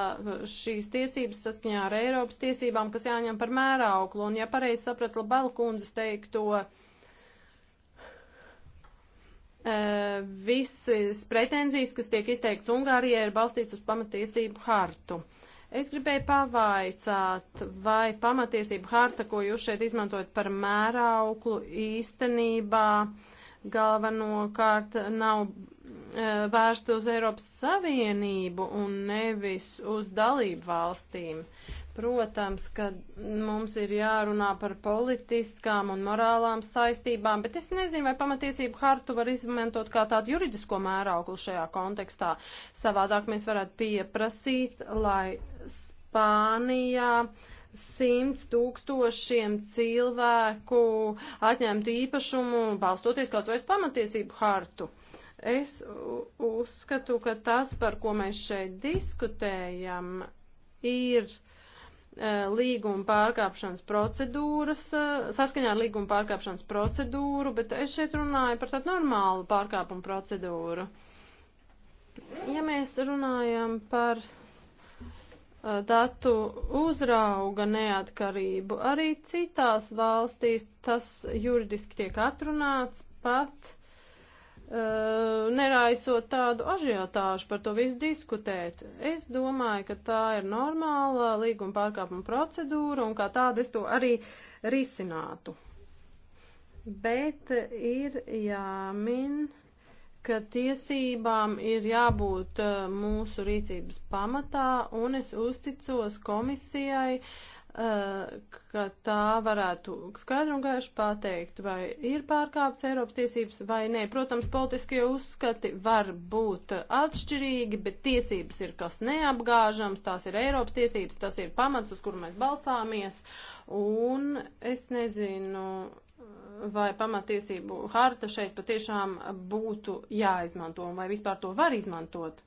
S3: šīs tiesības saskaņā ar Eiropas tiesībām, kas jāņem par mērauklu. Un, ja pareizi sapratu Labalkundzes teikto, eh, visas pretenzijas, kas tiek izteikts Ungārijai, ir balstīts uz pamatiesību hartu. Es gribēju pavaicāt, vai pamatiesība harta, ko jūs šeit izmantojat par mērauklu, īstenībā galvenokārt nav e, vērsta uz Eiropas Savienību un nevis uz dalību valstīm. Protams, ka mums ir jārunā par politiskām un morālām saistībām, bet es nezinu, vai pamatiesību hartu var izmantot kā tādu juridisko mērauklu šajā kontekstā. Savādāk mēs varētu pieprasīt, lai Spānijā simts tūkstošiem cilvēku atņemtu īpašumu, balstoties kaut vai uz pamatiesību hartu. Es uzskatu, ka tas, par ko mēs šeit diskutējam, ir Eh, līguma pārkāpšanas procedūras, eh, saskaņā ar līguma pārkāpšanas procedūru, bet es šeit runāju par tādu normālu pārkāpumu procedūru. Ja mēs runājam par eh, datu uzrauga neatkarību, arī citās valstīs tas juridiski tiek atrunāts pat neraisot tādu ažiotāžu par to visu diskutēt. Es domāju, ka tā ir normāla līguma pārkāpuma procedūra un kā tāda es to arī risinātu. Bet ir jāmin, ka tiesībām ir jābūt mūsu rīcības pamatā un es uzticos komisijai uh, Eh, ka tā varētu skaidri un gaiši pateikt, vai ir pārkāpts Eiropas tiesības vai nē. Protams, politiskie uzskati var būt atšķirīgi, bet tiesības ir kas neapgāžams, tās ir Eiropas tiesības, tas ir pamats, uz kuru mēs balstāmies. Un es nezinu, eh, vai pamatiesību harta šeit patiešām būtu jāizmanto un vai vispār to var izmantot.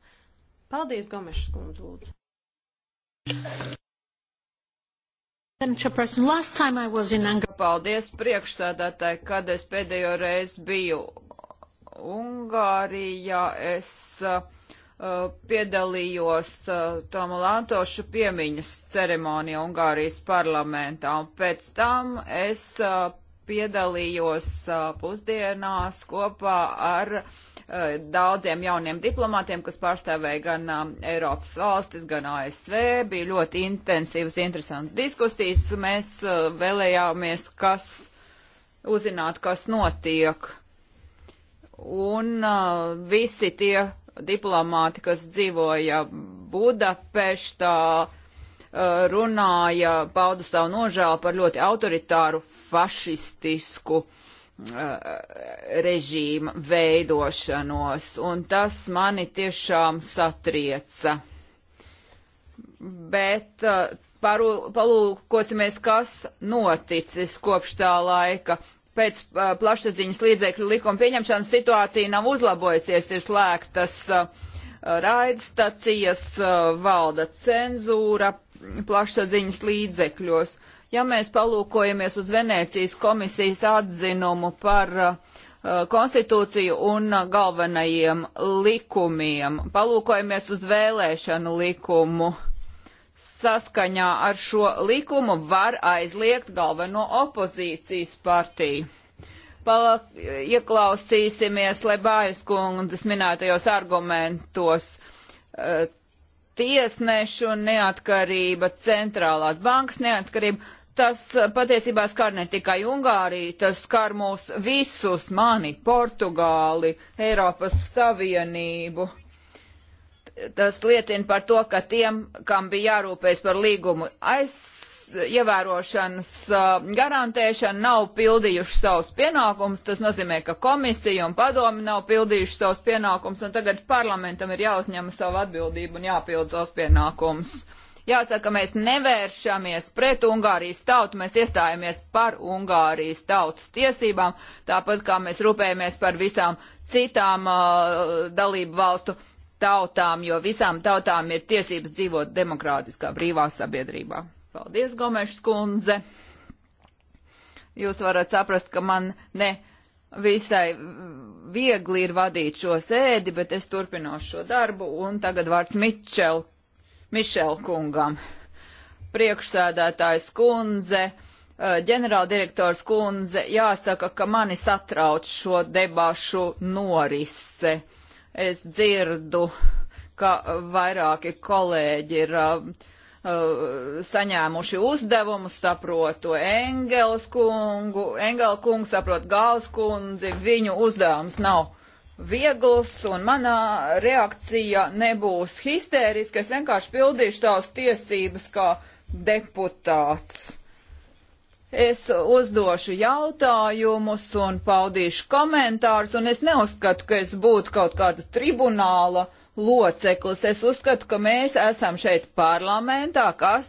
S1: Paldies, Gomešs
S3: kundze, lūdzu.
S1: Paldies priekšsēdētāji, kad es pēdējo reizi biju Ungārijā. Es uh, piedalījos uh, Tomu Lantošu piemiņas ceremonijā Ungārijas parlamentā, un pēc tam es uh, piedalījos uh, pusdienās kopā ar uh, Eh, daudziem jauniem diplomātiem, kas pārstāvēja gan eh, Eiropas valstis, gan ASV. Bija ļoti intensīvas, interesantas diskusijas. Mēs eh, vēlējāmies, kas uzzināt, kas notiek. Un uh, visi tie diplomāti, kas dzīvoja Budapeštā, runāja, pauda savu nožēlu par ļoti autoritāru fašistisku uh, Eh, režīma veidošanos, un tas mani tiešām satrieca. Bet eh, paru, palūkosimies, kas noticis kopš tā laika. Pēc eh, plašsaziņas līdzekļu likuma pieņemšanas situācija nav uzlabojusies, ir slēgtas raidstacijas, valda cenzūra plašsaziņas līdzekļos. Uh, Ja mēs palūkojamies uz Venēcijas komisijas atzinumu par uh, konstitūciju un uh, galvenajiem likumiem. Palūkojamies uz vēlēšanu likumu. Saskaņā ar šo likumu var aizliegt galveno opozīcijas partiju. Pala, ieklausīsimies Lebājas kundas minētajos argumentos. Uh, tiesnešu neatkarība, centrālās bankas neatkarība tas eh, patiesībā skar ne tikai Ungāriju, tas skar mūs visus, mani, Portugāli, Eiropas Savienību. Tas liecina par to, ka tiem, kam bija jārūpējas par līgumu aiz ievērošanas eh, garantēšanu, nav pildījuši savus pienākumus. Tas nozīmē, ka komisija un padomi nav pildījuši savus pienākumus, un tagad parlamentam ir jāuzņem savu atbildību un jāpild savus pienākumus. Jāsaka, mēs nevēršamies pret Ungārijas tautu, mēs iestājamies par Ungārijas tautas tiesībām, tāpat kā mēs rūpējamies par visām citām uh, dalību valstu tautām, jo visām tautām ir tiesības dzīvot demokrātiskā brīvā sabiedrībā. Paldies, Gomešs kundze! Jūs varat saprast, ka man ne visai viegli ir vadīt šo sēdi, bet es turpināšu šo darbu, un tagad vārds Mičel Mišel kungam. Priekšsēdētājs kundze, eh, ģenerāldirektors kundze, jāsaka, ka mani satrauc šo debašu norise. Es dzirdu, ka vairāki kolēģi ir uh, saņēmuši uzdevumus, saprotu Engels kungu, Engela kungu, saprotu Gāls kundzi, viņu uzdevums nav viegls un manā reakcija nebūs histēriska. Es vienkārši pildīšu savas tiesības kā deputāts. Es uzdošu jautājumus un paudīšu komentārus, un es neuzskatu, ka es būtu kaut kāda tribunāla loceklis. Es uzskatu, ka mēs esam šeit parlamentā, kas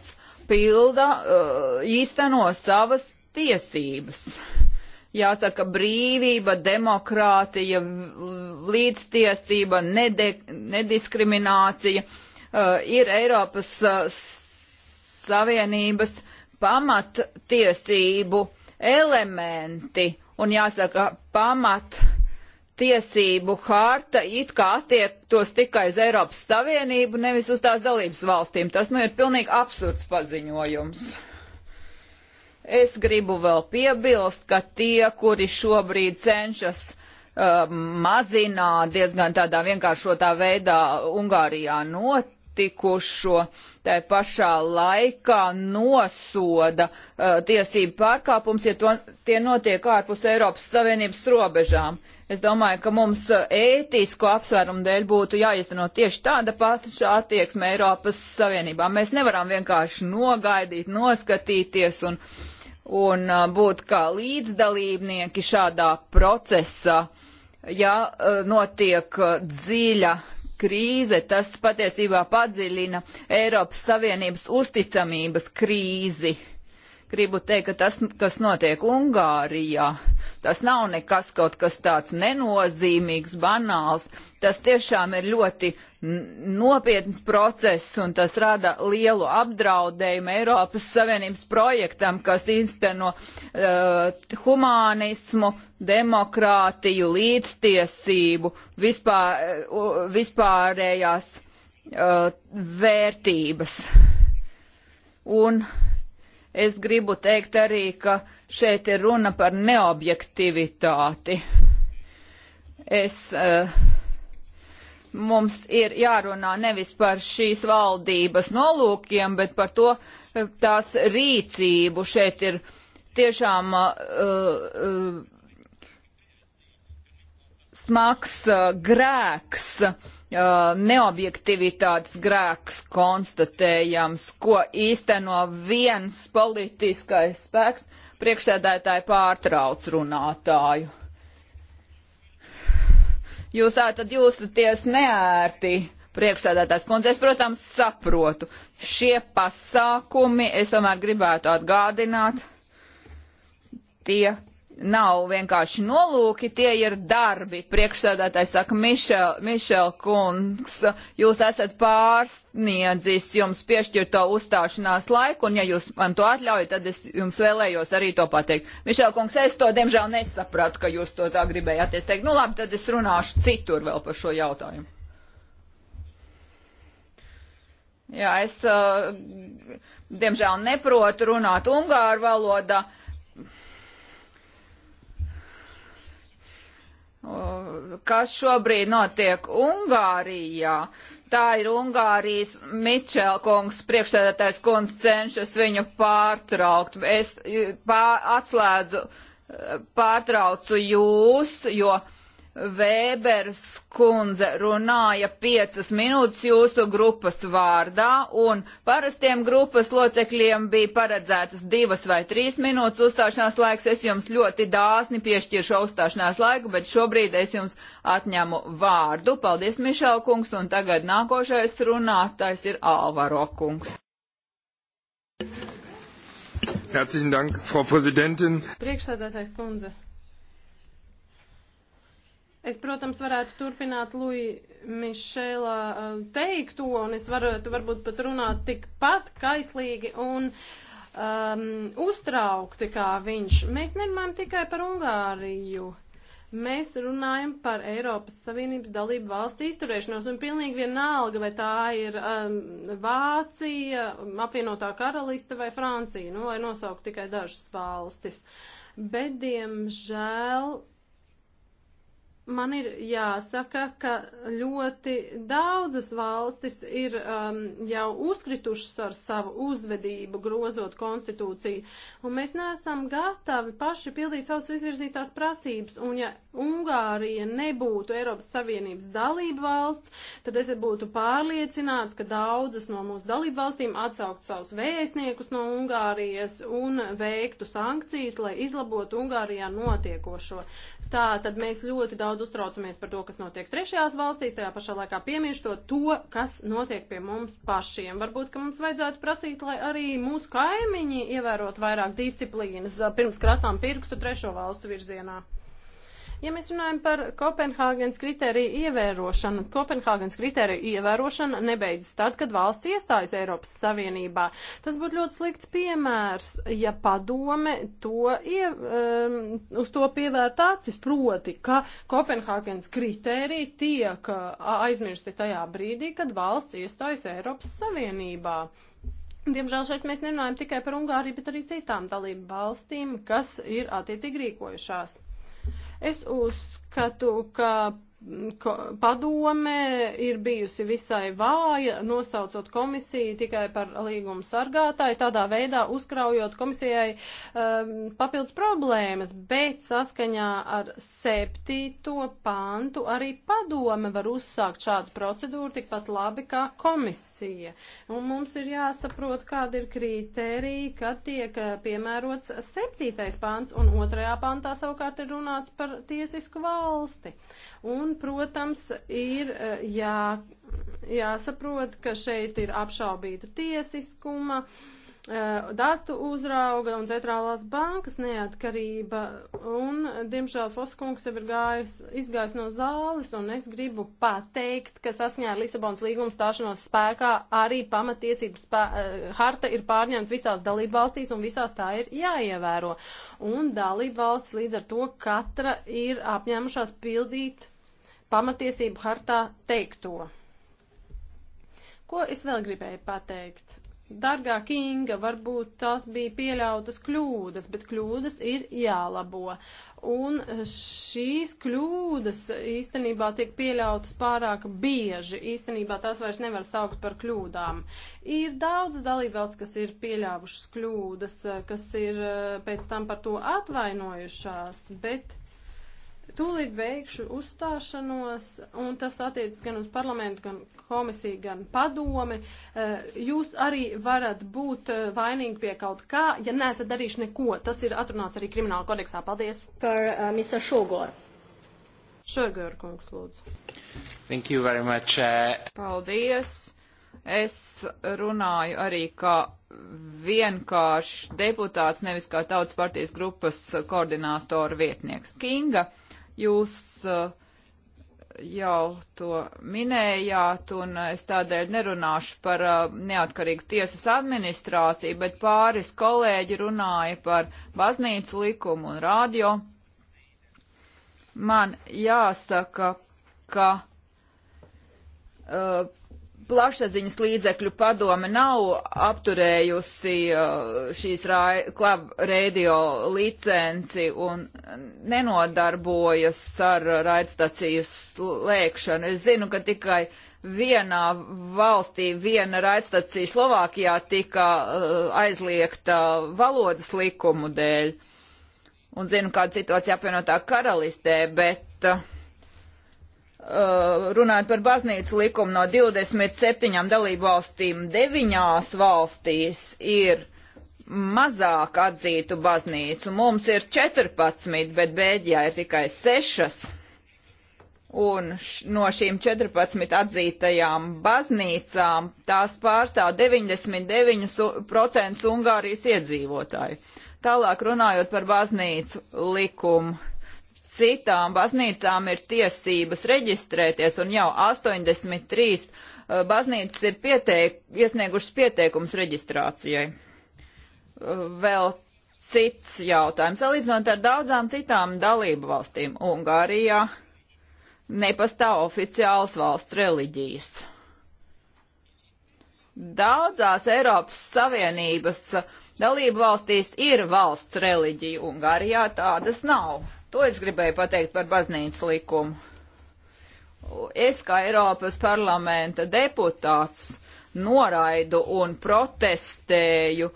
S1: pilda, uh, īsteno savas tiesības. Uh, jāsaka, brīvība, demokrātija, līdztiesība, nede, nediskriminācija uh, ir Eiropas uh, Savienības pamattiesību elementi. Un jāsaka, pamattiesību harta it kā attiektos tikai uz Eiropas Savienību, nevis uz tās dalības valstīm. Tas nu ir pilnīgi absurds paziņojums. Mm. Es gribu vēl piebilst, ka tie, kuri šobrīd cenšas uh, mazināt diezgan tādā vienkāršotā veidā Ungārijā not, notikušo, tā pašā laikā nosoda uh, tiesību pārkāpums, ja to, tie notiek ārpus Eiropas Savienības robežām. Uh, Es domāju, ka mums uh, ētisku apsvērumu dēļ būtu jāiesteno tieši tāda pati attieksme Eiropas Savienībā. Mēs nevaram vienkārši nogaidīt, noskatīties un, un uh, būt kā līdzdalībnieki šādā procesā. Ja uh, notiek dziļa krīze, tas patiesībā padziļina Eiropas Savienības uzticamības krīzi gribu teikt, ka tas, kas notiek Ungārijā, tas nav nekas kaut kas tāds nenozīmīgs, banāls. Tas tiešām ir ļoti nopietns process un tas rada lielu apdraudējumu Eiropas Savienības projektam, kas insteno uh, eh, humānismu, demokrātiju, līdztiesību, vispār, uh, vispārējās uh, vērtības. Un uh, Es gribu teikt arī, ka šeit ir runa par neobjektivitāti. Es, eh, mums ir jārunā nevis par šīs valdības nolūkiem, bet par to eh, tās rīcību. Šeit ir tiešām uh, uh, smags uh, grēks. Uh, neobjektivitātes grēks konstatējams, ko īsteno viens politiskais spēks, priekšsēdētāji pārtrauc runātāju. Jūs tā tad jūtaties neērti, priekšsēdētājs kundze. Es, protams, saprotu šie pasākumi, es tomēr gribētu atgādināt, tie nav vienkārši nolūki, tie ir darbi. Priekšsēdētājs saka, Mišel, Mišel kungs, jūs esat pārsniedzis jums piešķirto uzstāšanās laiku, un ja jūs man to atļaujat, tad es jums vēlējos arī to pateikt. Mišel kungs, es to diemžēl nesapratu, ka jūs to tā gribējāt. Es teiktu, nu labi, tad es runāšu citur vēl par šo jautājumu. Jā, es, eh, diemžēl, neprotu runāt ungāru valodā. kas šobrīd notiek Ungārijā. Tā ir Ungārijas Mičelkungs, priekšsēdētājs kundze cenšas viņu pārtraukt. Es pār, atslēdzu, pārtraucu jūs, jo Vēbers kundze runāja piecas minūtes jūsu grupas vārdā, un parastiem grupas locekļiem bija paredzētas divas vai trīs minūtes uzstāšanās laiks. Es jums ļoti dāsni piešķiršu uzstāšanās laiku, bet šobrīd es jums atņemu vārdu. Paldies, Mišel kungs, un tagad nākošais runātājs ir Alvaro kungs.
S3: Herzlichen Dank, Frau Präsidentin. Priekšsēdētājs kundze. Es, protams, varētu turpināt Lui Mišela eh, teikto, un es varētu varbūt pat runāt tikpat kaislīgi un um, uztraukti kā viņš. Mēs nerunājam tikai par Ungāriju. Mēs runājam par Eiropas Savienības dalību valsts izturēšanos, un pilnīgi vienalga, vai tā ir um, Vācija, apvienotā karaliste vai Francija, nu, lai nosaukt tikai dažas valstis. Bet, diemžēl, man ir jāsaka, ka ļoti daudzas valstis ir um, jau uzkritušas ar savu uzvedību, grozot konstitūciju, un mēs neesam gatavi paši pildīt savus izvirzītās prasības, un ja Ungārija nebūtu Eiropas Savienības dalība valsts, tad es būtu pārliecināts, ka daudzas no mūsu dalību valstīm atsaukt savus vēstniekus no Ungārijas un veiktu sankcijas, lai izlabotu Ungārijā notiekošo. Tā tad mēs ļoti daudz uztraucamies par to, kas notiek trešajās valstīs, tajā pašā laikā piemirstot to, kas notiek pie mums pašiem. Varbūt, ka mums vajadzētu prasīt, lai arī mūsu kaimiņi ievērot vairāk disciplīnas pirms kratām pirkstu trešo valstu virzienā. Ja mēs runājam par Kopenhāgenes kritēriju ievērošanu, Kopenhāgenes kritēriju ievērošana nebeidzas tad, kad valsts iestājas Eiropas Savienībā. Tas būtu ļoti slikts piemērs, ja padome to ie, um, uz to pievērt acis, proti, ka Kopenhāgenes kritērija tiek uh, aizmirsti tajā brīdī, kad valsts iestājas Eiropas Savienībā. Diemžēl šeit mēs nerunājam tikai par Ungāriju, bet arī citām dalību valstīm, kas ir attiecīgi rīkojušās. Es uzskatu, ka padome ir bijusi visai vāja, nosaucot komisiju tikai par līgumu sargātāju, tādā veidā uzkraujot komisijai um, papildus problēmas, bet saskaņā ar septīto pantu arī padome var uzsākt šādu procedūru tikpat labi kā komisija. Un mums ir jāsaprot, kāda ir kriterija, kad tiek uh, piemērots septītais pants, un otrajā pantā savukārt ir runāts par tiesisku valsti. Un Un, protams, ir e, jā, jāsaprot, ka šeit ir apšaubīta tiesiskuma, e, datu uzrauga un centrālās bankas neatkarība. Un, diemžēl, Foskungs jau ir gājis, izgājis no zāles, un es gribu pateikt, ka saskaņā ar Lisabonas līgumu stāšanos spēkā arī pamatiesības spē e, harta ir pārņemta visās dalību valstīs, un visās tā ir jāievēro. Un dalību valsts līdz ar to katra ir apņēmušās pildīt pamatiesību hartā teikto. Ko es vēl gribēju pateikt? Dargā Kinga, varbūt tās bija pieļautas kļūdas, bet kļūdas ir jālabo. Un šīs kļūdas īstenībā tiek pieļautas pārāk bieži. Īstenībā tās vairs nevar saukt par kļūdām. Ir daudz dalībvalsts, kas ir pieļāvušas kļūdas, kas ir eh, pēc tam par to atvainojušās, bet Tūlīt beigšu uzstāšanos, un tas attiecas gan uz parlamentu, gan komisiju, gan padomi. Eh, jūs arī varat būt eh, vainīgi pie kaut kā, ja neesat darījuši neko. Tas ir atrunāts arī krimināla kodeksā. Paldies. Par uh, eh, Mr. Šogor.
S1: Šogor, kungs, lūdzu.
S2: Thank you very much. Uh...
S1: Paldies. Es runāju arī kā vienkārši deputāts, nevis kā tautas partijas grupas koordinātora vietnieks Kinga. Uh, Jūs uh, jau to minējāt, un es tādēļ nerunāšu par uh, neatkarīgu tiesas administrāciju, bet pāris kolēģi runāja par baznīcu likumu un radio. Man jāsaka, ka uh, plašsaziņas līdzekļu padome nav apturējusi uh, šīs klub radio licenci un nenodarbojas ar raidstaciju slēgšanu. Es zinu, ka tikai vienā valstī viena raidstacija Slovākijā tika uh, aizliegta valodas likumu dēļ. Un zinu, kāda situācija apvienotā karalistē, bet uh, Uh, runājot par baznīcu likumu no 27 dalību valstīm, 9 valstīs ir mazāk atzītu baznīcu. Mums ir 14, bet Bēģijā ir tikai 6. Un š, no šīm 14 atzītajām baznīcām tās pārstāv 99% Ungārijas iedzīvotāju. Tālāk runājot par baznīcu likumu citām baznīcām ir tiesības reģistrēties, un jau 83 eh, baznīcas ir pieteik, iesniegušas pieteikums reģistrācijai. Eh, vēl cits jautājums. Salīdzinot ar daudzām citām dalību valstīm, Ungārijā nepastāv oficiāls valsts reliģijas. Daudzās Eiropas Savienības dalību valstīs ir valsts reliģija, Ungārijā tādas nav. To es gribēju pateikt par baznīcas likumu. Es kā Eiropas parlamenta deputāts noraidu un protestēju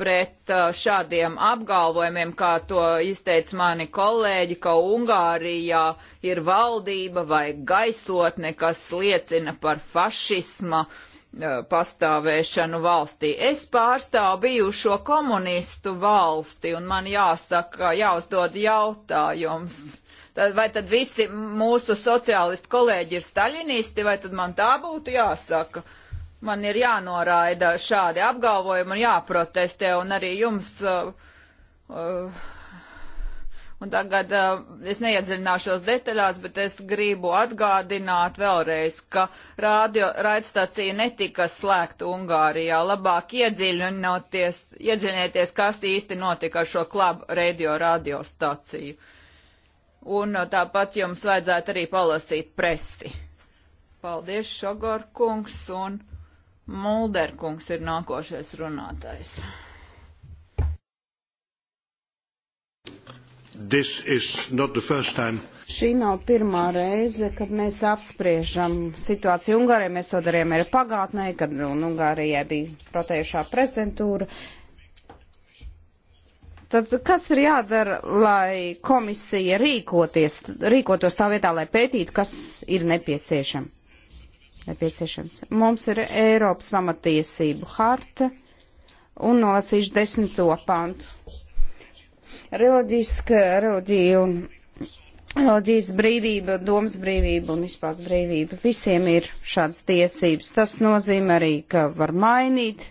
S1: pret uh, šādiem apgalvojumiem, kā to izteica mani kolēģi, ka Ungārijā ir valdība vai gaisotne, kas liecina par fašisma uh, Eh, pastāvēšanu valstī. Es pārstāvu bijušo komunistu valsti, un man jāsaka, jāuzdod jautājums. Tad, vai tad visi mūsu sociālistu kolēģi ir staļinisti, vai tad man tā būtu jāsaka? Man ir jānoraida šādi apgalvojumi un jāprotestē, un arī jums uh, uh, Un tagad uh, es neiedziļināšos detaļās, bet es gribu atgādināt vēlreiz, ka radio, raidstacija netika slēgta Ungārijā. Labāk iedziļinieties, kas īsti notika ar šo klubu radio radiostaciju. Un uh, tāpat jums vajadzētu arī palasīt presi. Paldies, Šogor kungs, un Mulder kungs ir nākošais runātājs.
S2: Šī nav pirmā reize, kad mēs apspriežam situāciju Ungārijā. Mēs to darījām arī pagātnē, kad un Ungārijai bija protējušā prezentūra. Tad kas ir jādara, lai komisija rīkoties, rīkotos tā vietā, lai pētītu, kas ir nepieciešams? nepieciešams. Mums ir Eiropas pamatiesību harta un nolasīšu desmito pantu reliģiska reliģija un reliģijas brīvība, domas brīvība un vispārs brīvība. Visiem ir šādas tiesības. Tas nozīmē arī, ka var mainīt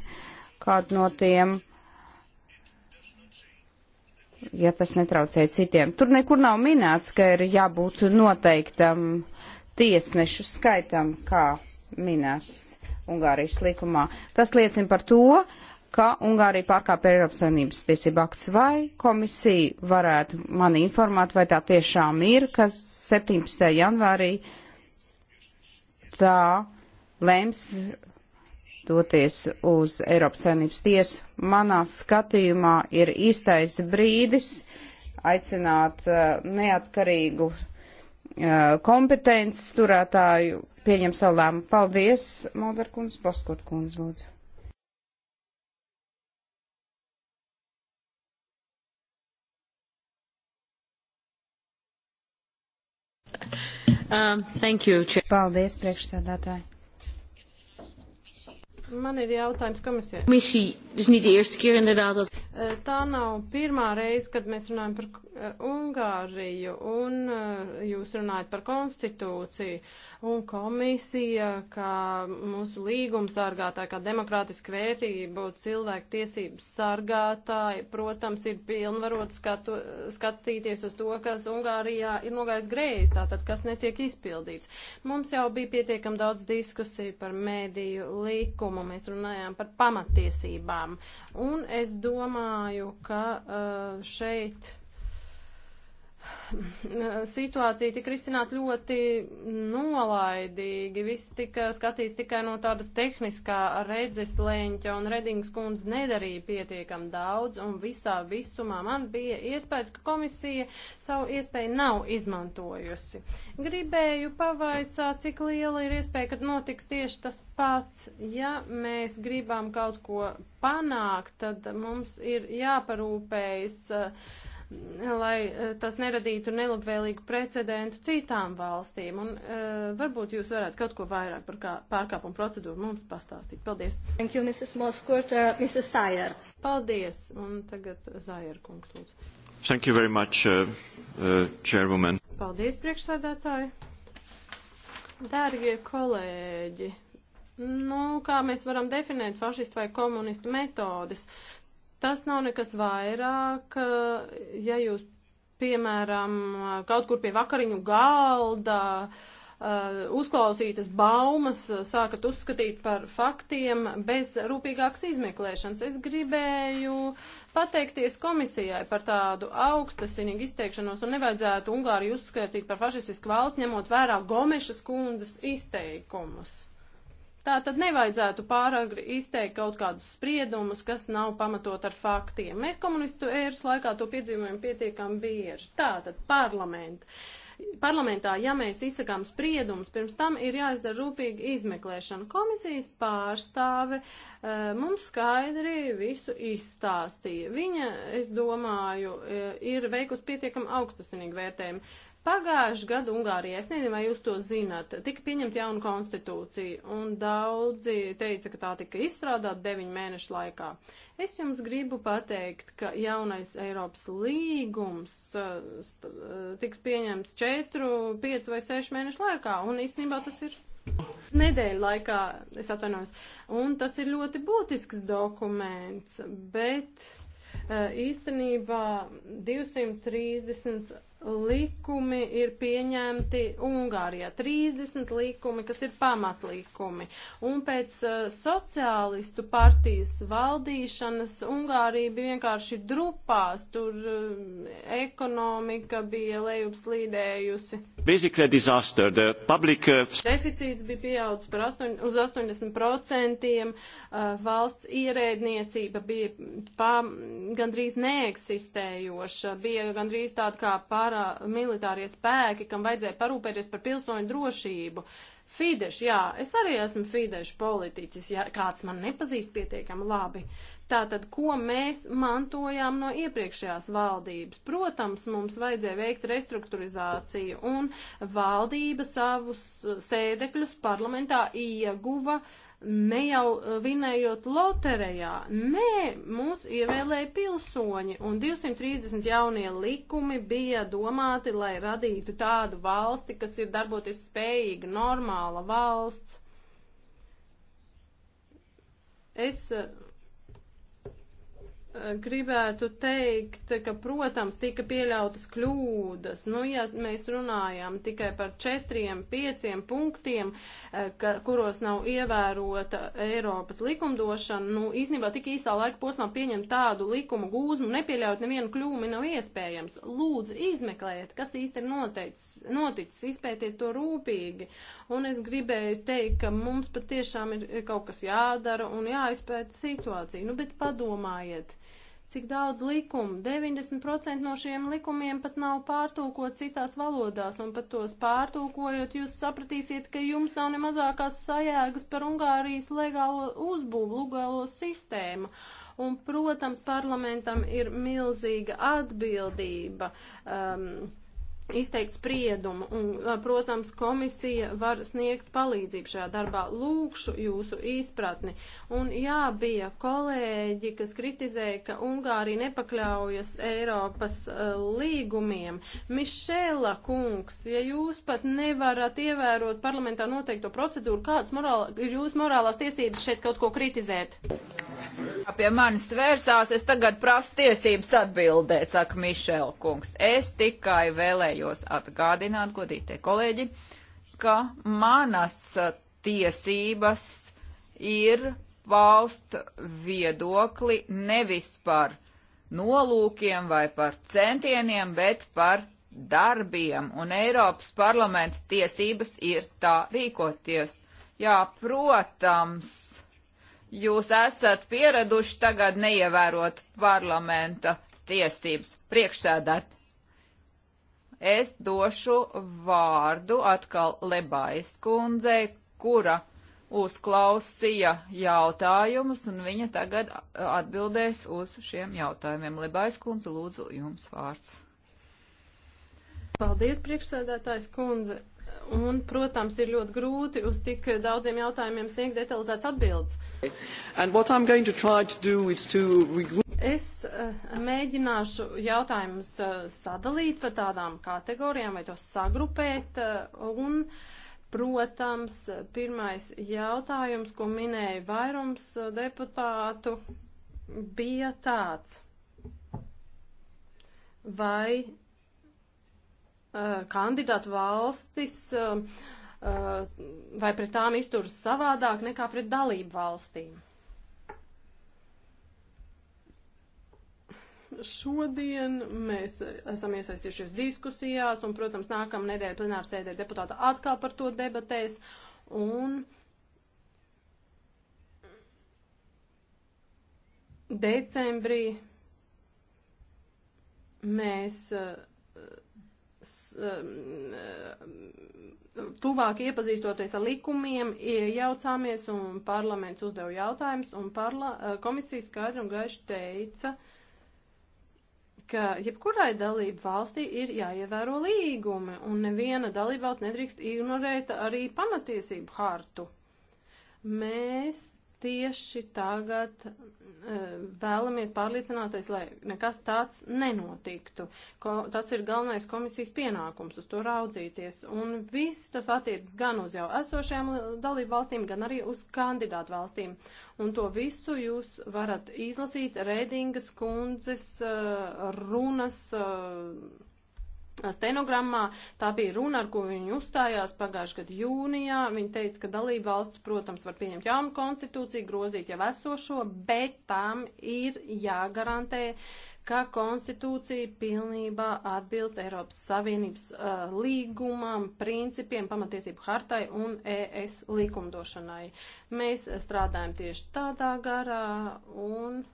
S2: kādu no tiem ja tas netraucē citiem. Tur nekur nav minēts, ka ir jābūt noteiktam tiesnešu skaitam, kā minēts Ungārijas likumā. Tas liecina par to, ka Ungārija pārkāpa Eiropas Savienības tiesību akts, vai komisija varētu mani informēt, vai tā tiešām ir, ka 17. janvārī tā lems doties uz Eiropas Savienības tiesu. Manā skatījumā ir īstais brīdis aicināt uh, neatkarīgu uh, kompetences turētāju pieņem savu lēmu. Paldies, Modarkums,
S1: Boskot kundz, lūdzu.
S2: Um, thank you. Paldies, priekšsēdētāji.
S3: Man ir jautājums komisijai. Misija, tas nav eerste keer inderdaad dat. Eh, tā nav pirmā reize, kad mēs runājam par eh, Ungāriju un eh, jūs runājat par konstitūciju un komisija, kā mūsu līguma sargātāja, kā demokrātiska vērtība, cilvēku tiesības sargātāja, protams, ir pilnvarot skatu, skatīties uz to, kas Ungārijā ir nogājis greizi, tātad kas netiek izpildīts. Mums jau bija pietiekam daudz diskusiju par mēdīju likumu, mēs runājām par pamatiesībām, un es domāju, ka uh, šeit situācija tika risināta ļoti nolaidīgi. Viss tika skatīts tikai no tāda tehniskā redzes leņķa, un Redings kundze nedarīja pietiekam daudz, un visā visumā man bija iespējas, ka komisija savu iespēju nav izmantojusi. Gribēju pavaicāt, cik liela ir iespēja, kad notiks tieši tas pats. Ja mēs gribam kaut ko panākt, tad mums ir jāparūpējas. Uh, lai e, tas neradītu nelabvēlīgu precedentu citām valstīm. Un e, varbūt jūs varētu kaut ko vairāk par kā pārkāpumu procedūru mums pastāstīt. Paldies. Thank you, Mrs. Moskurt, uh, Mrs. Sayer. Paldies. Un tagad Zajer kungs lūdzu.
S1: Thank you very much, uh, uh, Chairwoman.
S3: Paldies, priekšsēdētāji. Dārgie kolēģi, nu, kā mēs varam definēt fašistu vai komunistu metodes? Uh, Tas nav nekas vairāk, eh, ja jūs, piemēram, kaut kur pie vakariņu galda eh, uzklausītas baumas sākat uzskatīt par faktiem bez rūpīgākas izmeklēšanas. Es gribēju pateikties komisijai par tādu augstasinīgu izteikšanos un nevajadzētu Ungāriju uzskatīt par fašistisku valsts, ņemot vērā Gomešas kundzes izteikumus. Tā tad nevajadzētu pāragri izteikt kaut kādus spriedumus, kas nav pamatot ar faktiem. Mēs komunistu ēras laikā to piedzīvojam pietiekami bieži. Tātad parlamenta. Parlamentā, ja mēs izsakām spriedumus, pirms tam ir jāizdara rūpīga izmeklēšana. Komisijas pārstāve eh, mums skaidri visu izstāstīja. Viņa, es domāju, eh, ir veikusi pietiekami augstasinīgu vērtējumu. Pagājuši gadu Ungārijā, es nezinu, vai jūs to zināt, tika pieņemta jauna konstitūcija, un daudzi teica, ka tā tika izstrādāta deviņu mēnešu laikā. Es jums gribu pateikt, ka jaunais Eiropas līgums uh, uh, tiks pieņemts četru, piecu vai sešu mēnešu laikā, un īstenībā tas ir nedēļu laikā, es atvainojos, un tas ir ļoti būtisks dokuments, bet uh, īstenībā 230 likumi ir pieņemti Ungārijā. 30 likumi, kas ir pamatlīkumi. Un pēc uh, sociālistu partijas valdīšanas Ungārija bija vienkārši drupās, tur uh, ekonomika bija lejupslīdējusi.
S1: Basically disaster. The public... Uh...
S3: Deficīts bija pieaudzis par 8, uz 80%, uh, valsts ierēdniecība bija pā, gandrīz neeksistējoša, bija gandrīz tāda kā pārējā paramilitārie spēki, kam vajadzēja parūpēties par pilsoņu drošību. Fidesz, jā, es arī esmu Fidesz politiķis, ja kāds man nepazīst pietiekami labi. Tātad, ko mēs mantojām no iepriekšējās valdības? Protams, mums vajadzēja veikt restruktūrizāciju, un valdība savus sēdekļus parlamentā ieguva uh, ne jau eh, vinējot loterijā, nē, mūs ievēlēja pilsoņi, un 230 jaunie likumi bija domāti, lai radītu tādu valsti, kas ir darboties spējīga, normāla valsts. Es eh, gribētu teikt, ka, protams, tika pieļautas kļūdas. Nu, ja mēs runājam tikai par četriem, pieciem punktiem, eh, ka, kuros nav ievērota Eiropas likumdošana, nu, īstenībā tik īsā laika posmā pieņemt tādu likumu gūzmu, nepieļaut nevienu kļūmi nav iespējams. Lūdzu, izmeklējiet, kas īsti ir noteicis, noticis, izpētiet to rūpīgi. Un es gribēju teikt, ka mums patiešām ir kaut kas jādara un jāizpēta situācija. Nu, bet padomājiet cik daudz likumu. 90% no šiem likumiem pat nav pārtūkot citās valodās, un pat tos pārtūkojot, jūs sapratīsiet, ka jums nav ne mazākās sajēgas par Ungārijas legālo uzbūvu, legālo sistēmu. Un, protams, parlamentam ir milzīga atbildība. Um, izteikt spriedumu, un, protams, komisija var sniegt palīdzību šajā darbā. Lūkšu jūsu izpratni. Un jā, bija kolēģi, kas kritizēja, ka Ungārija nepakļaujas Eiropas uh, līgumiem. Mišela kungs, ja jūs pat nevarat ievērot parlamentā noteikto procedūru, kādas morāla, ir jūs morālās tiesības šeit kaut ko kritizēt?
S1: Pie manis vērsās, es tagad prasu tiesības atbildēt, saka Mišela kungs. Es tikai vēlēju vēlējos atgādināt, godītie kolēģi, ka manas tiesības ir paust viedokli nevis par nolūkiem vai par centieniem, bet par darbiem, un Eiropas parlamenta tiesības ir tā rīkoties. Jā, protams, jūs esat pieraduši tagad neievērot parlamenta tiesības priekšsēdēt es došu vārdu atkal Lebais kundzei, kura uzklausīja jautājumus, un viņa tagad atbildēs uz šiem jautājumiem. Lebais kundze, lūdzu, jums vārds. Paldies, priekšsēdētājs
S3: kundze. Un, protams, ir ļoti grūti uz tik daudziem jautājumiem sniegt detalizēts atbildes. To to Es eh, mēģināšu jautājumus eh, sadalīt pa tādām kategorijām vai tos sagrupēt eh, un, protams, pirmais jautājums, ko minēja vairums deputātu, bija tāds. Vai kandidātu valstis vai pret tām izturas savādāk nekā pret dalību valstīm? Šodien mēs esam iesaistījušies diskusijās, un, protams, nākamā nedēļa plenāra sēdē deputāta atkal par to debatēs. Un decembrī mēs uh, um, uh, tuvāk iepazīstoties ar likumiem, iejaucāmies un parlaments uzdeva jautājumus, un parla, uh, komisija skaidri un gaiši teica, uh, ka jebkurai dalību valstī ir jāievēro līgumi, un neviena dalība valsts nedrīkst ignorēt arī pamatiesību hartu. Mēs tieši tagad e, vēlamies pārliecināties, lai nekas tāds nenotiktu. Ko, tas ir galvenais komisijas pienākums uz to raudzīties. Un viss tas attiecas gan uz jau esošajām dalību valstīm, gan arī uz kandidātu valstīm. Un to visu jūs varat izlasīt Rēdingas kundzes e, runas. E, stenogrammā. Tā bija runa, ar ko viņi uzstājās pagājušajā gadu jūnijā. Viņi teica, ka dalība valsts, protams, var pieņemt jaunu konstitūciju, grozīt jau esošo, bet tam ir jāgarantē, ka konstitūcija pilnībā atbilst Eiropas Savienības uh, līgumam, principiem, pamatiesību hartai un ES likumdošanai. Mēs strādājam tieši tādā garā un.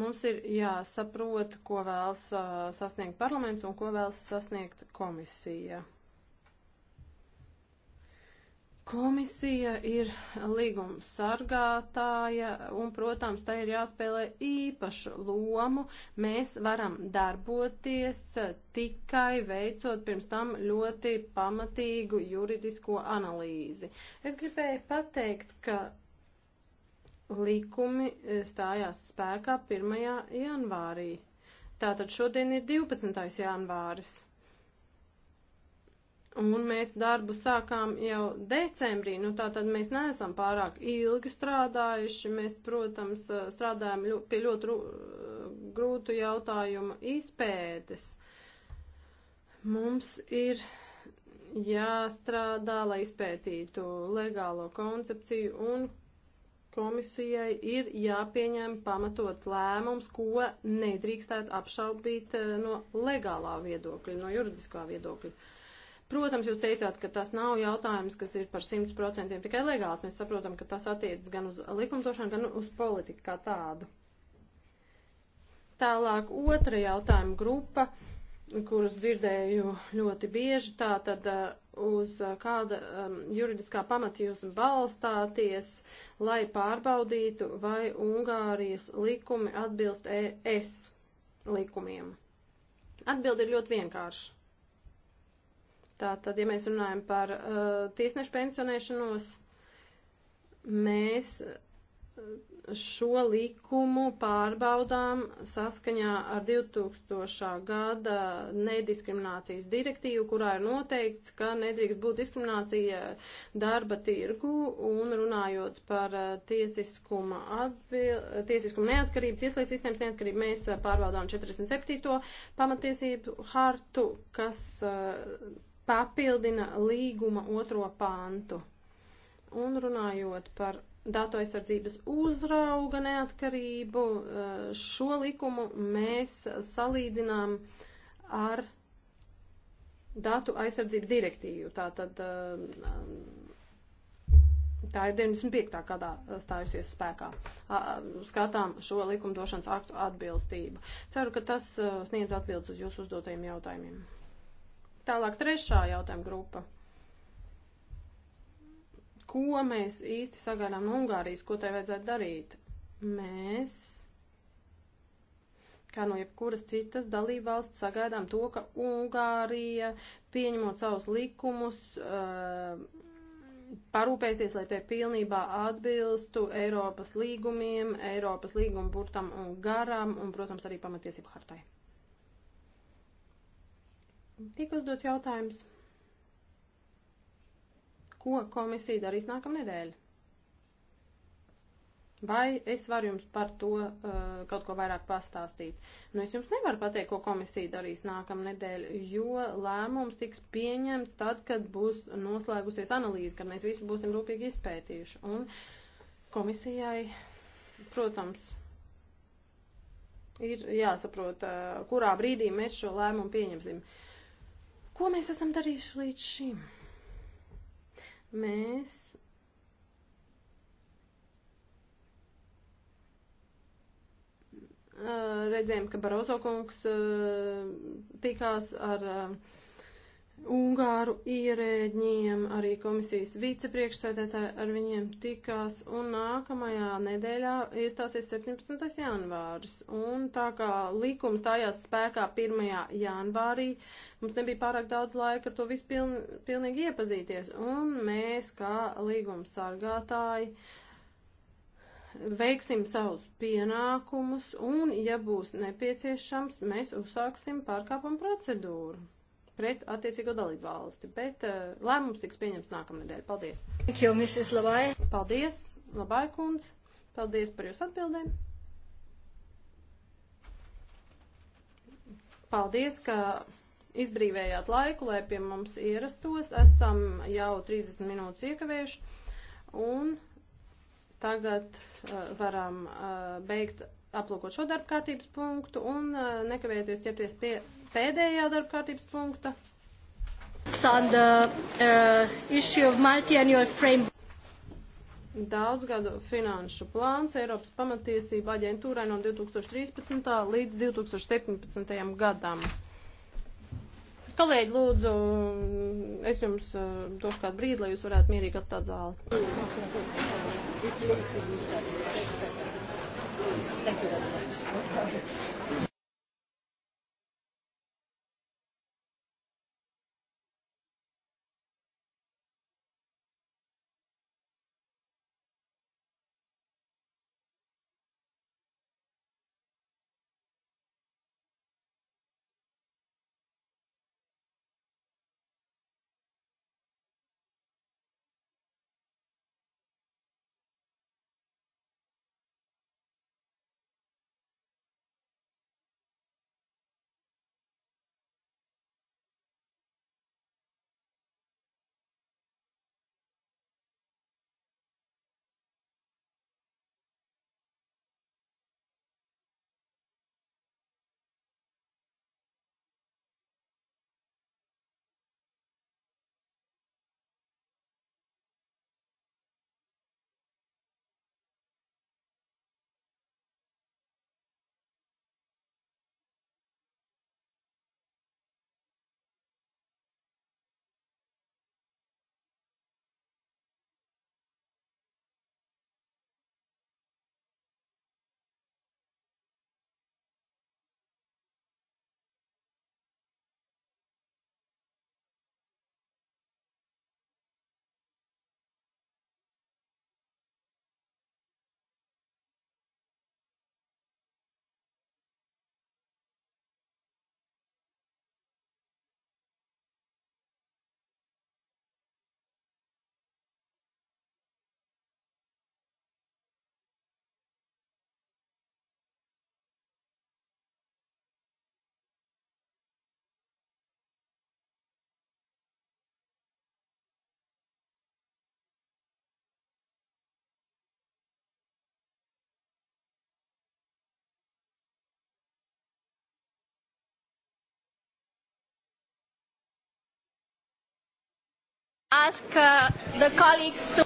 S3: Mums ir jāsaprot, ko vēlas uh, sasniegt parlaments un ko vēlas sasniegt komisija. Komisija ir līguma sargātāja un, protams, tai ir jāspēlē īpašu lomu. Mēs varam darboties tikai veicot pirms tam ļoti pamatīgu juridisko analīzi. Es gribēju pateikt, ka likumi e, stājās spēkā 1. janvārī. Tātad šodien ir 12. janvāris. Un mēs darbu sākām jau decembrī, nu tā tad mēs neesam pārāk ilgi strādājuši. Mēs, protams, e, strādājam ļo, pie ļoti e, grūtu jautājumu izpētes. Mums ir jāstrādā, lai izpētītu legālo koncepciju un komisijai ir jāpieņem pamatots lēmums, ko nedrīkstētu apšaubīt eh, no legālā viedokļa, no juridiskā viedokļa. Protams, jūs teicāt, ka tas nav jautājums, kas ir par 100% tikai legāls. Mēs saprotam, ka tas attiecas gan uz likumdošanu, gan uz politiku kā tādu. Tālāk otra jautājuma grupa, kurus dzirdēju ļoti bieži, tā tad uh, uz kāda um, juridiskā pamata jūs balstāties, lai pārbaudītu, vai Ungārijas likumi atbilst ES likumiem? Atbildi ir ļoti vienkārši. Tātad, ja mēs runājam par uh, tiesnešu pensionēšanos, mēs šo likumu pārbaudām saskaņā ar 2000. gada nediskriminācijas direktīvu, kurā ir noteikts, ka nedrīkst būt diskriminācija darba tirgu un runājot par eh, tiesiskuma, atbil, tiesiskuma neatkarību, tieslietu sistēmas neatkarību, mēs eh, pārbaudām 47. pamatiesību hartu, kas eh, papildina līguma otro pāntu. Un runājot par datu aizsardzības uzrauga neatkarību. Eh, šo likumu mēs salīdzinām ar datu aizsardzības direktīvu. Tā tad eh, tā ir 95. gadā stājusies spēkā. Skatām šo likumdošanas aktu atbilstību. Ceru, ka tas eh, sniedz atbildes uz jūsu uzdotajiem jautājumiem. Tālāk trešā jautājuma grupa ko mēs īsti sagaidām no Ungārijas, ko tai vajadzētu darīt? Mēs, kā no jebkuras citas dalībvalsts, sagaidām to, ka Ungārija, pieņemot savus likumus, uh, parūpēsies, lai tie pilnībā atbilstu Eiropas līgumiem, Eiropas līguma burtam un garam un, protams, arī pamatiesību hartai. Tik uzdots jautājums ko komisija darīs nākamnedēļ? Vai es varu jums par to uh, kaut ko vairāk pastāstīt? Nu, es jums nevaru pateikt, ko komisija darīs nākamnedēļ, jo lēmums tiks pieņemts tad, kad būs noslēgusies analīze, kad mēs visu būsim rūpīgi izpētījuši. Un komisijai, protams, ir jāsaprot, uh, kurā brīdī mēs šo lēmumu pieņemsim. Ko mēs esam darījuši līdz šim? mēs redzējām, ka Barozo kungs eh, tikās ar eh, Ungāru ierēģiem, arī komisijas vicepriekšsēdētāji ar viņiem tikās, un nākamajā nedēļā iestāsies 17. janvāris. Un tā kā likums stājās spēkā 1. janvārī, mums nebija pārāk daudz laika ar to visu piln, pilnīgi iepazīties, un mēs, kā līguma sargātāji, veiksim savus pienākumus, un, ja būs nepieciešams, mēs uzsāksim pārkāpumu procedūru pret attiecīgo dalību valsti, bet uh, lēmums tiks pieņems nākamnedēļ. Paldies! Thank you, Mrs. Labai! Paldies, Labai kundz! Paldies par jūsu atbildēm! Paldies, ka izbrīvējāt laiku, lai pie mums ierastos. Esam jau 30 minūtes iekavējuši un tagad uh, varam uh, beigt aplūkot šo darbkārtības punktu un uh, nekavējoties ķerties pie pēdējā darba kārtības punkta. Uh, Daudzgadu finanšu plāns Eiropas pamatiesība aģentūrai no 2013. līdz 2017. gadam. Kolēģi, lūdzu, es jums uh, došu kādu brīdi, lai jūs varētu mierīgi atstāt zāli.
S1: Thank you very much.
S3: Ask, uh, to...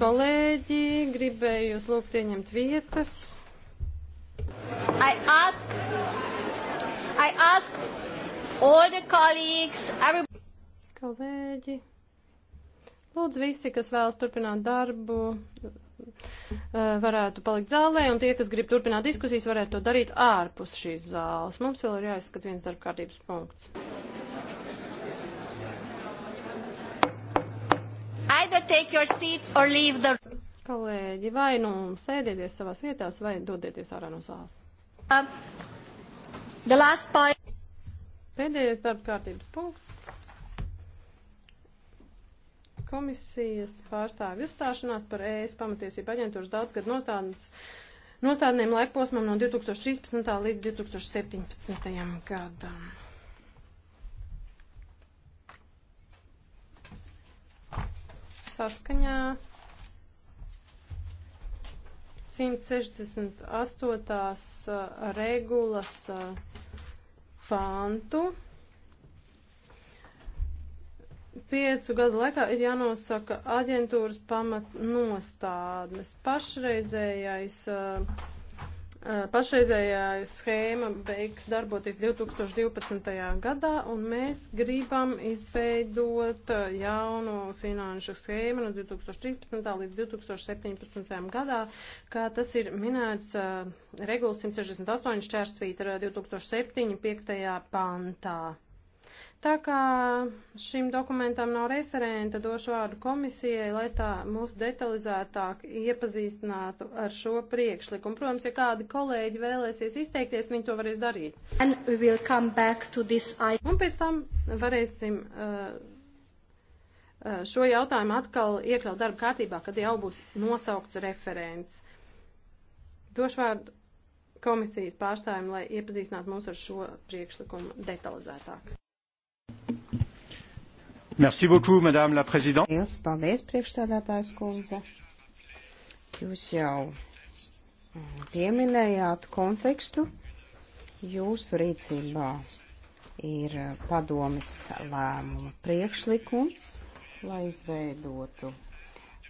S3: Kolēģi, gribēju jūs lūgt ieņemt vietas.
S1: I ask, I ask
S3: all the colleagues, every... Kolēģi, lūdzu visi, kas vēlas turpināt darbu, uh, varētu palikt zālē, un tie, kas grib turpināt diskusijas, varētu to darīt ārpus šīs zāles. Mums vēl ir jāizskat viens darba kārtības punkts. either take your seats or leave the Kolēģi, vai nu sēdieties savās vietās, vai dodieties ārā no zāles. Um, the last point. Pēdējais darba kārtības punkts. Komisijas pārstāvju uzstāšanās par ES pamatiesību aģentūras daudzgad nostādnes nostādnēm laikposmam no 2013. līdz 2017. gadam. saskaņā 168. Uh, regulas uh, pantu piecu gadu laikā ir jānosaka aģentūras pamatnostādnes. Pašreizējais uh, Pašreizējā schēma beigs darboties 2012. gadā, un mēs gribam izveidot jaunu finanšu schēmu no 2013. līdz 2017. gadā, kā tas ir minēts regulas 168 šķērstvītra 2007. 5. pantā. Tā kā šim dokumentam nav referenta, došu vārdu komisijai, lai tā mūs detalizētāk iepazīstinātu ar šo priekšlikumu. Protams, ja kādi kolēģi vēlēsies izteikties, viņi to varēs darīt.
S2: Un
S3: pēc tam varēsim uh, uh, šo jautājumu atkal iekļaut darba kārtībā, kad jau būs nosaukts referents. Došu vārdu komisijas pārstāvjiem, lai iepazīstinātu mūs ar šo
S2: priekšlikumu detalizētāk.
S1: Merci beaucoup, Madame la Présidente. Liels
S2: paldies, priekšstādātājs kundze. Jūs jau pieminējāt kontekstu. Jūsu rīcībā ir padomis lēmuma priekšlikums, lai izveidotu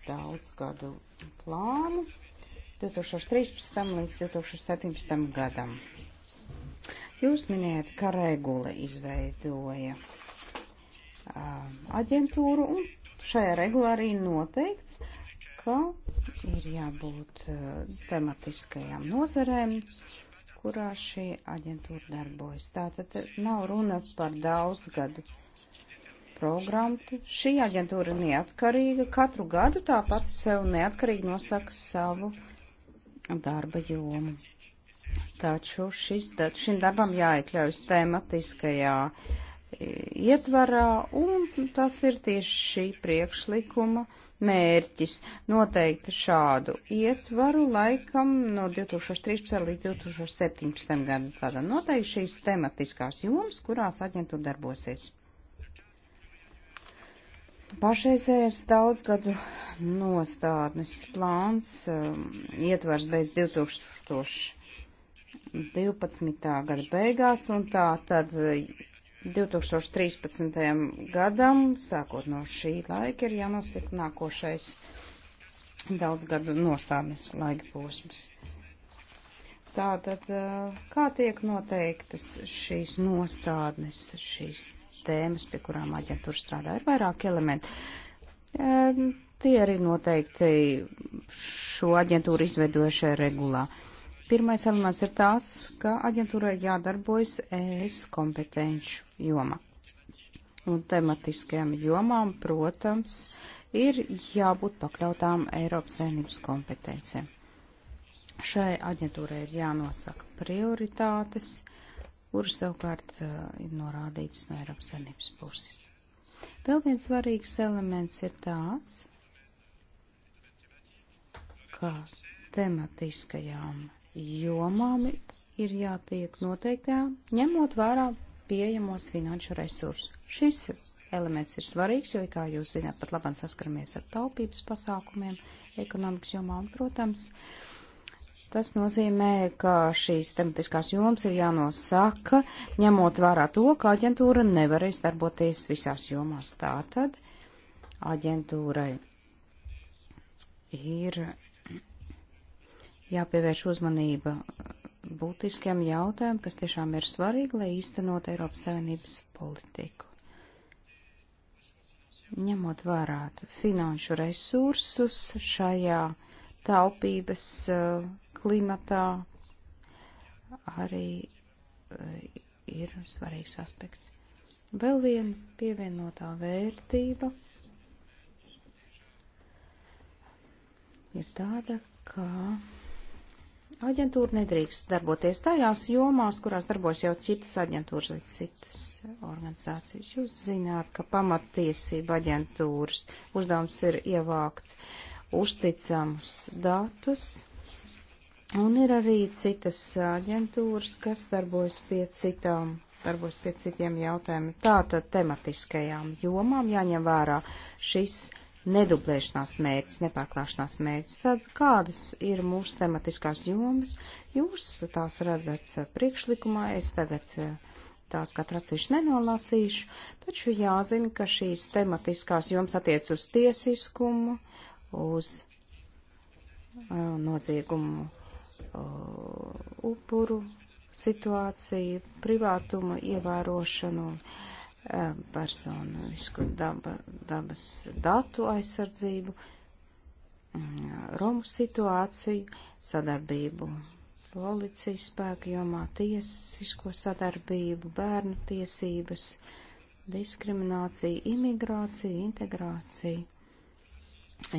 S2: daudzgadu plānu 2013. līdz 2017. gadam. Jūs minējat, ka regula izveidoja um, aģentūru un šajā regulā arī noteikts, ka ir jābūt uh, tematiskajām nozarēm, kurā šī aģentūra darbojas. Tātad nav runa par daudz gadu programmu. Šī aģentūra neatkarīga, katru gadu tā pati sev neatkarīgi nosaka savu darba jomu. Taču šis, šim darbam jāiekļaujas tematiskajā e, ietvarā, un tas ir tieši šī priekšlikuma mērķis noteikti šādu ietvaru laikam no 2013 līdz 2017 gadam. Tātad noteikti šīs tematiskās jomas, kurās aģentūra darbosies. Pašreizējais daudzgadu nostādnes plāns um, ietvers beidz 2000. 12. gada beigās, un tā tad 2013. gadam, sākot no šī laika, ir jānosaka nākošais daudz gadu nostādnes laika posms. Tātad, eh, kā tiek noteiktas šīs nostādnes, šīs tēmas, pie kurām aģentūra strādā, ir vairāk elementi. E, tie arī noteikti šo aģentūru izveidojušajā regulā. E, Pirmais elements ir tāds, ka aģentūrai jādarbojas ES kompetenču joma. Un tematiskajām jomām, protams, ir jābūt pakļautām Eiropas saimnības kompetencijām. Šai aģentūrai ir jānosaka prioritātes, kuras savukārt uh, ir norādītas no Eiropas saimnības puses. Vēl viens svarīgs elements ir tāds, ka tematiskajām jomām ir jātiek noteiktā, ņemot vērā pieejamos finanšu resursus. Šis elements ir svarīgs, jo, kā jūs zināt, pat labāk saskaramies ar taupības pasākumiem ekonomikas jomā un, protams, Tas nozīmē, ka šīs tematiskās jomas ir jānosaka, ņemot vērā to, ka aģentūra nevarēs darboties visās jomās. Tātad aģentūrai ir jāpievērš uzmanība būtiskiem jautājumiem, kas tiešām ir svarīgi, lai īstenot Eiropas Savienības politiku. Ņemot vērā finanšu resursus šajā taupības uh, klimatā, arī uh, ir svarīgs aspekts. Vēl viena pievienotā vērtība ir tāda, ka Aģentūra nedrīkst darboties tajās jomās, kurās darbojas jau citas aģentūras vai citas organizācijas. Jūs zināt, ka pamatiesība aģentūras uzdevums ir ievākt uzticamus datus, un ir arī citas aģentūras, kas darbojas pie citām darbos pie citiem jautājumiem. Tātad tematiskajām jomām jāņem vērā šis nedublēšanās mērķis, nepārklāšanās mērķis. Tad kādas ir mūsu tematiskās jomas? Jūs tās redzat priekšlikumā, es tagad eh, tās katrā ciši nenolasīšu, taču jāzina, ka šīs tematiskās jomas attiec uz tiesiskumu, uz eh, noziegumu eh, upuru situāciju, privātumu ievērošanu. Uh, Eh, personisku daba, dabas datu aizsardzību, mm, Romu situāciju, sadarbību policijas spēku jomā, tiesisko sadarbību, bērnu tiesības, diskrimināciju, imigrāciju, integrāciju,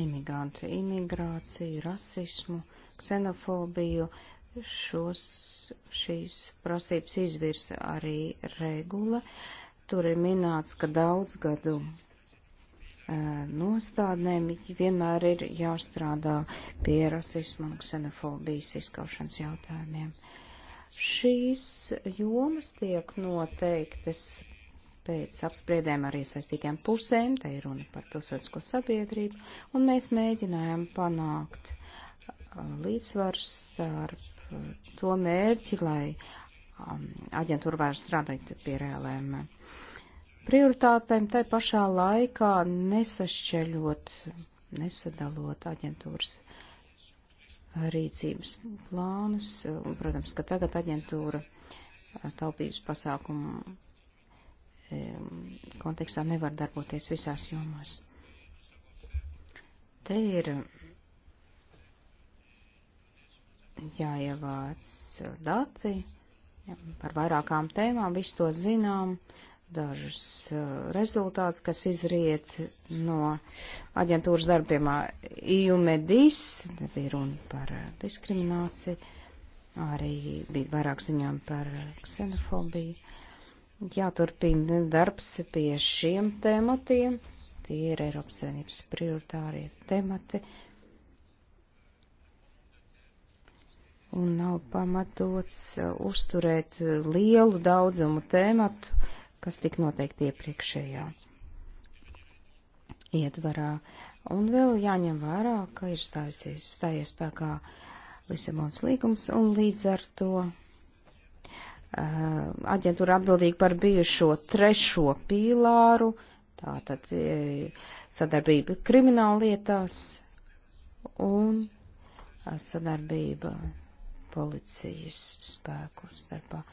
S2: imigrantu imigrāciju, rasismu, ksenofobiju. Šos, šīs prasības izvirza arī regula. Uh, Tur ir minēts, ka daudz gadu nostādnēm vienmēr ir jāstrādā pie rasismu un ksenofobijas izkaušanas jautājumiem. Šīs jomas tiek noteiktas pēc apspriedēm ar iesaistītiem pusēm, te ir runa par pilsētisko sabiedrību, un mēs mēģinājām panākt līdzsvars starp to mērķi, lai aģentūra vairs strādāt pie reālēm prioritātēm, tai pašā laikā nesašķeļot, nesadalot aģentūras rīcības plānus. Un, protams, ka tagad aģentūra taupības pasākumu kontekstā nevar darboties visās jomās. Te ir jāievāc dati par vairākām tēmām, visu to zinām, dažus uh, rezultātus, kas izriet no aģentūras darbiem IUMEDIS, bija runa par uh, diskrimināciju, arī bija vairāk ziņām par uh, ksenofobiju. Jāturpina darbs pie šiem tematiem, tie ir Eiropas Savienības prioritārie temati. Un nav pamatots uzturēt lielu daudzumu tēmatu, kas tika noteikti iepriekšējā ietvarā. Un vēl jāņem vērā, ka ir stājusies, stājies spēkā Lisabons līgums un līdz ar to aģentūra atbildīga par bijušo trešo pīlāru, tātad sadarbība krimināllietās un sadarbība policijas spēku starpā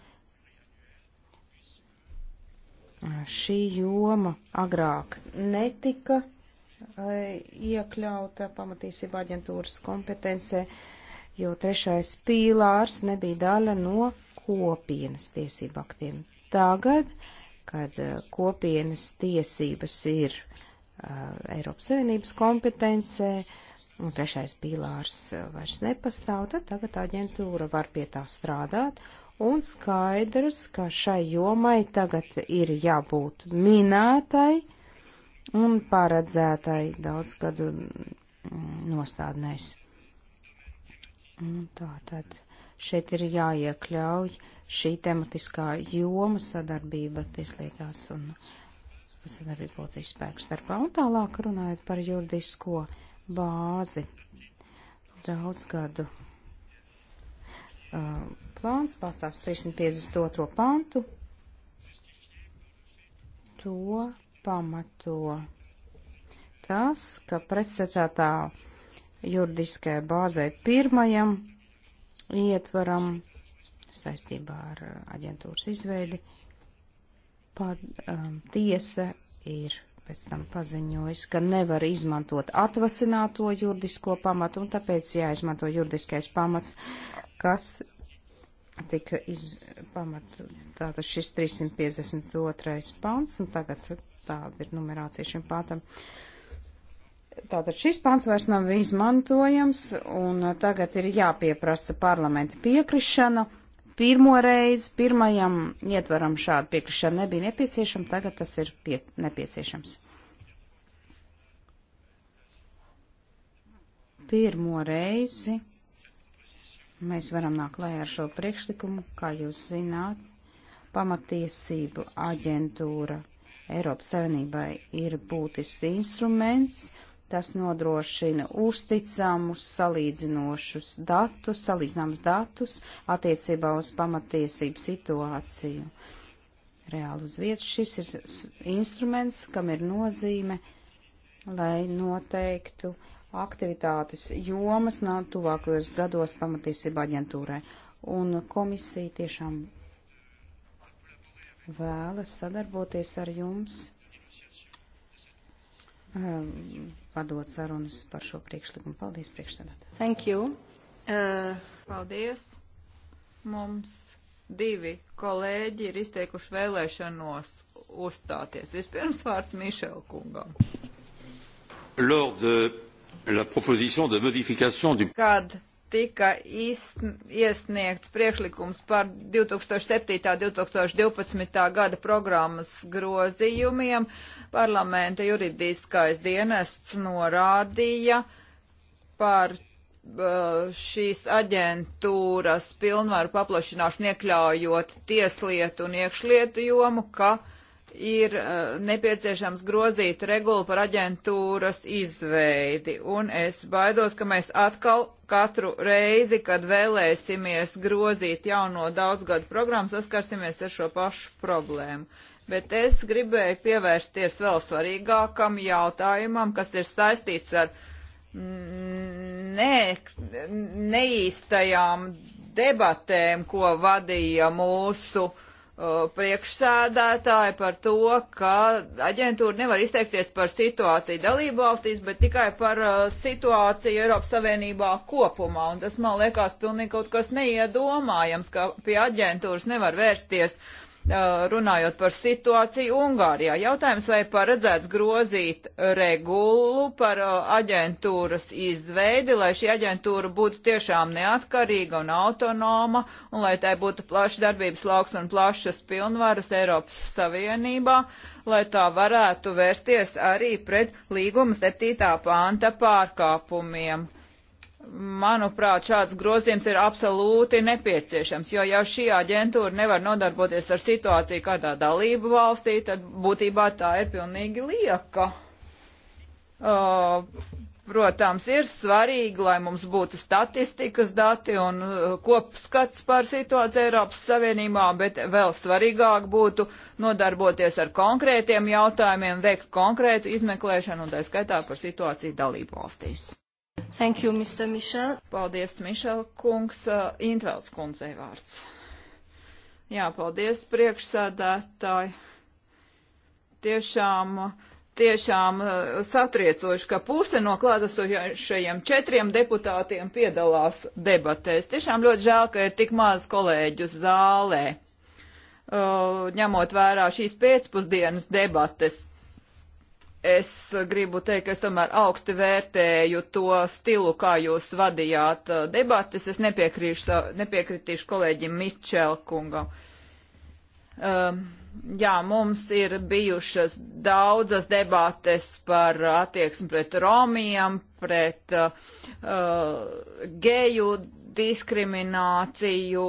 S2: šī joma agrāk netika eh, iekļauta pamatīsība aģentūras kompetencē, jo trešais pīlārs nebija daļa no kopienas tiesību aktiem. Tagad, kad eh, kopienas tiesības ir uh, Eiropas Savienības kompetencē, un trešais pīlārs vairs nepastāv, tad tagad aģentūra var pie tā strādāt Un skaidrs, ka šai jomai tagad ir jābūt minētai un paredzētai daudz gadu mm, nostādnēs. Un tā tad šeit ir jāiekļauj šī tematiskā joma sadarbība tieslietās un sadarbība policijas spēku starpā. Un tālāk runājot par juridisko bāzi. Daudz gadu Uh, plāns balstās 352. pantu. To pamato tas, ka pretstatā juridiskajai bāzē pirmajam ietvaram saistībā ar uh, aģentūras izveidi pad, um, tiesa ir pēc tam paziņojis, ka nevar izmantot atvasināto juridisko pamatu, un tāpēc jāizmanto juridiskais pamats, kas tika iz, pamat, tātad šis 352. pants, un tagad tāda ir numerācija šim pātam. Tātad šis pants vairs nav izmantojams, un tagad ir jāpieprasa parlamenta piekrišana. Pirmo reizi pirmajam ietvaram šādu piekrišanu nebija nepieciešama, tagad tas ir pie, nepieciešams. Pirmo reizi Mēs varam nākt klājā ar šo priekšlikumu, kā jūs zināt, pamatiesību aģentūra Eiropas Savienībai ir būtisks instruments, tas nodrošina uzticamus, salīdzinošus datus, salīdzināmus datus attiecībā uz pamatiesību situāciju. Reāli uz vietas šis ir instruments, kam ir nozīme, lai noteiktu uh, aktivitātes jomas nav tuvākajos gados pamatīsība aģentūrai. Un komisija tiešām vēlas sadarboties ar jums, vadot um, sarunas par šo priekšlikumu. Paldies, priekšsēdētāji.
S1: Thank you. Uh, paldies. Mums divi kolēģi ir izteikuši vēlēšanos uzstāties. Vispirms vārds Mišel kungam.
S2: Lors de uh, la proposition de modification du...
S1: Kad tika iesniegts priekšlikums par 2007.-2012. gada programmas grozījumiem, parlamenta juridiskais dienests norādīja par uh, šīs aģentūras pilnvaru paplašināšanu iekļaujot tieslietu un iekšlietu jomu, ka uh, ir uh, nepieciešams grozīt regulu par aģentūras izveidi, un es baidos, ka mēs atkal katru reizi, kad vēlēsimies grozīt jauno daudzgadu programmu, saskarsimies ar šo pašu problēmu. Bet es gribēju pievērsties vēl svarīgākam jautājumam, kas ir saistīts ar ne, neīstajām debatēm, ko vadīja mūsu uh, priekšsēdētāji par to, ka aģentūra nevar izteikties par situāciju dalību valstīs, bet tikai par situāciju Eiropas Savienībā kopumā. Un tas man liekas pilnīgi kaut kas neiedomājams, ka pie aģentūras nevar vērsties uh, runājot par situāciju Ungārijā. Jautājums, vai paredzēts grozīt regulu par aģentūras izveidi, lai šī aģentūra būtu tiešām neatkarīga un autonoma, un lai tai būtu plašs darbības lauks un plašas pilnvaras Eiropas Savienībā, lai tā varētu vērsties arī pret līguma 7. pānta pārkāpumiem. Manuprāt, šāds grozījums ir absolūti nepieciešams, jo ja šī aģentūra nevar nodarboties ar situāciju kādā dalību valstī, tad būtībā tā ir pilnīgi lieka. Uh, protams, ir svarīgi, lai mums būtu statistikas dati un uh, kopskats par situāciju Eiropas Savienībā, bet vēl svarīgāk būtu nodarboties ar konkrētiem jautājumiem, veikt konkrētu izmeklēšanu un tā skaitā par situāciju dalību valstīs. Thank you, Mr. Mišel. Paldies, Mišel kungs. Uh, Intvelds kundzei vārds. Jā, paldies, priekšsēdētāji. Tiešām tiešām uh, satriecoši, ka puse no klātesošajiem četriem deputātiem piedalās debatēs. Tiešām ļoti žēl, ka ir tik maz kolēģu zālē, uh, ņemot vērā šīs pēcpusdienas debates es gribu teikt, ka es tomēr augsti vērtēju to stilu, kā jūs vadījāt uh, debates. Es nepiekritīšu kolēģim Mičelkungam. Um, jā, mums ir bijušas daudzas debates par attieksmi pret romiem, pret uh, uh geju diskrimināciju.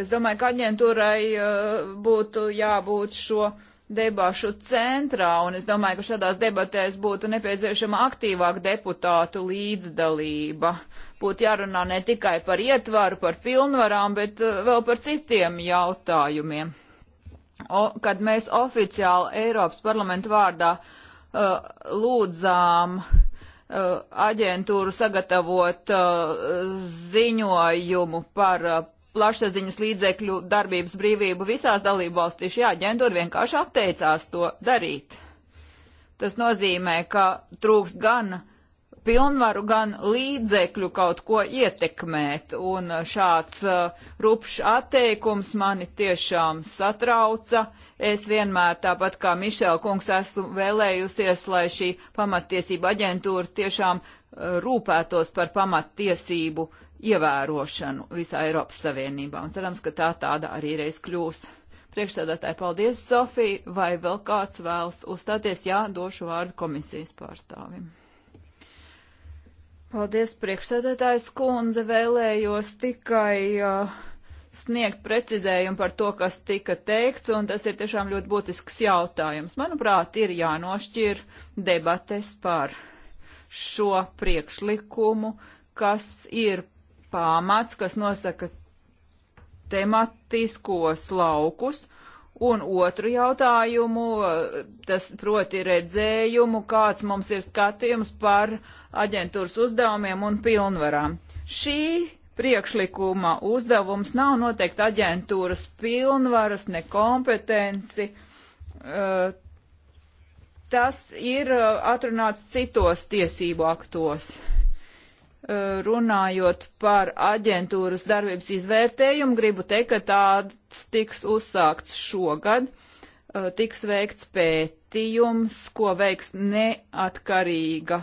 S1: Es domāju, ka aģentūrai uh, būtu jābūt šo. Uh, debašu centrā, un es domāju, ka šādās debatēs būtu nepieciešama aktīvāka deputātu līdzdalība. Būtu jārunā ne tikai par ietvaru, par pilnvarām, bet eh, vēl par citiem jautājumiem. O, kad mēs oficiāli Eiropas parlamentu vārdā uh, lūdzām uh, aģentūru sagatavot uh, ziņojumu par uh, plašsaziņas līdzekļu darbības brīvību visās dalībvalstīs, jā, ģenduri vienkārši atteicās to darīt. Tas nozīmē, ka trūkst gan pilnvaru, gan līdzekļu kaut ko ietekmēt, un šāds uh, rupšs atteikums mani tiešām satrauca. Es vienmēr, tāpat kā Mišēla kungs, esmu vēlējusies, lai šī pamattiesība aģentūra tiešām uh, rūpētos par pamattiesību uh, ievērošanu visā Eiropas Savienībā. Un cerams, ka tā tāda arī reiz kļūs. Priekšsēdētāji, paldies, Sofija, vai vēl kāds vēlas uzstāties? Jā, došu vārdu komisijas pārstāvim. Paldies, priekšsēdētājs kundze, vēlējos tikai uh, sniegt precizējumu par to, kas tika teikts, un tas ir tiešām ļoti būtisks jautājums. Manuprāt, ir jānošķir debates par šo priekšlikumu, kas ir pamats, kas nosaka tematiskos laukus, un otru jautājumu, tas proti redzējumu, kāds mums ir skatījums par aģentūras uzdevumiem un pilnvarām. Šī priekšlikuma uzdevums nav noteikt aģentūras pilnvaras, ne kompetenci. Eh, tas ir eh, atrunāts citos tiesību aktos runājot par aģentūras darbības izvērtējumu, gribu teikt, ka tāds tiks uzsākts šogad. Uh, tiks veikts pētījums, ko veiks neatkarīga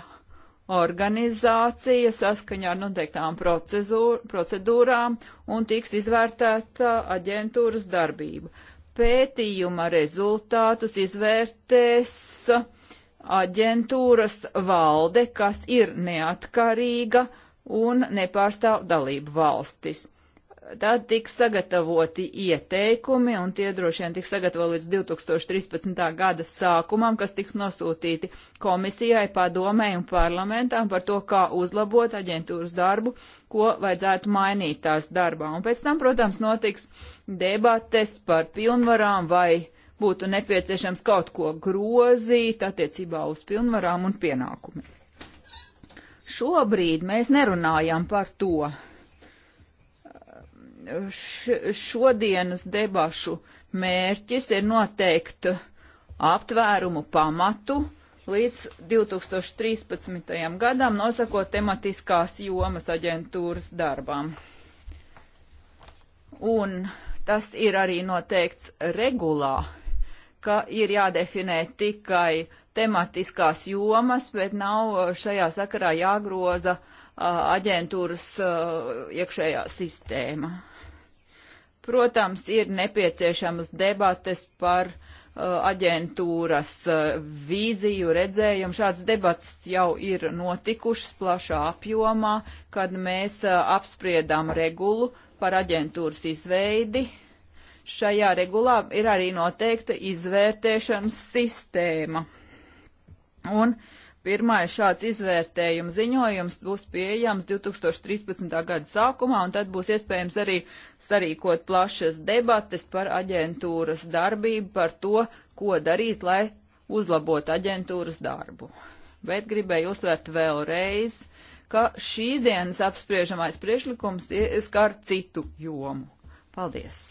S1: organizācija saskaņā ar noteiktām procedūrām un tiks izvērtēta aģentūras darbība. Pētījuma rezultātus izvērtēs uh, aģentūras valde, kas ir neatkarīga un nepārstāv dalību valstis. Tad tiks sagatavoti ieteikumi, un tie droši vien tiks sagatavoti līdz 2013. gada sākumam, kas tiks nosūtīti komisijai, padomēji un parlamentām par to, kā uzlabot aģentūras darbu, ko vajadzētu mainīt tās darbā. Un pēc tam, protams, notiks debates par pilnvarām vai uh, būtu nepieciešams kaut ko grozīt attiecībā uz pilnvarām un pienākumiem. Šobrīd mēs nerunājam par to. Š šodienas debašu mērķis ir noteikt aptvērumu pamatu līdz 2013. gadam, nosakot tematiskās jomas aģentūras darbām. Un tas ir arī noteikts regulā ka ir jādefinē tikai tematiskās jomas, bet nav šajā sakarā jāgroza aģentūras iekšējā sistēma. Protams, ir nepieciešamas debates par aģentūras vīziju, redzējumu. Šāds debats jau ir notikušas plašā apjomā, kad mēs apspriedām regulu par aģentūras izveidi Šajā regulā ir arī noteikta izvērtēšanas sistēma. Un pirmais šāds izvērtējuma ziņojums būs pieejams 2013. gada sākumā, un tad būs iespējams arī sarīkot plašas debates par aģentūras darbību, par to, ko darīt, lai uzlabotu aģentūras darbu. Bet gribēju uzsvērt vēlreiz, ka šīs dienas apspriežamais priešlikums skar citu jomu. Paldies!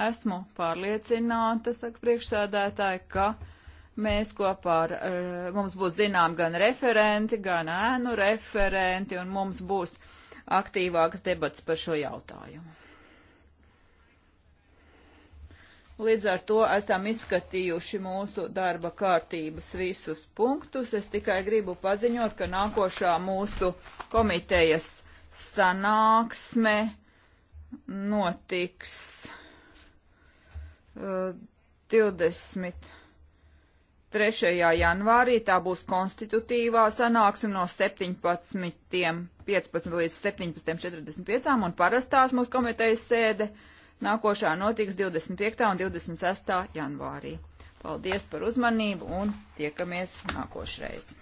S1: Esmu pārliecināta, saka priekšsēdētāji, ka mēs kopā ar, eh, mums būs zinām gan referenti, gan ēnu referenti, un mums būs aktīvāks debats par šo jautājumu. Līdz ar to esam izskatījuši mūsu darba kārtības visus punktus. Es tikai gribu paziņot, ka nākošā mūsu komitejas sanāksme notiks 20. 3. janvārī tā būs konstitutīvā sanāksme no 17. 15 līdz 17.45 un parastās mūsu komitejas sēde nākošā notiks 25. un 26. janvārī. Paldies par uzmanību un tiekamies nākošreiz.